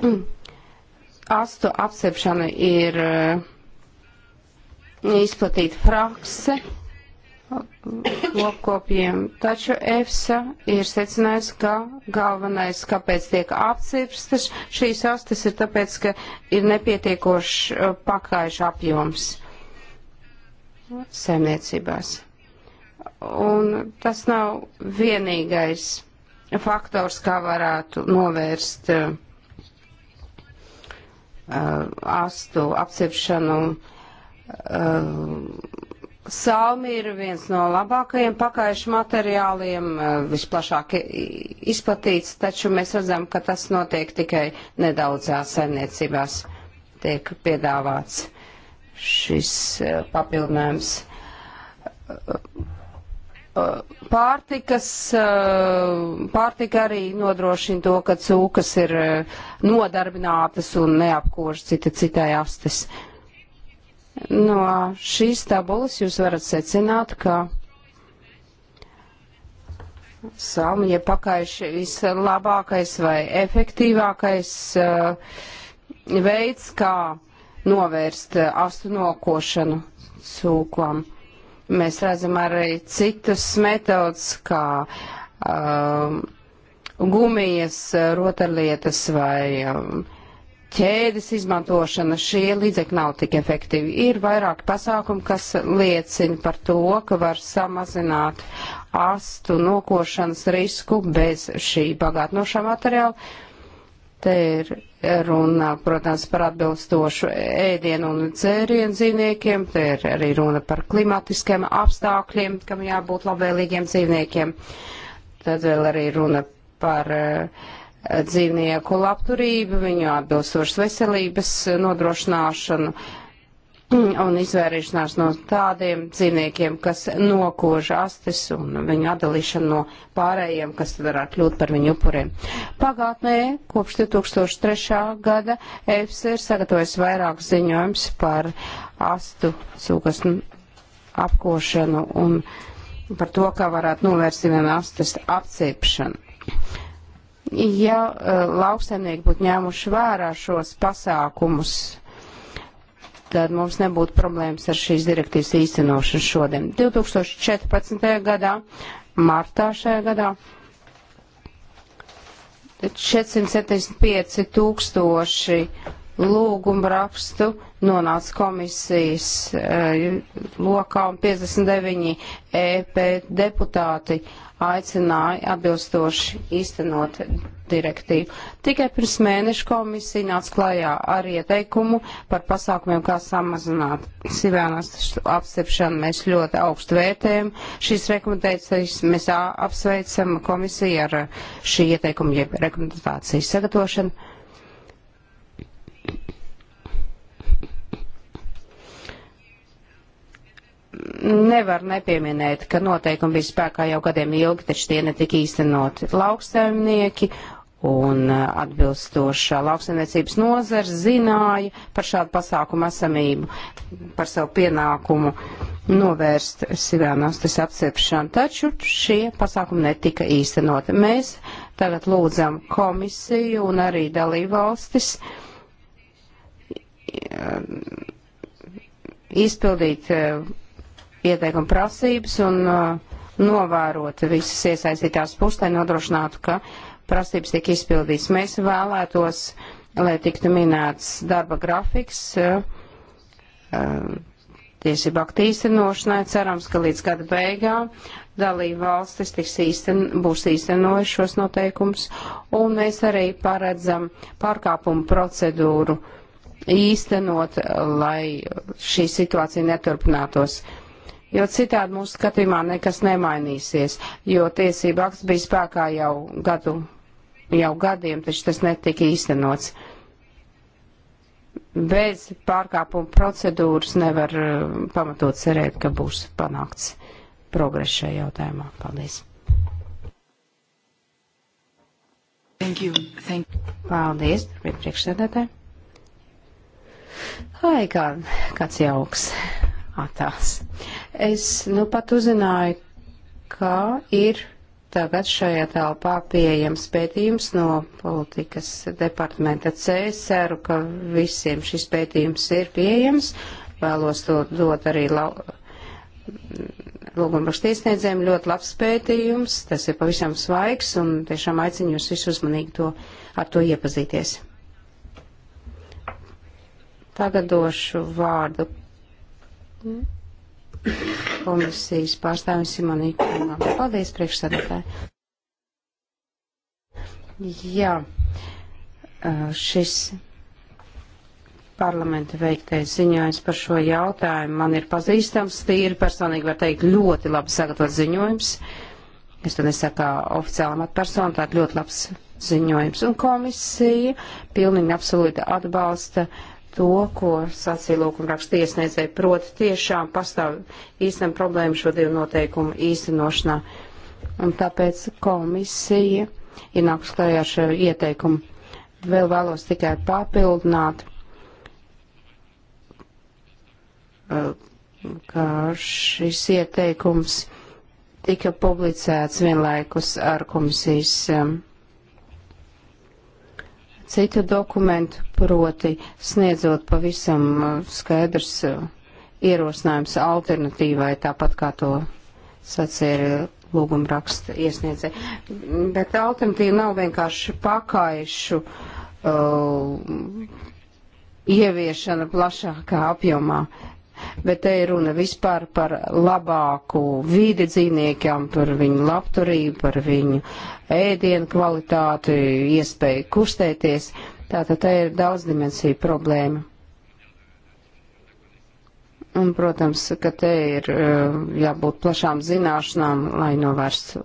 Mm. Astu apcirpšana ir uh, izplatīta prakse lopkopiem, taču EFSA ir secinājusi, ka galvenais, kāpēc tiek apcirstas šīs astes, ir tāpēc, ka ir nepietiekošs uh, pakājuši apjoms saimniecībās. Un tas nav vienīgais faktors, kā varētu novērst uh, uh astu apcepšanu. Uh, Ehm, Salmi ir viens no labākajiem pakājušu materiāliem, eh, visplašāk izplatīts, taču mēs redzam, ka tas notiek tikai nedaudzās saimniecībās. Tiek piedāvāts šis eh, papildinājums. Eh, pārtikas, pārtika arī nodrošina to, ka cūkas ir nodarbinātas un neapkož cita citai astes. Uh, No šīs tabulas jūs varat secināt, ka salmi, ja pakaiši vislabākais vai efektīvākais eh, veids, kā novērst eh, astu nokošanu cūkām. Mēs redzam arī citas metodas, kā um, gumijas rotaļlietas vai um, ķēdes izmantošana, šie līdzekļi nav tik efektīvi. Ir vairāki pasākumi, kas liecina par to, ka var samazināt astu nokošanas risku bez šī bagātinošā materiāla. Te ir runa, protams, par atbilstošu ēdienu un dzērienu dzīvniekiem, te ir arī runa par klimatiskiem apstākļiem, kam jābūt labvēlīgiem dzīvniekiem. Tad vēl arī runa par uh, dzīvnieku labturību, viņu atbilstošas veselības nodrošināšanu un izvērīšanās no tādiem dzīvniekiem, kas nokož astes un viņu atdalīšanu no pārējiem, kas tad varētu kļūt par viņu upuriem. Pagātnē, kopš 2003. gada, EFS ir sagatavojis vairāk ziņojums par astu cūkas apkošanu un par to, kā varētu novērst vienā astes apciepšanu ja eh, lauksaimnieki būtu ņēmuši vērā šos pasākumus, tad mums nebūtu problēmas ar šīs direktīvas īstenošanu šodien. 2014. gadā, martā šajā gadā, 475 tūkstoši lūgumu rakstu nonāca komisijas e, lokā un 59 EP deputāti aicināja atbilstoši īstenot direktīvu. Tikai pirms mēneša komisija nāca klajā ar ieteikumu par pasākumiem, kā samazināt sivēnas apstipršanu. Mēs ļoti augstu vērtējam šīs rekomendācijas. Mēs apsveicam komisiju ar šī ieteikuma rekomendācijas sagatavošanu. nevar nepieminēt, ka noteikumi bija spēkā jau gadiem ilgi, taču tie netika īstenoti. Lauksaimnieki un uh, atbilstošā lauksaimniecības nozars zināja par šādu pasākumu esamību, par savu pienākumu novērst sivānastas apcepšanu, taču šie pasākumi netika īstenoti. Mēs tagad lūdzam komisiju un arī dalībvalstis uh, izpildīt uh, pieteikuma prasības un uh, novērot visas iesaistītās puses, lai nodrošinātu, ka prasības tiek izpildīts. Mēs vēlētos, lai tiktu minēts darba grafiks uh, uh, tiesību aktu īstenošanai. Cerams, ka līdz gada beigām dalība valstis īsten, būs īstenojušos noteikums, un mēs arī paredzam pārkāpumu procedūru īstenot, lai šī situācija neturpinātos. Uh, jo citādi mūsu skatījumā nekas nemainīsies, jo tiesība akts bija spēkā jau gadu, jau gadiem, taču tas netika īstenots. Bez pārkāpuma procedūras nevar eh, pamatot cerēt, ka būs panākts progress šajā jautājumā. Paldies! Thank you. Thank you. Paldies, priekšsēdētāji. Ai, kā, kāds jauks attēls. Es nu pat uzzināju, ka ir tagad šajā telpā pieejams pētījums no politikas departamenta C. Es ceru, ka visiem šis pētījums ir pieejams. Vēlos to dot arī lau... lūgumrakstu iesniedzējiem. Ļoti labs pētījums, tas ir pavisam svaigs un tiešām aicinu jūs visus uzmanīgi to, ar to iepazīties. Tagad došu vārdu komisijas pārstāvim Simonī. Paldies, priekšsēdētāji. Jā, uh, šis parlamenta veiktais ziņojums par šo jautājumu man ir pazīstams. Tīri personīgi var teikt ļoti labi sagatavot ziņojums. Es to nesaku kā oficiālam atpersonu, tā ir ļoti labs ziņojums. Un komisija pilnīgi absolūti atbalsta uh, to, ko sacīja lūgumraksta iesniedzēja, proti tiešām pastāv īstenam problēma šo divu noteikumu īstenošanā. Un tāpēc komisija ir nākus klējā ar šo ieteikumu. Vēl vēlos tikai papildināt, uh, ka šis ieteikums tika publicēts vienlaikus ar komisijas um, citu dokumentu, proti sniedzot pavisam uh, skaidrs uh, ierosinājums alternatīvai, tāpat kā to sacīja lūguma raksta iesniedzē. Bet alternatīva nav vienkārši pakaišu uh, ieviešana plašākā apjomā. Uh, bet te ir runa vispār par labāku vīdi dzīvniekiem, par viņu labturību, par viņu ēdienu kvalitāti, iespēju kustēties. Tātad te ir daudzdimensija problēma. Un, protams, ka te ir eh, jābūt plašām zināšanām, lai novērstu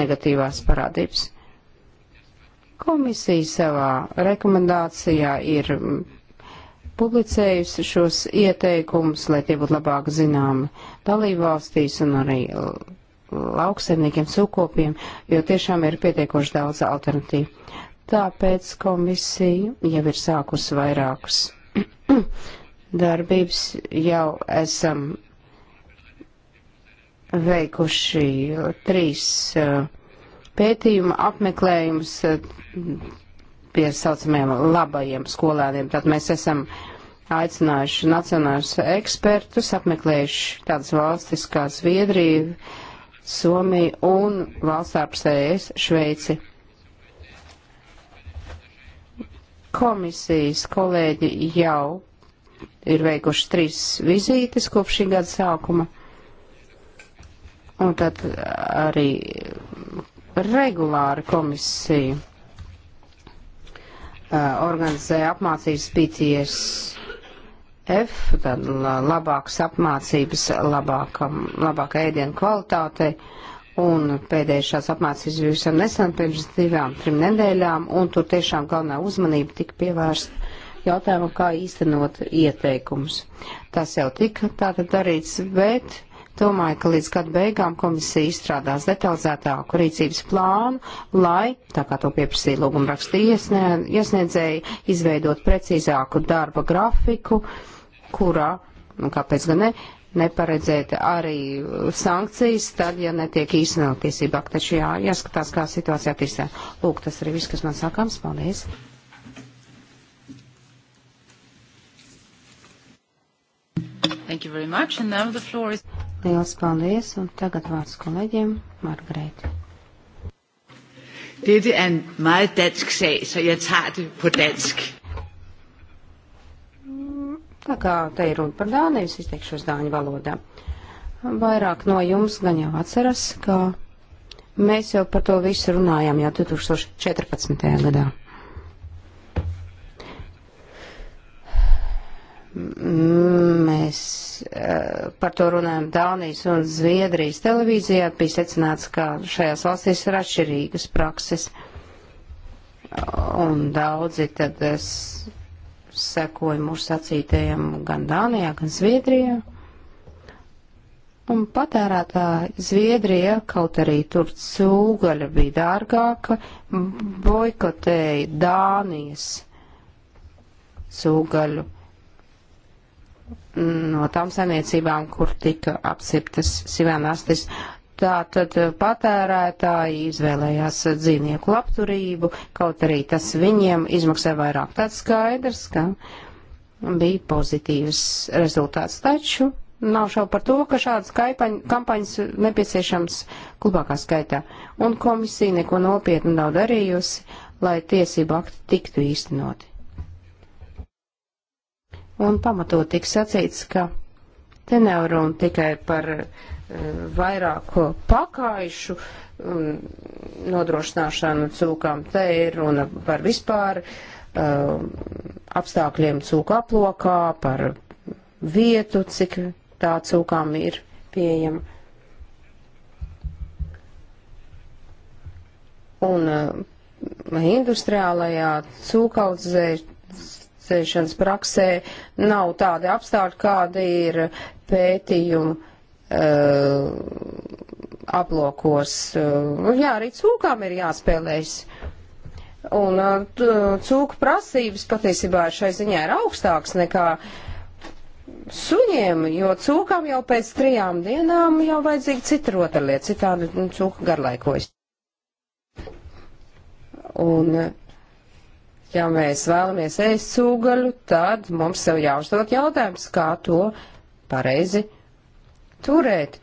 negatīvās parādības. Komisija savā rekomendācijā ir publicējusi šos ieteikumus, lai tie būtu labāk zināmi dalībvalstīs un arī lauksaimniekiem, sūkopiem, jo tiešām ir pietiekoši daudz alternatīvu. Tāpēc komisija jau ir sākusi vairākus darbības, jau esam veikuši trīs uh, pētījuma apmeklējumus uh, pie saucamajiem labajiem skolēniem. Tad mēs esam aicinājuši nacionālus ekspertus, apmeklējuši tādas valstis kā Zviedrija, Somija un valsts ārpusējas e Šveici. Komisijas kolēģi jau ir veikuši trīs vizītes kopš šī gada sākuma. Un tad arī regulāri komisija organizē apmācības PTS F, tad labākas apmācības, labākam, labāka ēdienu kvalitātei. Un pēdējais šās apmācības bija visam nesen, pirms divām, trim nedēļām, un tur tiešām galvenā uzmanība tika pievērsta jautājumam, kā īstenot ieteikumus. Tas jau tika tātad darīts, bet Domāju, ka līdz gada beigām komisija izstrādās detalizētāku rīcības plānu, lai, tā kā to pieprasīja lūguma rakstīja iesniedzēji, izveidot precīzāku darba grafiku, kurā, nu kāpēc gan ne, neparedzēt arī sankcijas, tad, ja netiek īstenot tiesību akti. Taču jā, jāskatās, kā situācija attīstās. Lūk, tas arī viss, kas man sakāms. Paldies! Thank you very much. And now the floor is... Liels paldies, un tagad vārds kolēģiem Margarēti. Dette er en meget dansk sag, så jeg tager det på dansk. Tā kā te ir runa par Dāniju, es izteikšos Dāņu valodā. Vairāk no jums gan jau atceras, ka mēs jau par to visu runājām jau 2014. gadā. Mm, mēs uh, par to runājam Dānijas un Zviedrijas televīzijā. Bija secināts, ka šajās valstīs ir atšķirīgas prakses. Un daudzi tad eh, sekoja mūsu sacītajiem gan Dānijā, gan Zviedrijā. Un patērētāji Zviedrija, kaut arī tur cūgaļa bija dārgāka, boikotēja Dānijas cūgaļu no tām saimniecībām, kur tika apsiptas sivēnastis. Tātad patērētāji izvēlējās dzīvnieku labturību, kaut arī tas viņiem izmaksā vairāk. Tāds skaidrs, ka bija pozitīvs rezultāts. Taču nav šau par to, ka šādas kampaņas nepieciešams klubākā skaitā. Un komisija neko nopietnu nav darījusi, lai tiesību akti tiktu īstenoti. Un pamatot tika sacīts, ka te nav runa tikai par eh, vairāku pakājušu nodrošināšanu cūkām, te ir runa par vispār eh, apstākļiem cūku aplokā, par vietu, cik tā cūkām ir pieejama. Un eh, industriālajā cūkaudzē ceļšanas praksē nav tādi apstākļi, kādi ir pētījumu uh, aplokos. Uh, jā, arī cūkām ir jāspēlējas. Un uh, cūku prasības patiesībā šai ziņā ir augstāks nekā suņiem, jo cūkām jau pēc trijām dienām jau vajadzīgi cita rotaļlieta, citādi nu, cūka garlaikojas. Un, uh, Ja mēs vēlamies ēst sūgaļu, tad mums sev jāuzdod jautājums, kā to pareizi turēt.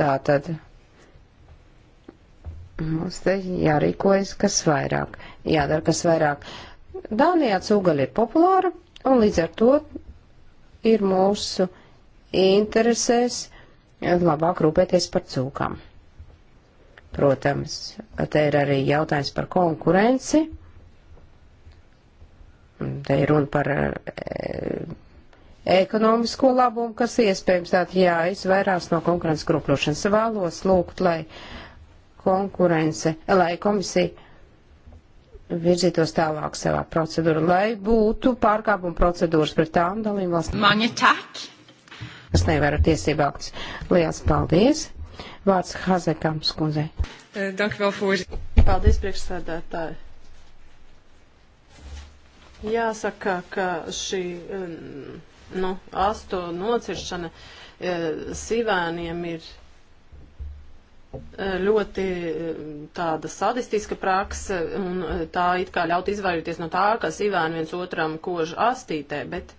Tā tad mums te jārīkojas kas vairāk, jādara kas vairāk. Dānijā cūgaļa ir populāra, un līdz ar to ir mūsu interesēs labāk rūpēties par cūkām. Protams, te ir arī jautājums par konkurenci. Te ir runa par eh, ekonomisko labumu, kas iespējams tātad jāizvairās no konkurences grupļošanas. Vēlos lūgt, lai konkurence, lai komisija virzītos tālāk savā procedūrā, lai būtu pārkāpuma procedūras pret tām dalībvalstīm. Maņa tak! Kas nevar tiesībākts. Liels paldies! Vārds Hazekams kundzei. Eh, Paldies, priekšsēdētāji. Jāsaka, ka šī eh, nu, astu nociršana eh, sīvēniem ir ļoti tāda sadistiska prakse, un tā it kā ļaut izvairīties no tā, ka sīvēni viens otram kož astītē, bet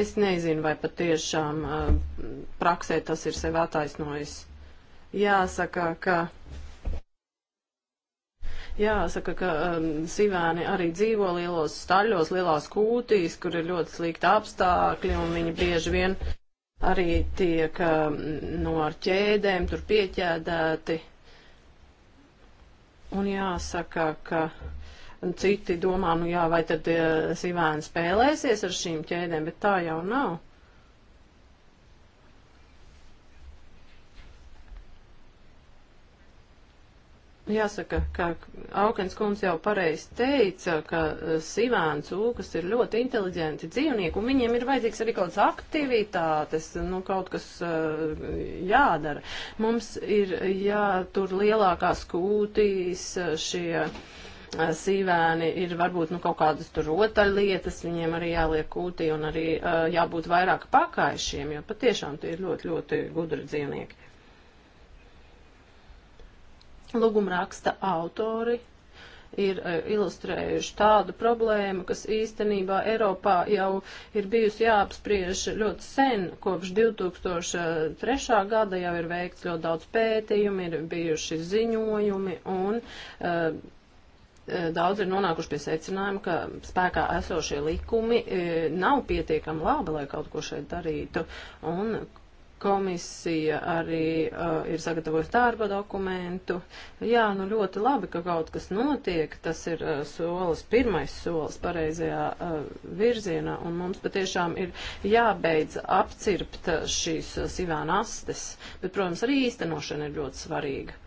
es nezinu, vai patiešām praksē tas ir sev attaisnojis jāsaka, ka. Jāsaka, ka um, sīvēni arī dzīvo lielos staļļos, lielās kūtīs, kur ir ļoti slikti apstākļi, un viņi bieži vien arī tiek um, no ar ķēdēm tur pieķēdēti. Un jāsaka, ka citi domā, nu jā, vai tad uh, eh, sīvēni spēlēsies ar šīm ķēdēm, bet tā jau nav. Jāsaka, ka Aukens kungs jau pareizi teica, ka e, sivēns ūkas ir ļoti inteliģenti dzīvnieki, un viņiem ir vajadzīgs arī kaut kāds aktivitātes, nu kaut kas e, jādara. Mums ir jātur lielākās kūtīs e, šie sīvēni ir varbūt nu, kaut kādas tur rotaļlietas, viņiem arī jāliek kūtī un arī uh, jābūt vairāk pakaišiem, jo patiešām tie ir ļoti, ļoti gudri dzīvnieki. Lūgumraksta autori ir e, ilustrējuši tādu problēmu, kas īstenībā Eiropā jau ir bijusi jāapspriež ļoti sen, kopš 2003. gada jau ir veikts ļoti daudz pētījumu, ir bijuši ziņojumi un uh, daudz ir nonākuši pie secinājuma, ka spēkā esošie likumi nav pietiekami labi, lai kaut ko šeit darītu. Un Komisija arī uh, ir sagatavojusi darba dokumentu. Jā, nu ļoti labi, ka kaut kas notiek. Tas ir uh, solis, pirmais solis pareizajā uh, virzienā, un mums patiešām ir jābeidz apcirpt šīs uh, sivāna astes. Bet, protams, arī īstenošana ir ļoti svarīga.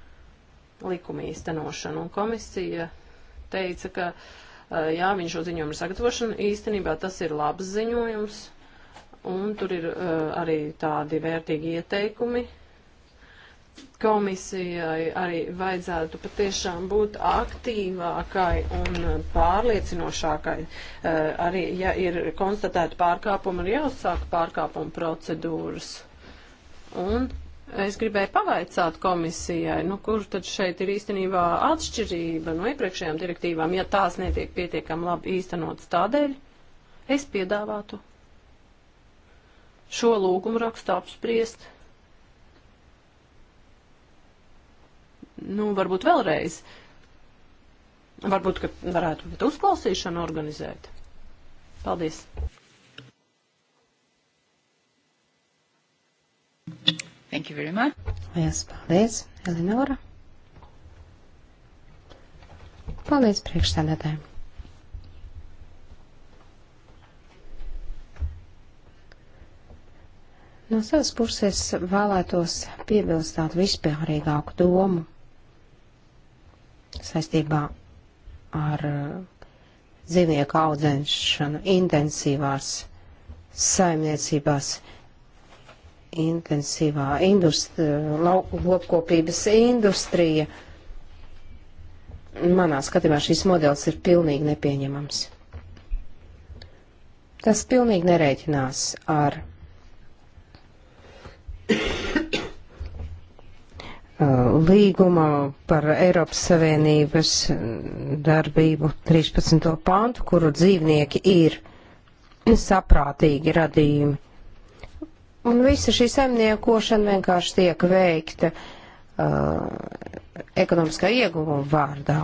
Likuma īstenošana. Un komisija teica, ka, uh, jā, viņš šo ziņojumu ir sagatavošana. Īstenībā tas ir labs ziņojums un tur ir uh, arī tādi vērtīgi ieteikumi. Komisijai arī vajadzētu patiešām būt aktīvākai un pārliecinošākai. Uh, arī, ja ir konstatēta pārkāpuma, ir jāuzsāk pārkāpuma procedūras. Un Es gribēju pavaicāt komisijai, nu, kur tad šeit ir īstenībā atšķirība no iepriekšējām direktīvām, ja tās netiek pietiekami labi īstenotas tādēļ, es piedāvātu šo lūgumu rakstu apspriest. Nu, varbūt vēlreiz. Varbūt, ka varētu uzklausīšanu organizēt. Paldies! Thank you very much. Lielas paldies, Elinora. Paldies priekšstādātājiem. No savas puses vēlētos piebilst tādu vispārīgāku domu saistībā ar uh, dzīvnieku audzēšanu intensīvās saimniecībās, intensīvā industri, uh, lopkopības industrija. Manā skatījumā šis modelis ir pilnīgi nepieņemams. Tas pilnīgi nereiķinās ar līgumā par Eiropas Savienības darbību 13. pantu, kuru dzīvnieki ir saprātīgi radījumi. Un visa šī saimniekošana vienkārši tiek veikta uh, ekonomiskā ieguvuma vārdā.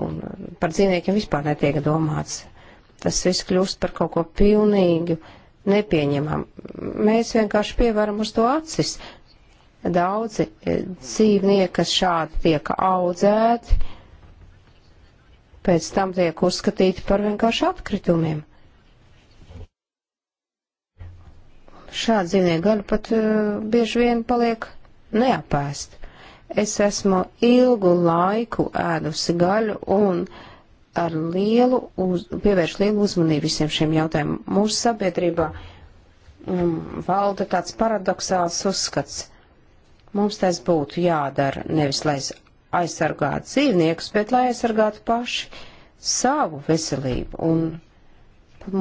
Un par dzīvniekiem vispār netiek domāts. Tas viss kļūst par kaut ko pilnīgu uh, nepieņemam. Mēs vienkārši pievaram uz to acis. Daudzi e, dzīvnieki, kas šādi tiek audzēti, pēc tam tiek uzskatīti par vienkārši atkritumiem. Šādi dzīvnieki gan pat uh, bieži vien paliek neapēst. Es esmu ilgu laiku ēdusi gaļu un uh, ar lielu, uz, pievērš lielu uzmanību visiem šiem jautājumiem. Mūsu sabiedrībā um, valda tāds paradoxāls uzskats. Mums tas būtu jādara nevis, lai aizsargātu dzīvniekus, bet lai aizsargātu paši savu veselību un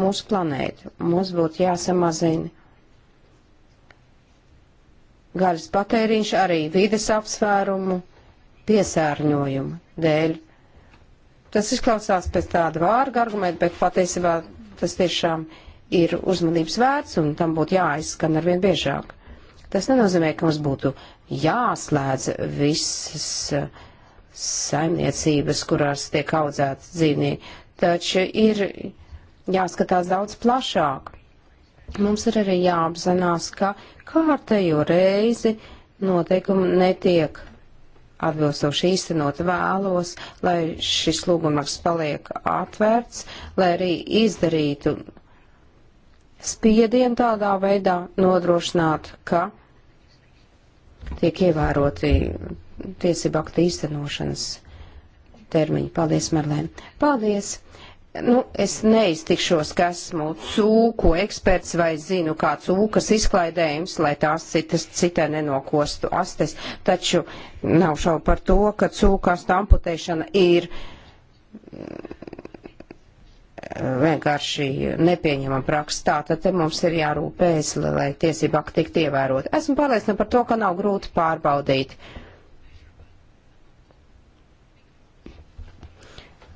mūsu planētu. Mums būtu jāsamazina gaļas patēriņš arī vides apsvērumu piesārņojumu dēļ. Tas izklausās pēc tāda vārga argumenta, bet patiesībā tas tiešām ir uzmanības vērts un tam būtu jāizskan arvien biežāk. Tas nenozīmē, ka mums būtu jāslēdz visas uh, saimniecības, kurās tiek audzēti dzīvnieki, taču ir jāskatās daudz plašāk. Mums ir arī jāapzinās, ka kārtējo reizi noteikumi netiek atbilstoši īstenot vēlos, lai šis lūgumaks paliek atvērts, lai arī izdarītu spiedienu tādā veidā nodrošināt, ka tiek ievēroti tiesību aktu īstenošanas termiņi. Paldies, Marlēn. Paldies. Nu, nu, es neiztikšos, ka esmu cūku eksperts vai zinu, kā cūkas izklaidējums, lai tās citas citai nenokostu astes, taču nav šau par to, ka cūkās amputēšana ir mm, vienkārši nepieņemama praksa. Tā tad te mums ir jārūpējas, lai tiesība akti tiktu ievērot. Esmu pārliecināta par to, ka nav grūti pārbaudīt. Uh,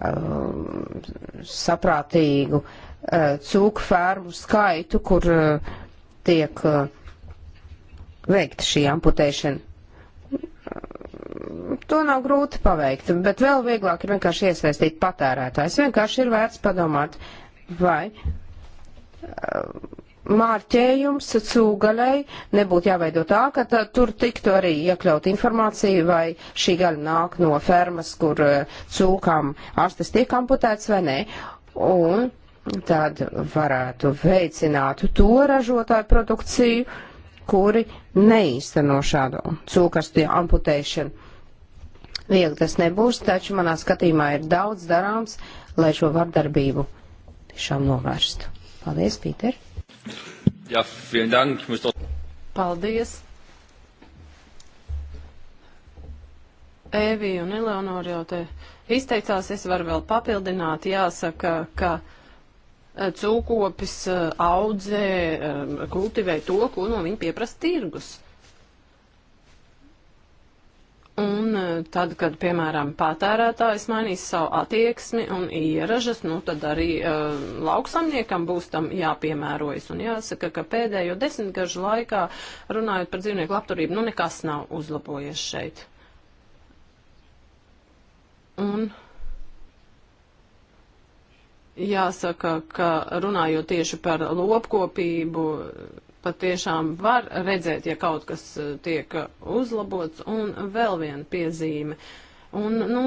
Um, saprātīgu uh, cūku fermu skaitu, kur uh, tiek uh, veikta šī amputēšana. To nav grūti paveikt, bet vēl vieglāk ir vienkārši iesaistīt patērētājs. Vienkārši ir vērts padomāt, vai mārķējums cūgaļai nebūtu jāveido tā, ka tā, tur tiktu arī iekļaut informācija, vai šī gaļa nāk no fermas, kur eh, cūkām ārstas tiek amputēts vai nē. Un tad varētu veicināt to ražotāju produkciju, kuri neīsteno šādu cūkastu amputēšanu. Viegli tas nebūs, taču manā skatījumā ir daudz darāms, lai šo vardarbību tiešām novērstu. Paldies, Pīter! Jā, vielen dank. To... Paldies. Evi un Eleonora jau te izteicās, es varu vēl papildināt. Jāsaka, ka e, cūkopis e, audzē, e, kultivē to, ko no viņa pieprasa tirgus. Un e, tad, kad, piemēram, patērētājs mainīs savu attieksmi un ieražas, nu tad arī uh, lauksamniekam būs tam jāpiemērojas. Un jāsaka, ka pēdējo desmitgažu laikā, runājot par dzīvnieku labturību, nu nekas nav uzlabojies šeit. Un jāsaka, ka runājot tieši par lopkopību patiešām var redzēt, ja kaut kas eh, tiek eh, uzlabots. Un vēl viena piezīme. Un, nu,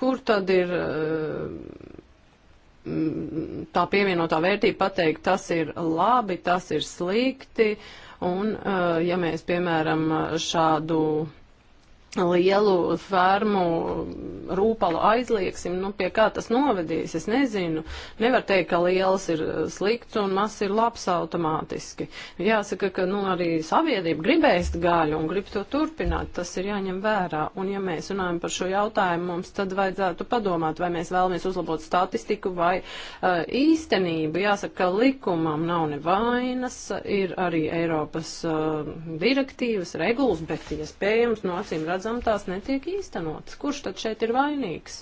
kur tad ir eh, tā pievienotā vērtība pateikt, tas ir labi, tas ir slikti. Un, ja mēs, piemēram, šādu lielu fermu rūpalu aizlieksim, nu pie kā tas novedīs, es nezinu. Nevar teikt, ka liels ir eh, slikts un mazs ir labs automātiski. Jāsaka, ka nu arī sabiedrība gribēs gaļu un grib to turpināt, tas ir jāņem vērā. Un ja mēs runājam par šo jautājumu, mums tad vajadzētu padomāt, vai mēs vēlamies uzlabot statistiku vai uh, īstenību. Jāsaka, ka likumam nav nevainas, ir arī Eiropas uh, direktīvas, regulas, bet iespējams, ja no acīm redzot, redzam, tās netiek īstenotas. Kurš tad šeit ir vainīgs?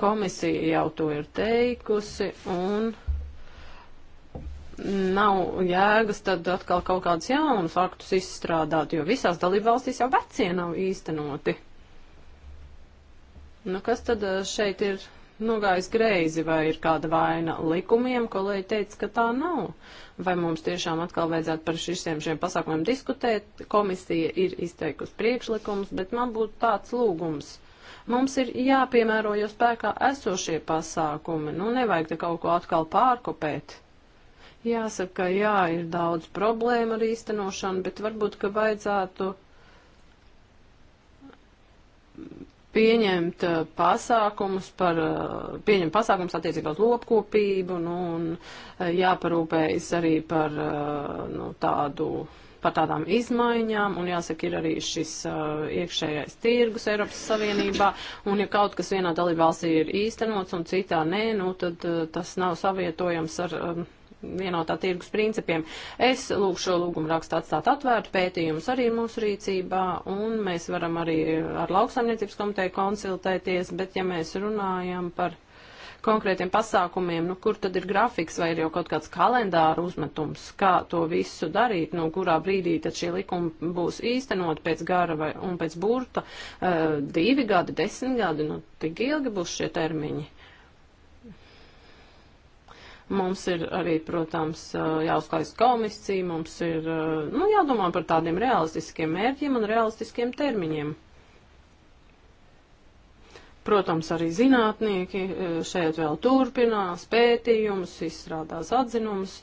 Komisija jau to ir teikusi un nav jēgas tad atkal kaut kādus jaunus aktus izstrādāt, jo visās dalībvalstīs jau vecie nav īstenoti. Nu, kas tad eh, šeit ir nogājis greizi, vai ir kāda vaina likumiem, kolēģi teica, ka tā nav. Vai mums tiešām atkal vajadzētu par šiem, šiem pasākumiem diskutēt? Komisija ir izteikusi priekšlikums, bet man būtu tāds lūgums. Mums ir jāpiemēro jau spēkā esošie pasākumi, nu nevajag te kaut ko atkal pārkopēt. Jāsaka, jā, ir daudz problēmu ar īstenošanu, bet varbūt, ka vajadzētu pieņemt uh, pasākumus par, uh, pieņemt pasākumus attiecībā uz lopkopību, nu, un uh, jāparūpējas arī par, nu, tādu, par tādām izmaiņām, un jāsaka, ir arī šis iekšējais tirgus Eiropas Savienībā, un ja kaut kas vienā dalībvalstī ir īstenots un citā nē, nu, tad tas nav savietojams ar um, vienotā tirgus principiem. Es lūgšu šo lūgumu rakstu atstāt atvērtu, pētījums arī ir mūsu rīcībā, un mēs varam arī ar lauksaimniecības komiteju konsultēties, bet ja mēs runājam par konkrētiem pasākumiem, nu, kur tad ir grafiks vai ir jau kaut kāds kalendāra uzmetums, kā to visu darīt, nu, kurā brīdī tad šie likumi būs īstenot pēc gara vai, un pēc burta, uh, divi gadi, desmit gadi, nu, tik ilgi būs šie termiņi. Mums ir arī, protams, jāuzklājas komisija, mums ir nu, jādomā par tādiem realistiskiem mērķiem un realistiskiem termiņiem. Protams, arī zinātnieki šeit vēl turpinās pētījumus, izstrādās atzinumus,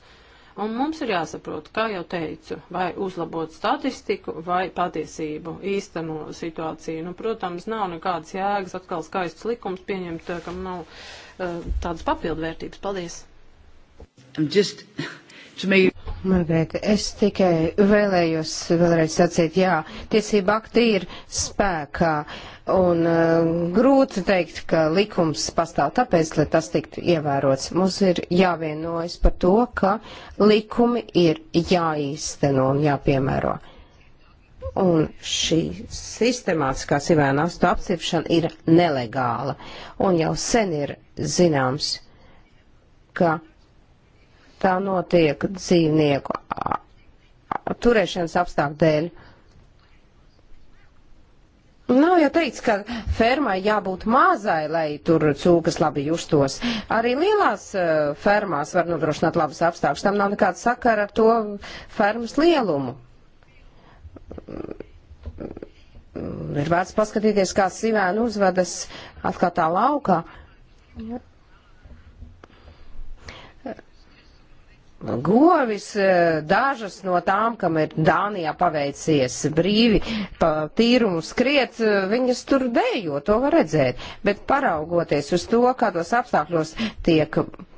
un mums ir jāsaprot, kā jau teicu, vai uzlabot statistiku vai patiesību, īsteno situāciju. Nu, protams, nav nekādas jēgas atkal skaists likums pieņemt, kam nav tādas papildvērtības. Paldies! Just... Make... Margarita, es tikai vēlējos vēlreiz sacīt, jā, tiesība akti ir spēkā un uh, grūti teikt, ka likums pastāv tāpēc, lai tas tiktu ievērots. Mums ir jāvienojas par to, ka likumi ir jāīsteno un jāpiemēro. Un šī sistemātiskā sivēna astu apciepšana ir nelegāla un jau sen ir zināms, ka tā notiek dzīvnieku turēšanas apstākļu dēļ. Nav jau teikts, ka fermai jābūt mazai, lai tur cūkas labi justos. Arī lielās uh, fermās var nodrošināt labus apstākļus. Tam nav nekāda sakara ar to fermas lielumu. Ir vērts paskatīties, kā sivēna uzvedas atkal tā laukā. Ja. govis, e, dažas no tām, kam ir Dānijā paveicies brīvi pa tīrumu skriet, e, viņas tur dejo, to var redzēt. Bet paraugoties uz to, kādos apstākļos tiek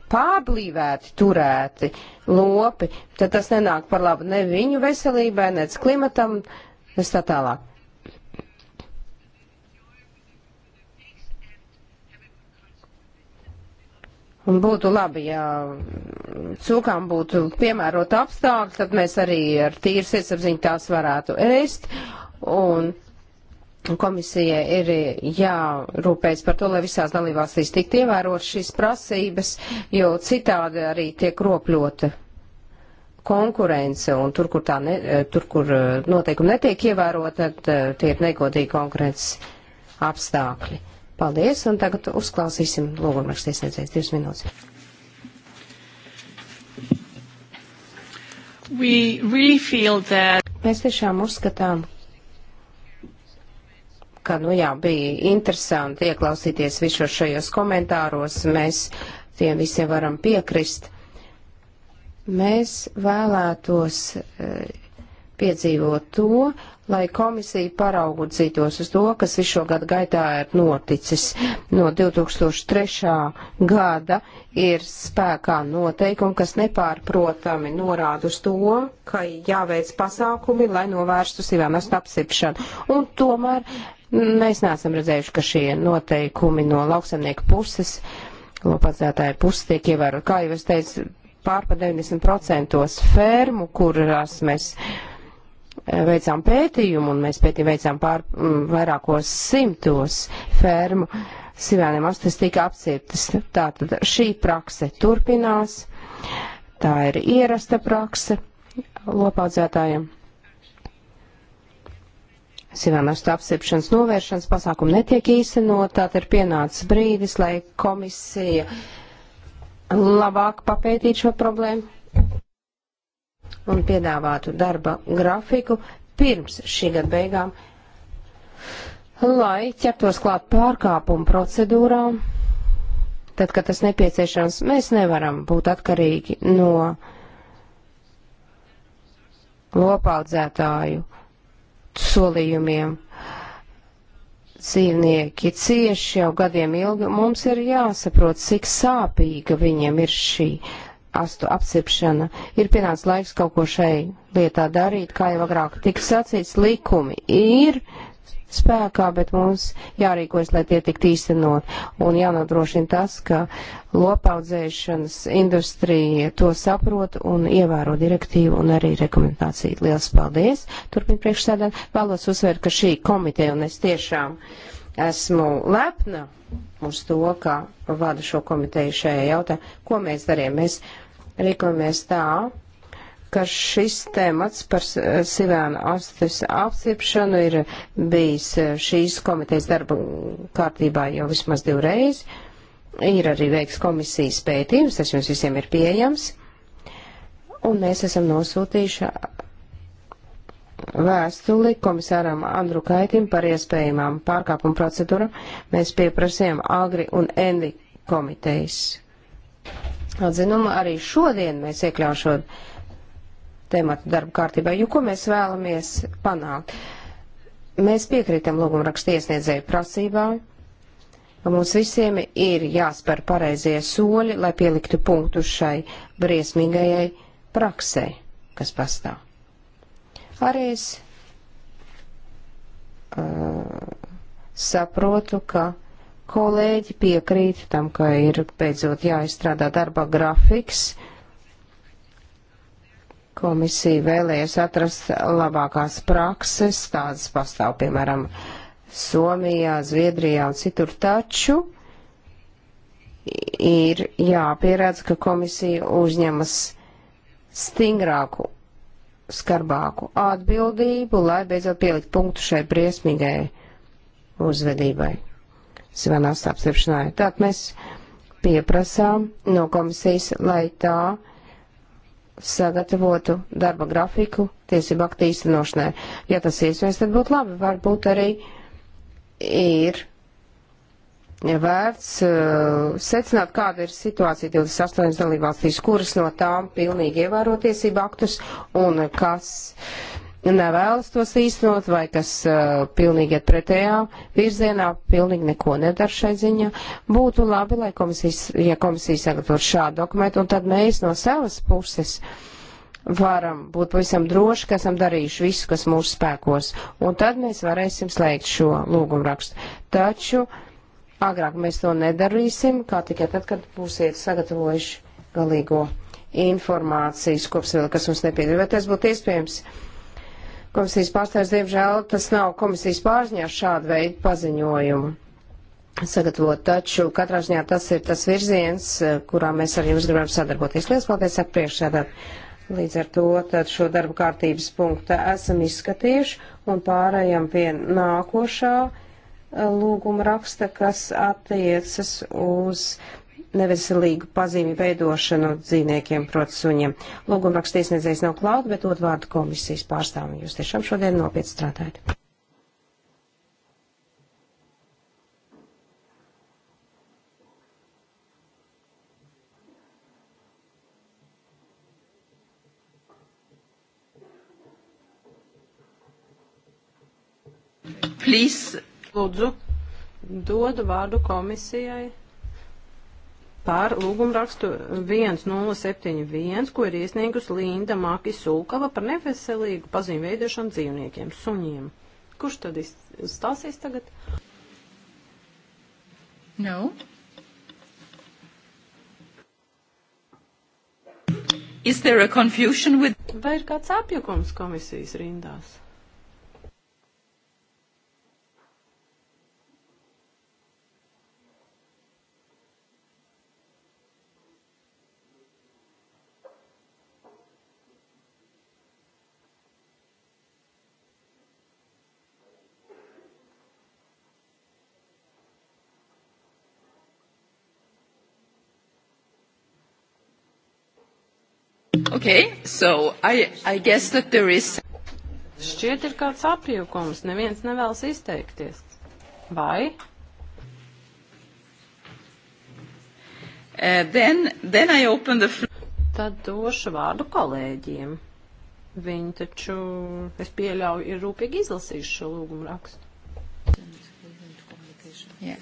pārblīvēti, turēti lopi, tad tas nenāk par labu ne viņu veselībai, nec klimatam, nes tā tālāk. Un būtu labi, ja cūkām būtu piemērota apstākļi, tad mēs arī ar tīru sirdsapziņu tās varētu ēst. Un komisija ir jārūpējas par to, lai visās dalībvalstīs tiktu ievērot šīs prasības, jo citādi arī tiek ropļota konkurence, un tur, kur, tā ne, tur, kur eh, noteikumi netiek ievērot, tad eh, tie ir negodīgi konkurences apstākļi. Paldies, un tagad uzklausīsim logumrakstu iesniedzējus divas minūtes. We really feel that... Mēs tiešām uzskatām, ka, nu jā, bija interesanti ieklausīties visos šajos komentāros, mēs tiem visiem varam piekrist. Mēs vēlētos eh, piedzīvot to, lai komisija paraugudzītos uz to, kas visu šo gadu gaitā ir noticis. No 2003. gada ir spēkā noteikumi, kas nepārprotami norāda uz to, ka jāveic pasākumi, lai novērstu sivēmestu apsipšanu. Un tomēr mēs neesam redzējuši, ka šie noteikumi no lauksamnieku puses, lopadzētāju puses tiek ievērot. Kā jau es teicu, pārpa 90% fermu, kurās mēs. Uh, veicām pētījumu, un mēs pētījumu veicām pār m, mm, vairākos simtos fermu. Sīvēniem astes tika apcietas. Tātad šī prakse turpinās. Tā ir ierasta prakse lopaudzētājiem. Sīvēnās apsiepšanas novēršanas pasākumu netiek īstenot, tātad ir pienācis brīdis, lai komisija labāk papētītu šo problēmu un piedāvātu darba grafiku pirms šī gada beigām, lai ķertos klāt pārkāpumu procedūrām. Tad, kad tas nepieciešams, mēs nevaram būt atkarīgi no lopaudzētāju solījumiem. Dzīvnieki cieši jau gadiem ilgi, mums ir jāsaprot, cik sāpīga viņiem ir šī astu apsipšana. Ir pienācis laiks kaut ko šai lietā darīt, kā jau agrāk tika sacīts, likumi ir spēkā, bet mums jārīkojas, lai tie tiktu īstenot. Un jānodrošina tas, ka lopaudzēšanas industrija to saprot un ievēro direktīvu un arī rekomendāciju. Lielas paldies! Turpin priekšsēdē vēlos uzsvērt, ka šī komiteja un es tiešām. Uh, Esmu lepna uz to, ka vada šo komiteju šajā jautājumā. Ko mēs darījām? Mēs rīkojamies tā, ka šis temats par Sivēnu astes apstiprināšanu ir bijis e, šīs komitejas darba kārtībā jau vismaz divreiz. Ir arī veiks komisijas pētījums, tas jums visiem ir pieejams. Un mēs esam nosūtījuši vēstuli komisāram Andru Kaitim par iespējamām pārkāpumu procedūru. Mēs pieprasījām Agri un Endi komitejas atzinumu. Arī šodien mēs iekļaušot tēmatu darba kārtībā, jo ko mēs vēlamies panākt. Mēs piekrītam lūgumu rakstiesniedzēju prasībā, ka mums visiem ir jāspēr pareizie soļi, lai pieliktu punktu šai briesmīgajai praksē, kas pastāv. Arī es uh, saprotu, ka kolēģi piekrīt tam, ka ir beidzot jāizstrādā darba grafiks. Komisija vēlējas atrast labākās prakses, tādas pastāv, piemēram, Somijā, Zviedrijā un citur taču ir jāpieredz, ka komisija uzņemas stingrāku skarbāku atbildību, lai beidzot pielikt punktu šai briesmīgai uzvedībai, svenās apstiprināja. Tātad mēs pieprasām no komisijas, lai tā sagatavotu darba grafiku tiesību aktu īstenošanai. Ja tas iespējams, tad būtu labi. Varbūt arī ir vērts uh, secināt, kāda ir situācija 28 dalībvalstīs, kuras no tām pilnīgi ievēro tiesību aktus un kas nevēlas tos īstenot vai kas uh, pilnīgi iet pretējā virzienā, pilnīgi neko nedara šai ziņā. Būtu labi, lai komisijas, ja komisija sagatavot šādu dokumentu, un tad mēs no savas puses varam būt pavisam droši, ka esam darījuši visu, kas mūsu spēkos, un tad mēs varēsim slēgt šo lūgumrakstu. Taču uh, Agrāk mēs to nedarīsim, kā tikai tad, kad būsiet sagatavojuši galīgo informācijas kopsvilku, kas mums nepiedara. Vai tas būtu iespējams? Komisijas pārstāvis, diemžēl, tas nav komisijas pārziņā šādu veidu paziņojumu sagatavot, taču katrā ziņā tas ir tas virziens, kurā mēs ar jums gribam sadarboties. Lielas paldies ar priekšsēdētāju. Līdz ar to šo darba kārtības punktu esam izskatījuši un pārējām pie nākošā lūguma raksta, kas attiecas uz neveselīgu pazīmi veidošanu dzīvniekiem, proti suņiem. Lūguma raksta iesniedzējs nav klāt, bet dod vārdu komisijas pārstāvim. Jūs tiešām šodien nopietni strādājat. Please Lūdzu, dodu vārdu komisijai par lūgumrakstu 1071, ko ir iesniegus Linda Maki Sūkava par neveselīgu pazīmu veidošanu dzīvniekiem, suņiem. Kurš tad stāsīs tagad? No. Is there a confusion with... Vai ir kāds apjukums komisijas rindās? Okay, so I, I guess that there is... Šķiet ir kāds apjūkums, neviens nevēlas izteikties. Vai? Uh, then, then I open the... Tad došu vārdu kolēģiem. Viņi taču, es pieļauju, ir rūpīgi izlasījuši šo lūgumu rakstu. Yeah.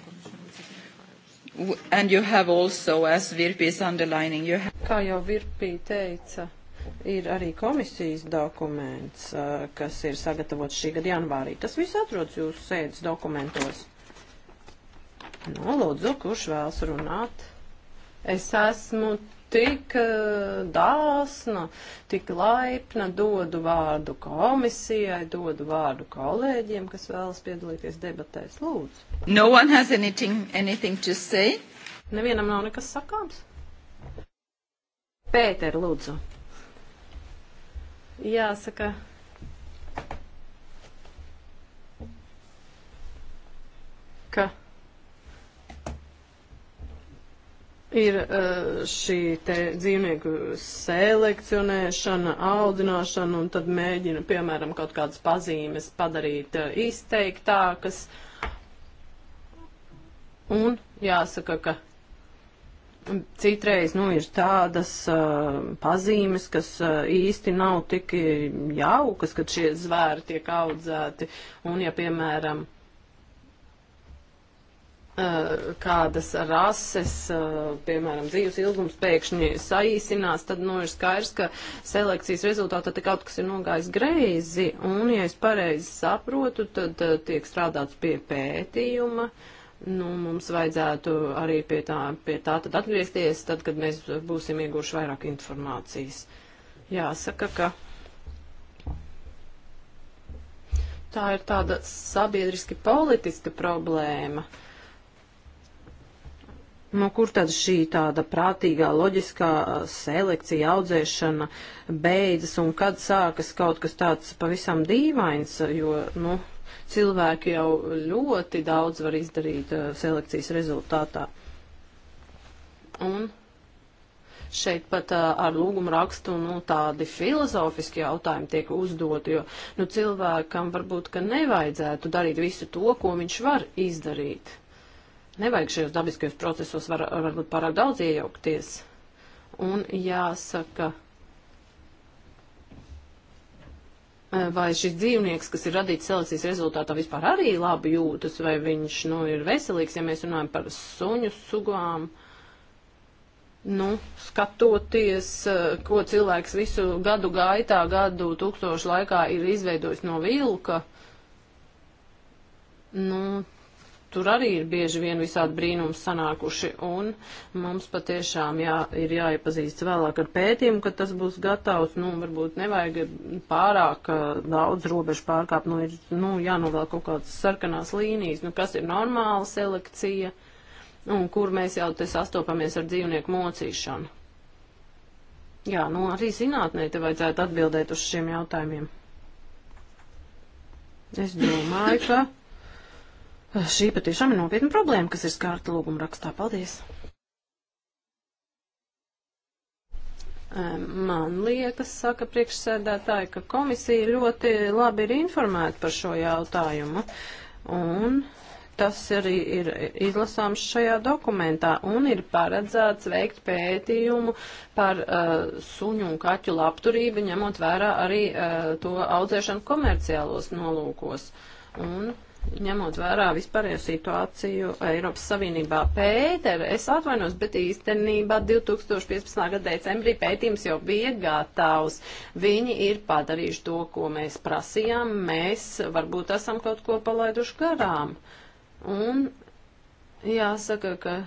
And you have also, as Virpi is underlining, you have... Kā jau Virpī teica, ir arī komisijas dokuments, kas ir sagatavots šī gada janvārī. Tas viss atrodas jūsu sēdes dokumentos. Nu, lūdzu, kurš vēlas runāt? Es esmu tik dāsna, tik laipna, dodu vārdu komisijai, dodu vārdu kolēģiem, kas vēlas piedalīties debatēs. Lūdzu. No one has anything, anything to say. Nevienam nav nekas sakāms. Pēter, lūdzu. Jāsaka. Ka ir e, šī te dzīvnieku selekcionēšana, audināšana, un tad mēģina, piemēram, kaut kādas pazīmes padarīt e, izteiktākas. Un jāsaka, ka citreiz nu, ir tādas uh, pazīmes, kas uh, īsti nav tik jaukas, kad šie zvēri tiek audzēti. Un, ja, piemēram, uh, kādas rases, uh, piemēram, dzīves ilgums pēkšņi saīsinās, tad nu, ir skaidrs, ka selekcijas rezultātā te kaut kas ir nogājis greizi. Un, ja es pareizi saprotu, tad uh, tiek strādāts pie pētījuma. Uh, Nu, mums vajadzētu arī pie tā, pie tā tad atgriezties, tad, kad mēs būsim ieguvuši vairāk informācijas. Jāsaka, ka tā ir tāda sabiedriski politiska problēma. No nu, kur tad šī tāda prātīgā, loģiskā selekcija, audzēšana beidzas un kad sākas kaut kas tāds pavisam dīvains, jo, nu, Cilvēki jau ļoti daudz var izdarīt eh, selekcijas rezultātā. Un šeit pat uh, ar lūgumu rakstu nu, tādi filozofiski jautājumi tiek uzdoti, jo nu, cilvēkam varbūt, ka nevajadzētu darīt visu to, ko viņš var izdarīt. Nevajag šajos dabiskajos procesos var, varbūt pārāk daudz iejaukties. Un jāsaka, ka Eh, vai šis dzīvnieks, kas ir radīts selekcijas rezultātā, vispār arī labi jūtas, vai viņš nu, ir veselīgs, ja mēs runājam par suņu sugām. Nu, skatoties, eh, ko cilvēks visu gadu gaitā, gadu tūkstošu laikā ir izveidojis no vilka, nu, tur arī ir bieži vien visādi brīnumi sanākuši, un mums patiešām jā, ir jāiepazīst vēlāk ar pētījumu, kad tas būs gatavs, nu, varbūt nevajag pārāk daudz robežu pārkāpt, nu, ir, nu, jānovēl kaut kādas sarkanās līnijas, nu, kas ir normāla selekcija, un kur mēs jau te sastopamies ar dzīvnieku mocīšanu. Jā, nu, arī zinātnē te vajadzētu atbildēt uz šiem jautājumiem. Es domāju, ka Šī patiešām ir nopietna problēma, kas ir skārta lūguma rakstā. Paldies! Man liekas, saka priekšsēdētāji, ka komisija ļoti labi ir informēta par šo jautājumu. Un tas arī ir izlasāms šajā dokumentā un ir paredzēts veikt pētījumu par uh, suņu un kaķu labturību, ņemot vērā arī uh, to audzēšanu komerciālos nolūkos. Un ņemot vērā vispārējo situāciju Eiropas Savienībā. Pēter, es atvainos, bet īstenībā 2015. gada decembrī pētījums jau bija gatavs. Viņi ir padarījuši to, ko mēs prasījām, mēs varbūt esam kaut ko palaiduši garām. Un jāsaka, ka.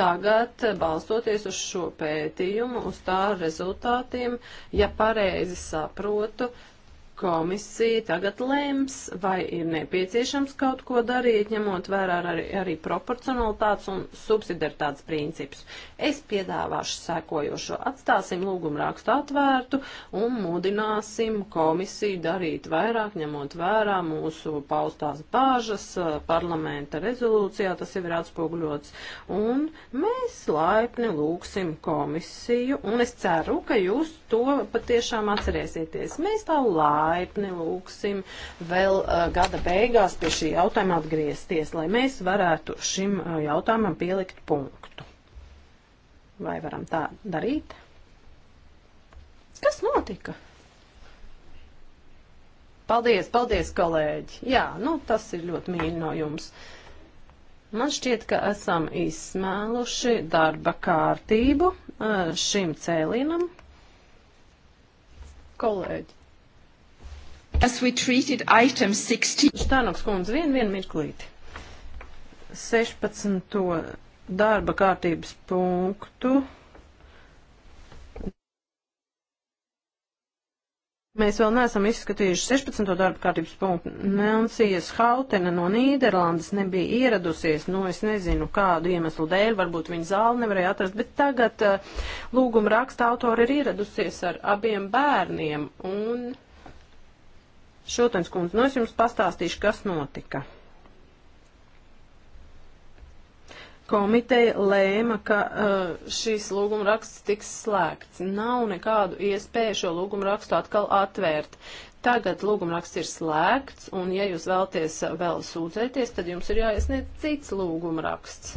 Tagad, balstoties uz šo pētījumu, uz tā rezultātiem, ja pareizi saprotu, uh, komisija tagad lems, vai ir nepieciešams kaut ko darīt, ņemot vērā arī, arī proporcionalitātes un subsidiaritātes principus. Es piedāvāšu sekojošo. Atstāsim lūgumu rakstu atvērtu un mudināsim komisiju darīt vairāk, ņemot vērā mūsu paustās bāžas parlamenta rezolūcijā, tas jau ir atspoguļots. Un mēs laipni lūgsim komisiju, un es ceru, ka jūs to patiešām atcerēsieties. Mēs tā laipni laipni lūksim vēl uh, gada beigās pie šī jautājuma atgriezties, lai mēs varētu šim uh, jautājumam pielikt punktu. Vai varam tā darīt? Kas notika? Paldies, paldies, kolēģi. Jā, nu tas ir ļoti mīļi no jums. Man šķiet, ka esam izsmēluši darba kārtību šim cēlienam. Kolēģi, Štānoks kundze, vien, vien mirklīti. 16. darba kārtības punktu. Mēs vēl neesam izskatījuši 16. darba kārtības punktu. Nelsijas Hautena no Nīderlandes nebija ieradusies, nu es nezinu kādu iemeslu dēļ, varbūt viņa zāli nevarēja atrast, bet tagad uh, lūguma raksta autori ir ieradusies ar abiem bērniem un Šūtens kundze, nu es jums pastāstīšu, kas notika. Komiteja lēma, ka uh, šīs lūgumraksts tiks slēgts. Nav nekādu iespēju šo lūgumrakstu atkal atvērt. Tagad lūgumraksts ir slēgts, un ja jūs vēlties vēl sūdzēties, tad jums ir jāiesniedz cits lūgumraksts.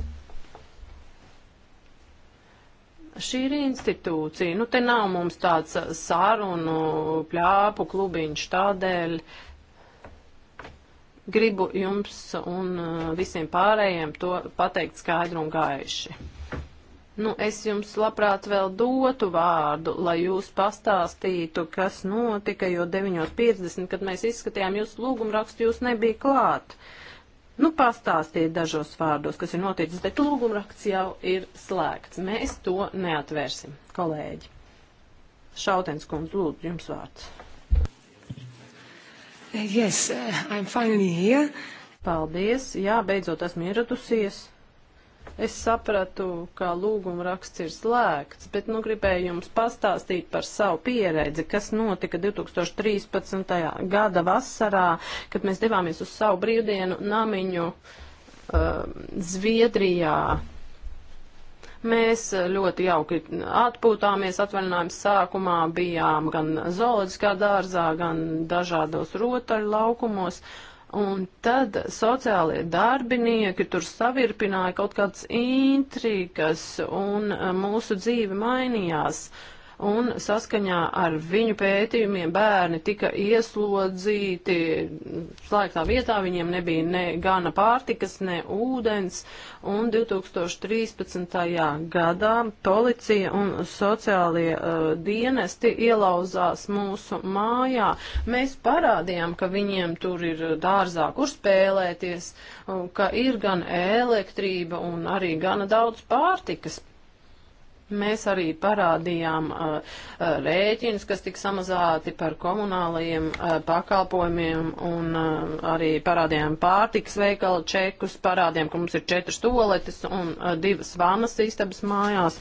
Šī ir institūcija. Nu, te nav mums tāds uh, sarunu pļāpu klubiņš tādēļ. Gribu jums un uh, visiem pārējiem to pateikt skaidru un gaiši. Nu, es jums labprāt vēl dotu vārdu, lai jūs pastāstītu, kas notika, jo 9.50, kad mēs izskatījām jūsu lūgumu rakstu, jūs nebija klāt. Uh, Nu, pastāstiet dažos vārdos, kas ir noticis, bet lūgumraksts jau ir slēgts. Mēs to neatvērsim, kolēģi. Šautens kundz, lūdzu, jums vārds. Yes, uh, I'm finally here. Paldies, jā, beidzot esmu ieradusies. Es sapratu, ka lūguma raksts ir slēgts, bet nu gribēju jums pastāstīt par savu pieredzi, kas notika 2013. gada vasarā, kad mēs devāmies uz savu brīvdienu namiņu uh, Zviedrijā. Mēs ļoti jauki atpūtāmies atvaļinājums sākumā, bijām gan zooloģiskā dārzā, gan dažādos rotaļu laukumos. Uh, Un tad sociālie darbinieki tur savirpināja kaut kādas intrikas, un e, mūsu dzīve mainījās. Uh, un saskaņā ar viņu pētījumiem bērni tika ieslodzīti slēgtā vietā, viņiem nebija ne gana pārtikas, ne ūdens, un 2013. gadā policija un sociālie uh, dienesti ielauzās mūsu mājā. Mēs parādījām, ka viņiem tur ir dārzā, kur spēlēties, uh, ka ir gan elektrība un arī gana daudz pārtikas. Mēs arī parādījām uh, uh, rēķinus, kas tika samazāti par komunālajiem uh, pakalpojumiem un uh, arī parādījām pārtiks veikala čekus, parādījām, ka mums ir četras toaletes un uh, divas vanas istabas mājās,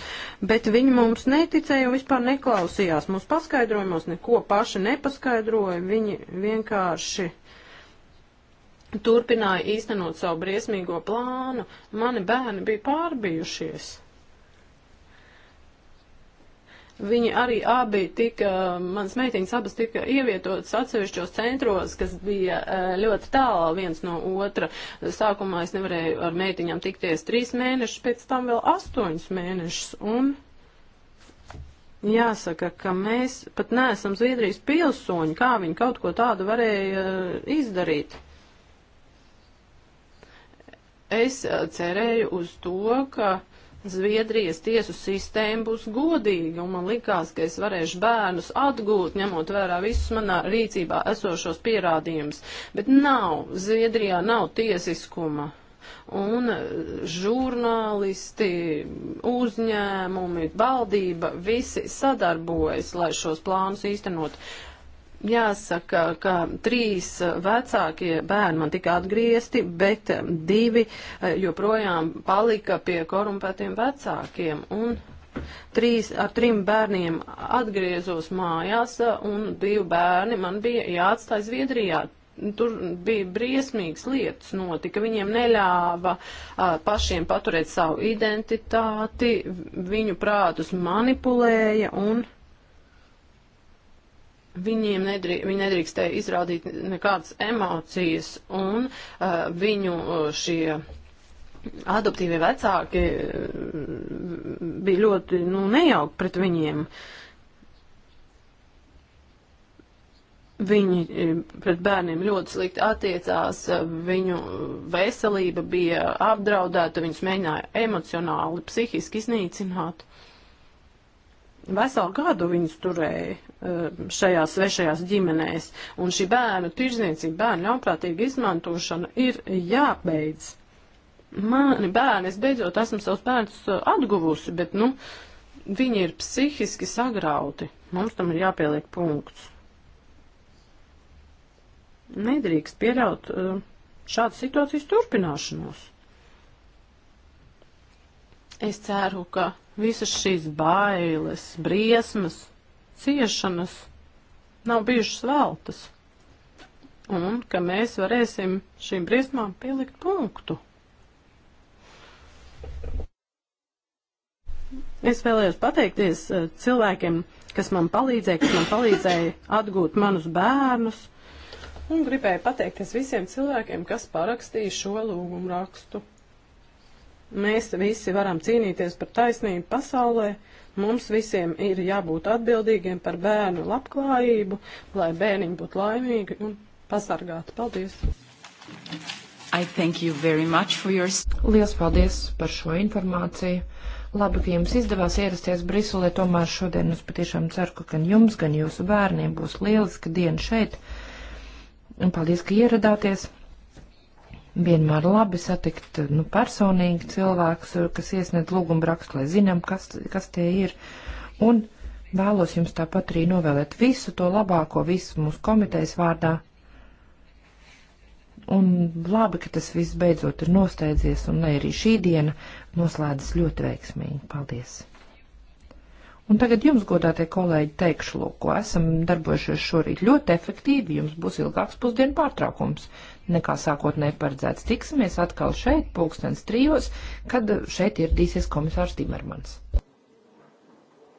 bet viņi mums neticēja un vispār neklausījās. Mums paskaidrojumos neko paši nepaskaidroja, viņi vienkārši turpināja īstenot savu briesmīgo plānu. Mani bērni bija pārbijušies. Viņi arī abi tika, manas meitiņas abas tika ievietotas atsevišķos centros, kas bija e, ļoti tālu viens no otra. Sākumā es nevarēju ar meitiņām tikties trīs mēnešus, pēc tam vēl astoņus mēnešus. Un jāsaka, ka mēs pat neesam Zviedrijas pilsoņi, kā viņi kaut ko tādu varēja e, izdarīt. Es e, cerēju uz to, ka Zviedrijas tiesu sistēma būs godīga, un man likās, ka es varēšu bērnus atgūt, ņemot vērā visus manā rīcībā esošos pierādījumus. Bet nav, Zviedrijā nav tiesiskuma. Un e, žurnālisti, uzņēmumi, valdība, visi sadarbojas, lai šos plānus īstenot. Uh, Jāsaka, ka trīs eh, vecākie bērni man tika atgriezti, bet eh, divi eh, joprojām palika pie korumpētiem vecākiem. Un trīs, ar trim bērniem atgriezos mājās, un divi bērni man bija jāatstāj Zviedrijā tur bija briesmīgas lietas notika. Viņiem neļāva a, pašiem paturēt savu identitāti, viņu prātus manipulēja un Viņiem nedrī, viņi nedrīkstēja izrādīt nekādas emocijas, un uh, viņu uh, šie adoptīvie vecāki uh, bija ļoti nu, nejauki pret viņiem. Viņi uh, pret bērniem ļoti slikti attiecās, viņu veselība bija apdraudēta, viņus mēģināja emocionāli, psihiski iznīcināt. Veselu gadu viņus turēja eh, šajās svešajās ģimenēs, un šī bērnu tirzniecība, bērnu ļaunprātīga izmantošana ir jābeidz. Mani bērni, es beidzot esmu savus bērnus eh, atguvusi, bet, nu, viņi ir psihiski sagrauti. Mums tam ir jāpieliek punkts. Nedrīkst pieļaut eh, šādas situācijas turpināšanos. Es ceru, ka visas šīs bailes, briesmas, ciešanas nav bijušas veltas, un ka mēs varēsim šīm briesmām pielikt punktu. Es vēlējos pateikties eh, cilvēkiem, kas man palīdzēja, kas man palīdzēja atgūt manus bērnus, un gribēju pateikties visiem cilvēkiem, kas parakstīja šo lūgumu rakstu. Mēs visi varam cīnīties par taisnību pasaulē. Mums visiem ir jābūt atbildīgiem par bērnu labklājību, lai bērniņi būtu laimīgi un pasargāti. Paldies! I thank you very much for your... Lielas paldies par šo informāciju. Labi, ka jums izdevās ierasties Briselē, tomēr šodien es patiešām ceru, ka gan jums, gan jūsu bērniem būs lieliska diena šeit. Un paldies, ka ieradāties! vienmēr labi satikt nu, personīgi cilvēkus, kas iesniedz lūgumu rakstu, lai zinām, kas, kas tie ir. Un vēlos jums tāpat arī novēlēt visu to labāko, visu mūsu komitejas vārdā. Un labi, ka tas viss beidzot ir nosteidzies, un lai arī šī diena noslēdzas ļoti veiksmīgi. Paldies! Un tagad jums, godātie kolēģi, teikšu, lūk, ko esam darbojušies šorīt ļoti efektīvi, jums būs ilgāks pusdienu pārtraukums nekā sākotnēji paredzēts. Tiksimies atkal šeit, pulkstens trijos, kad šeit ieradīsies komisārs Timermans.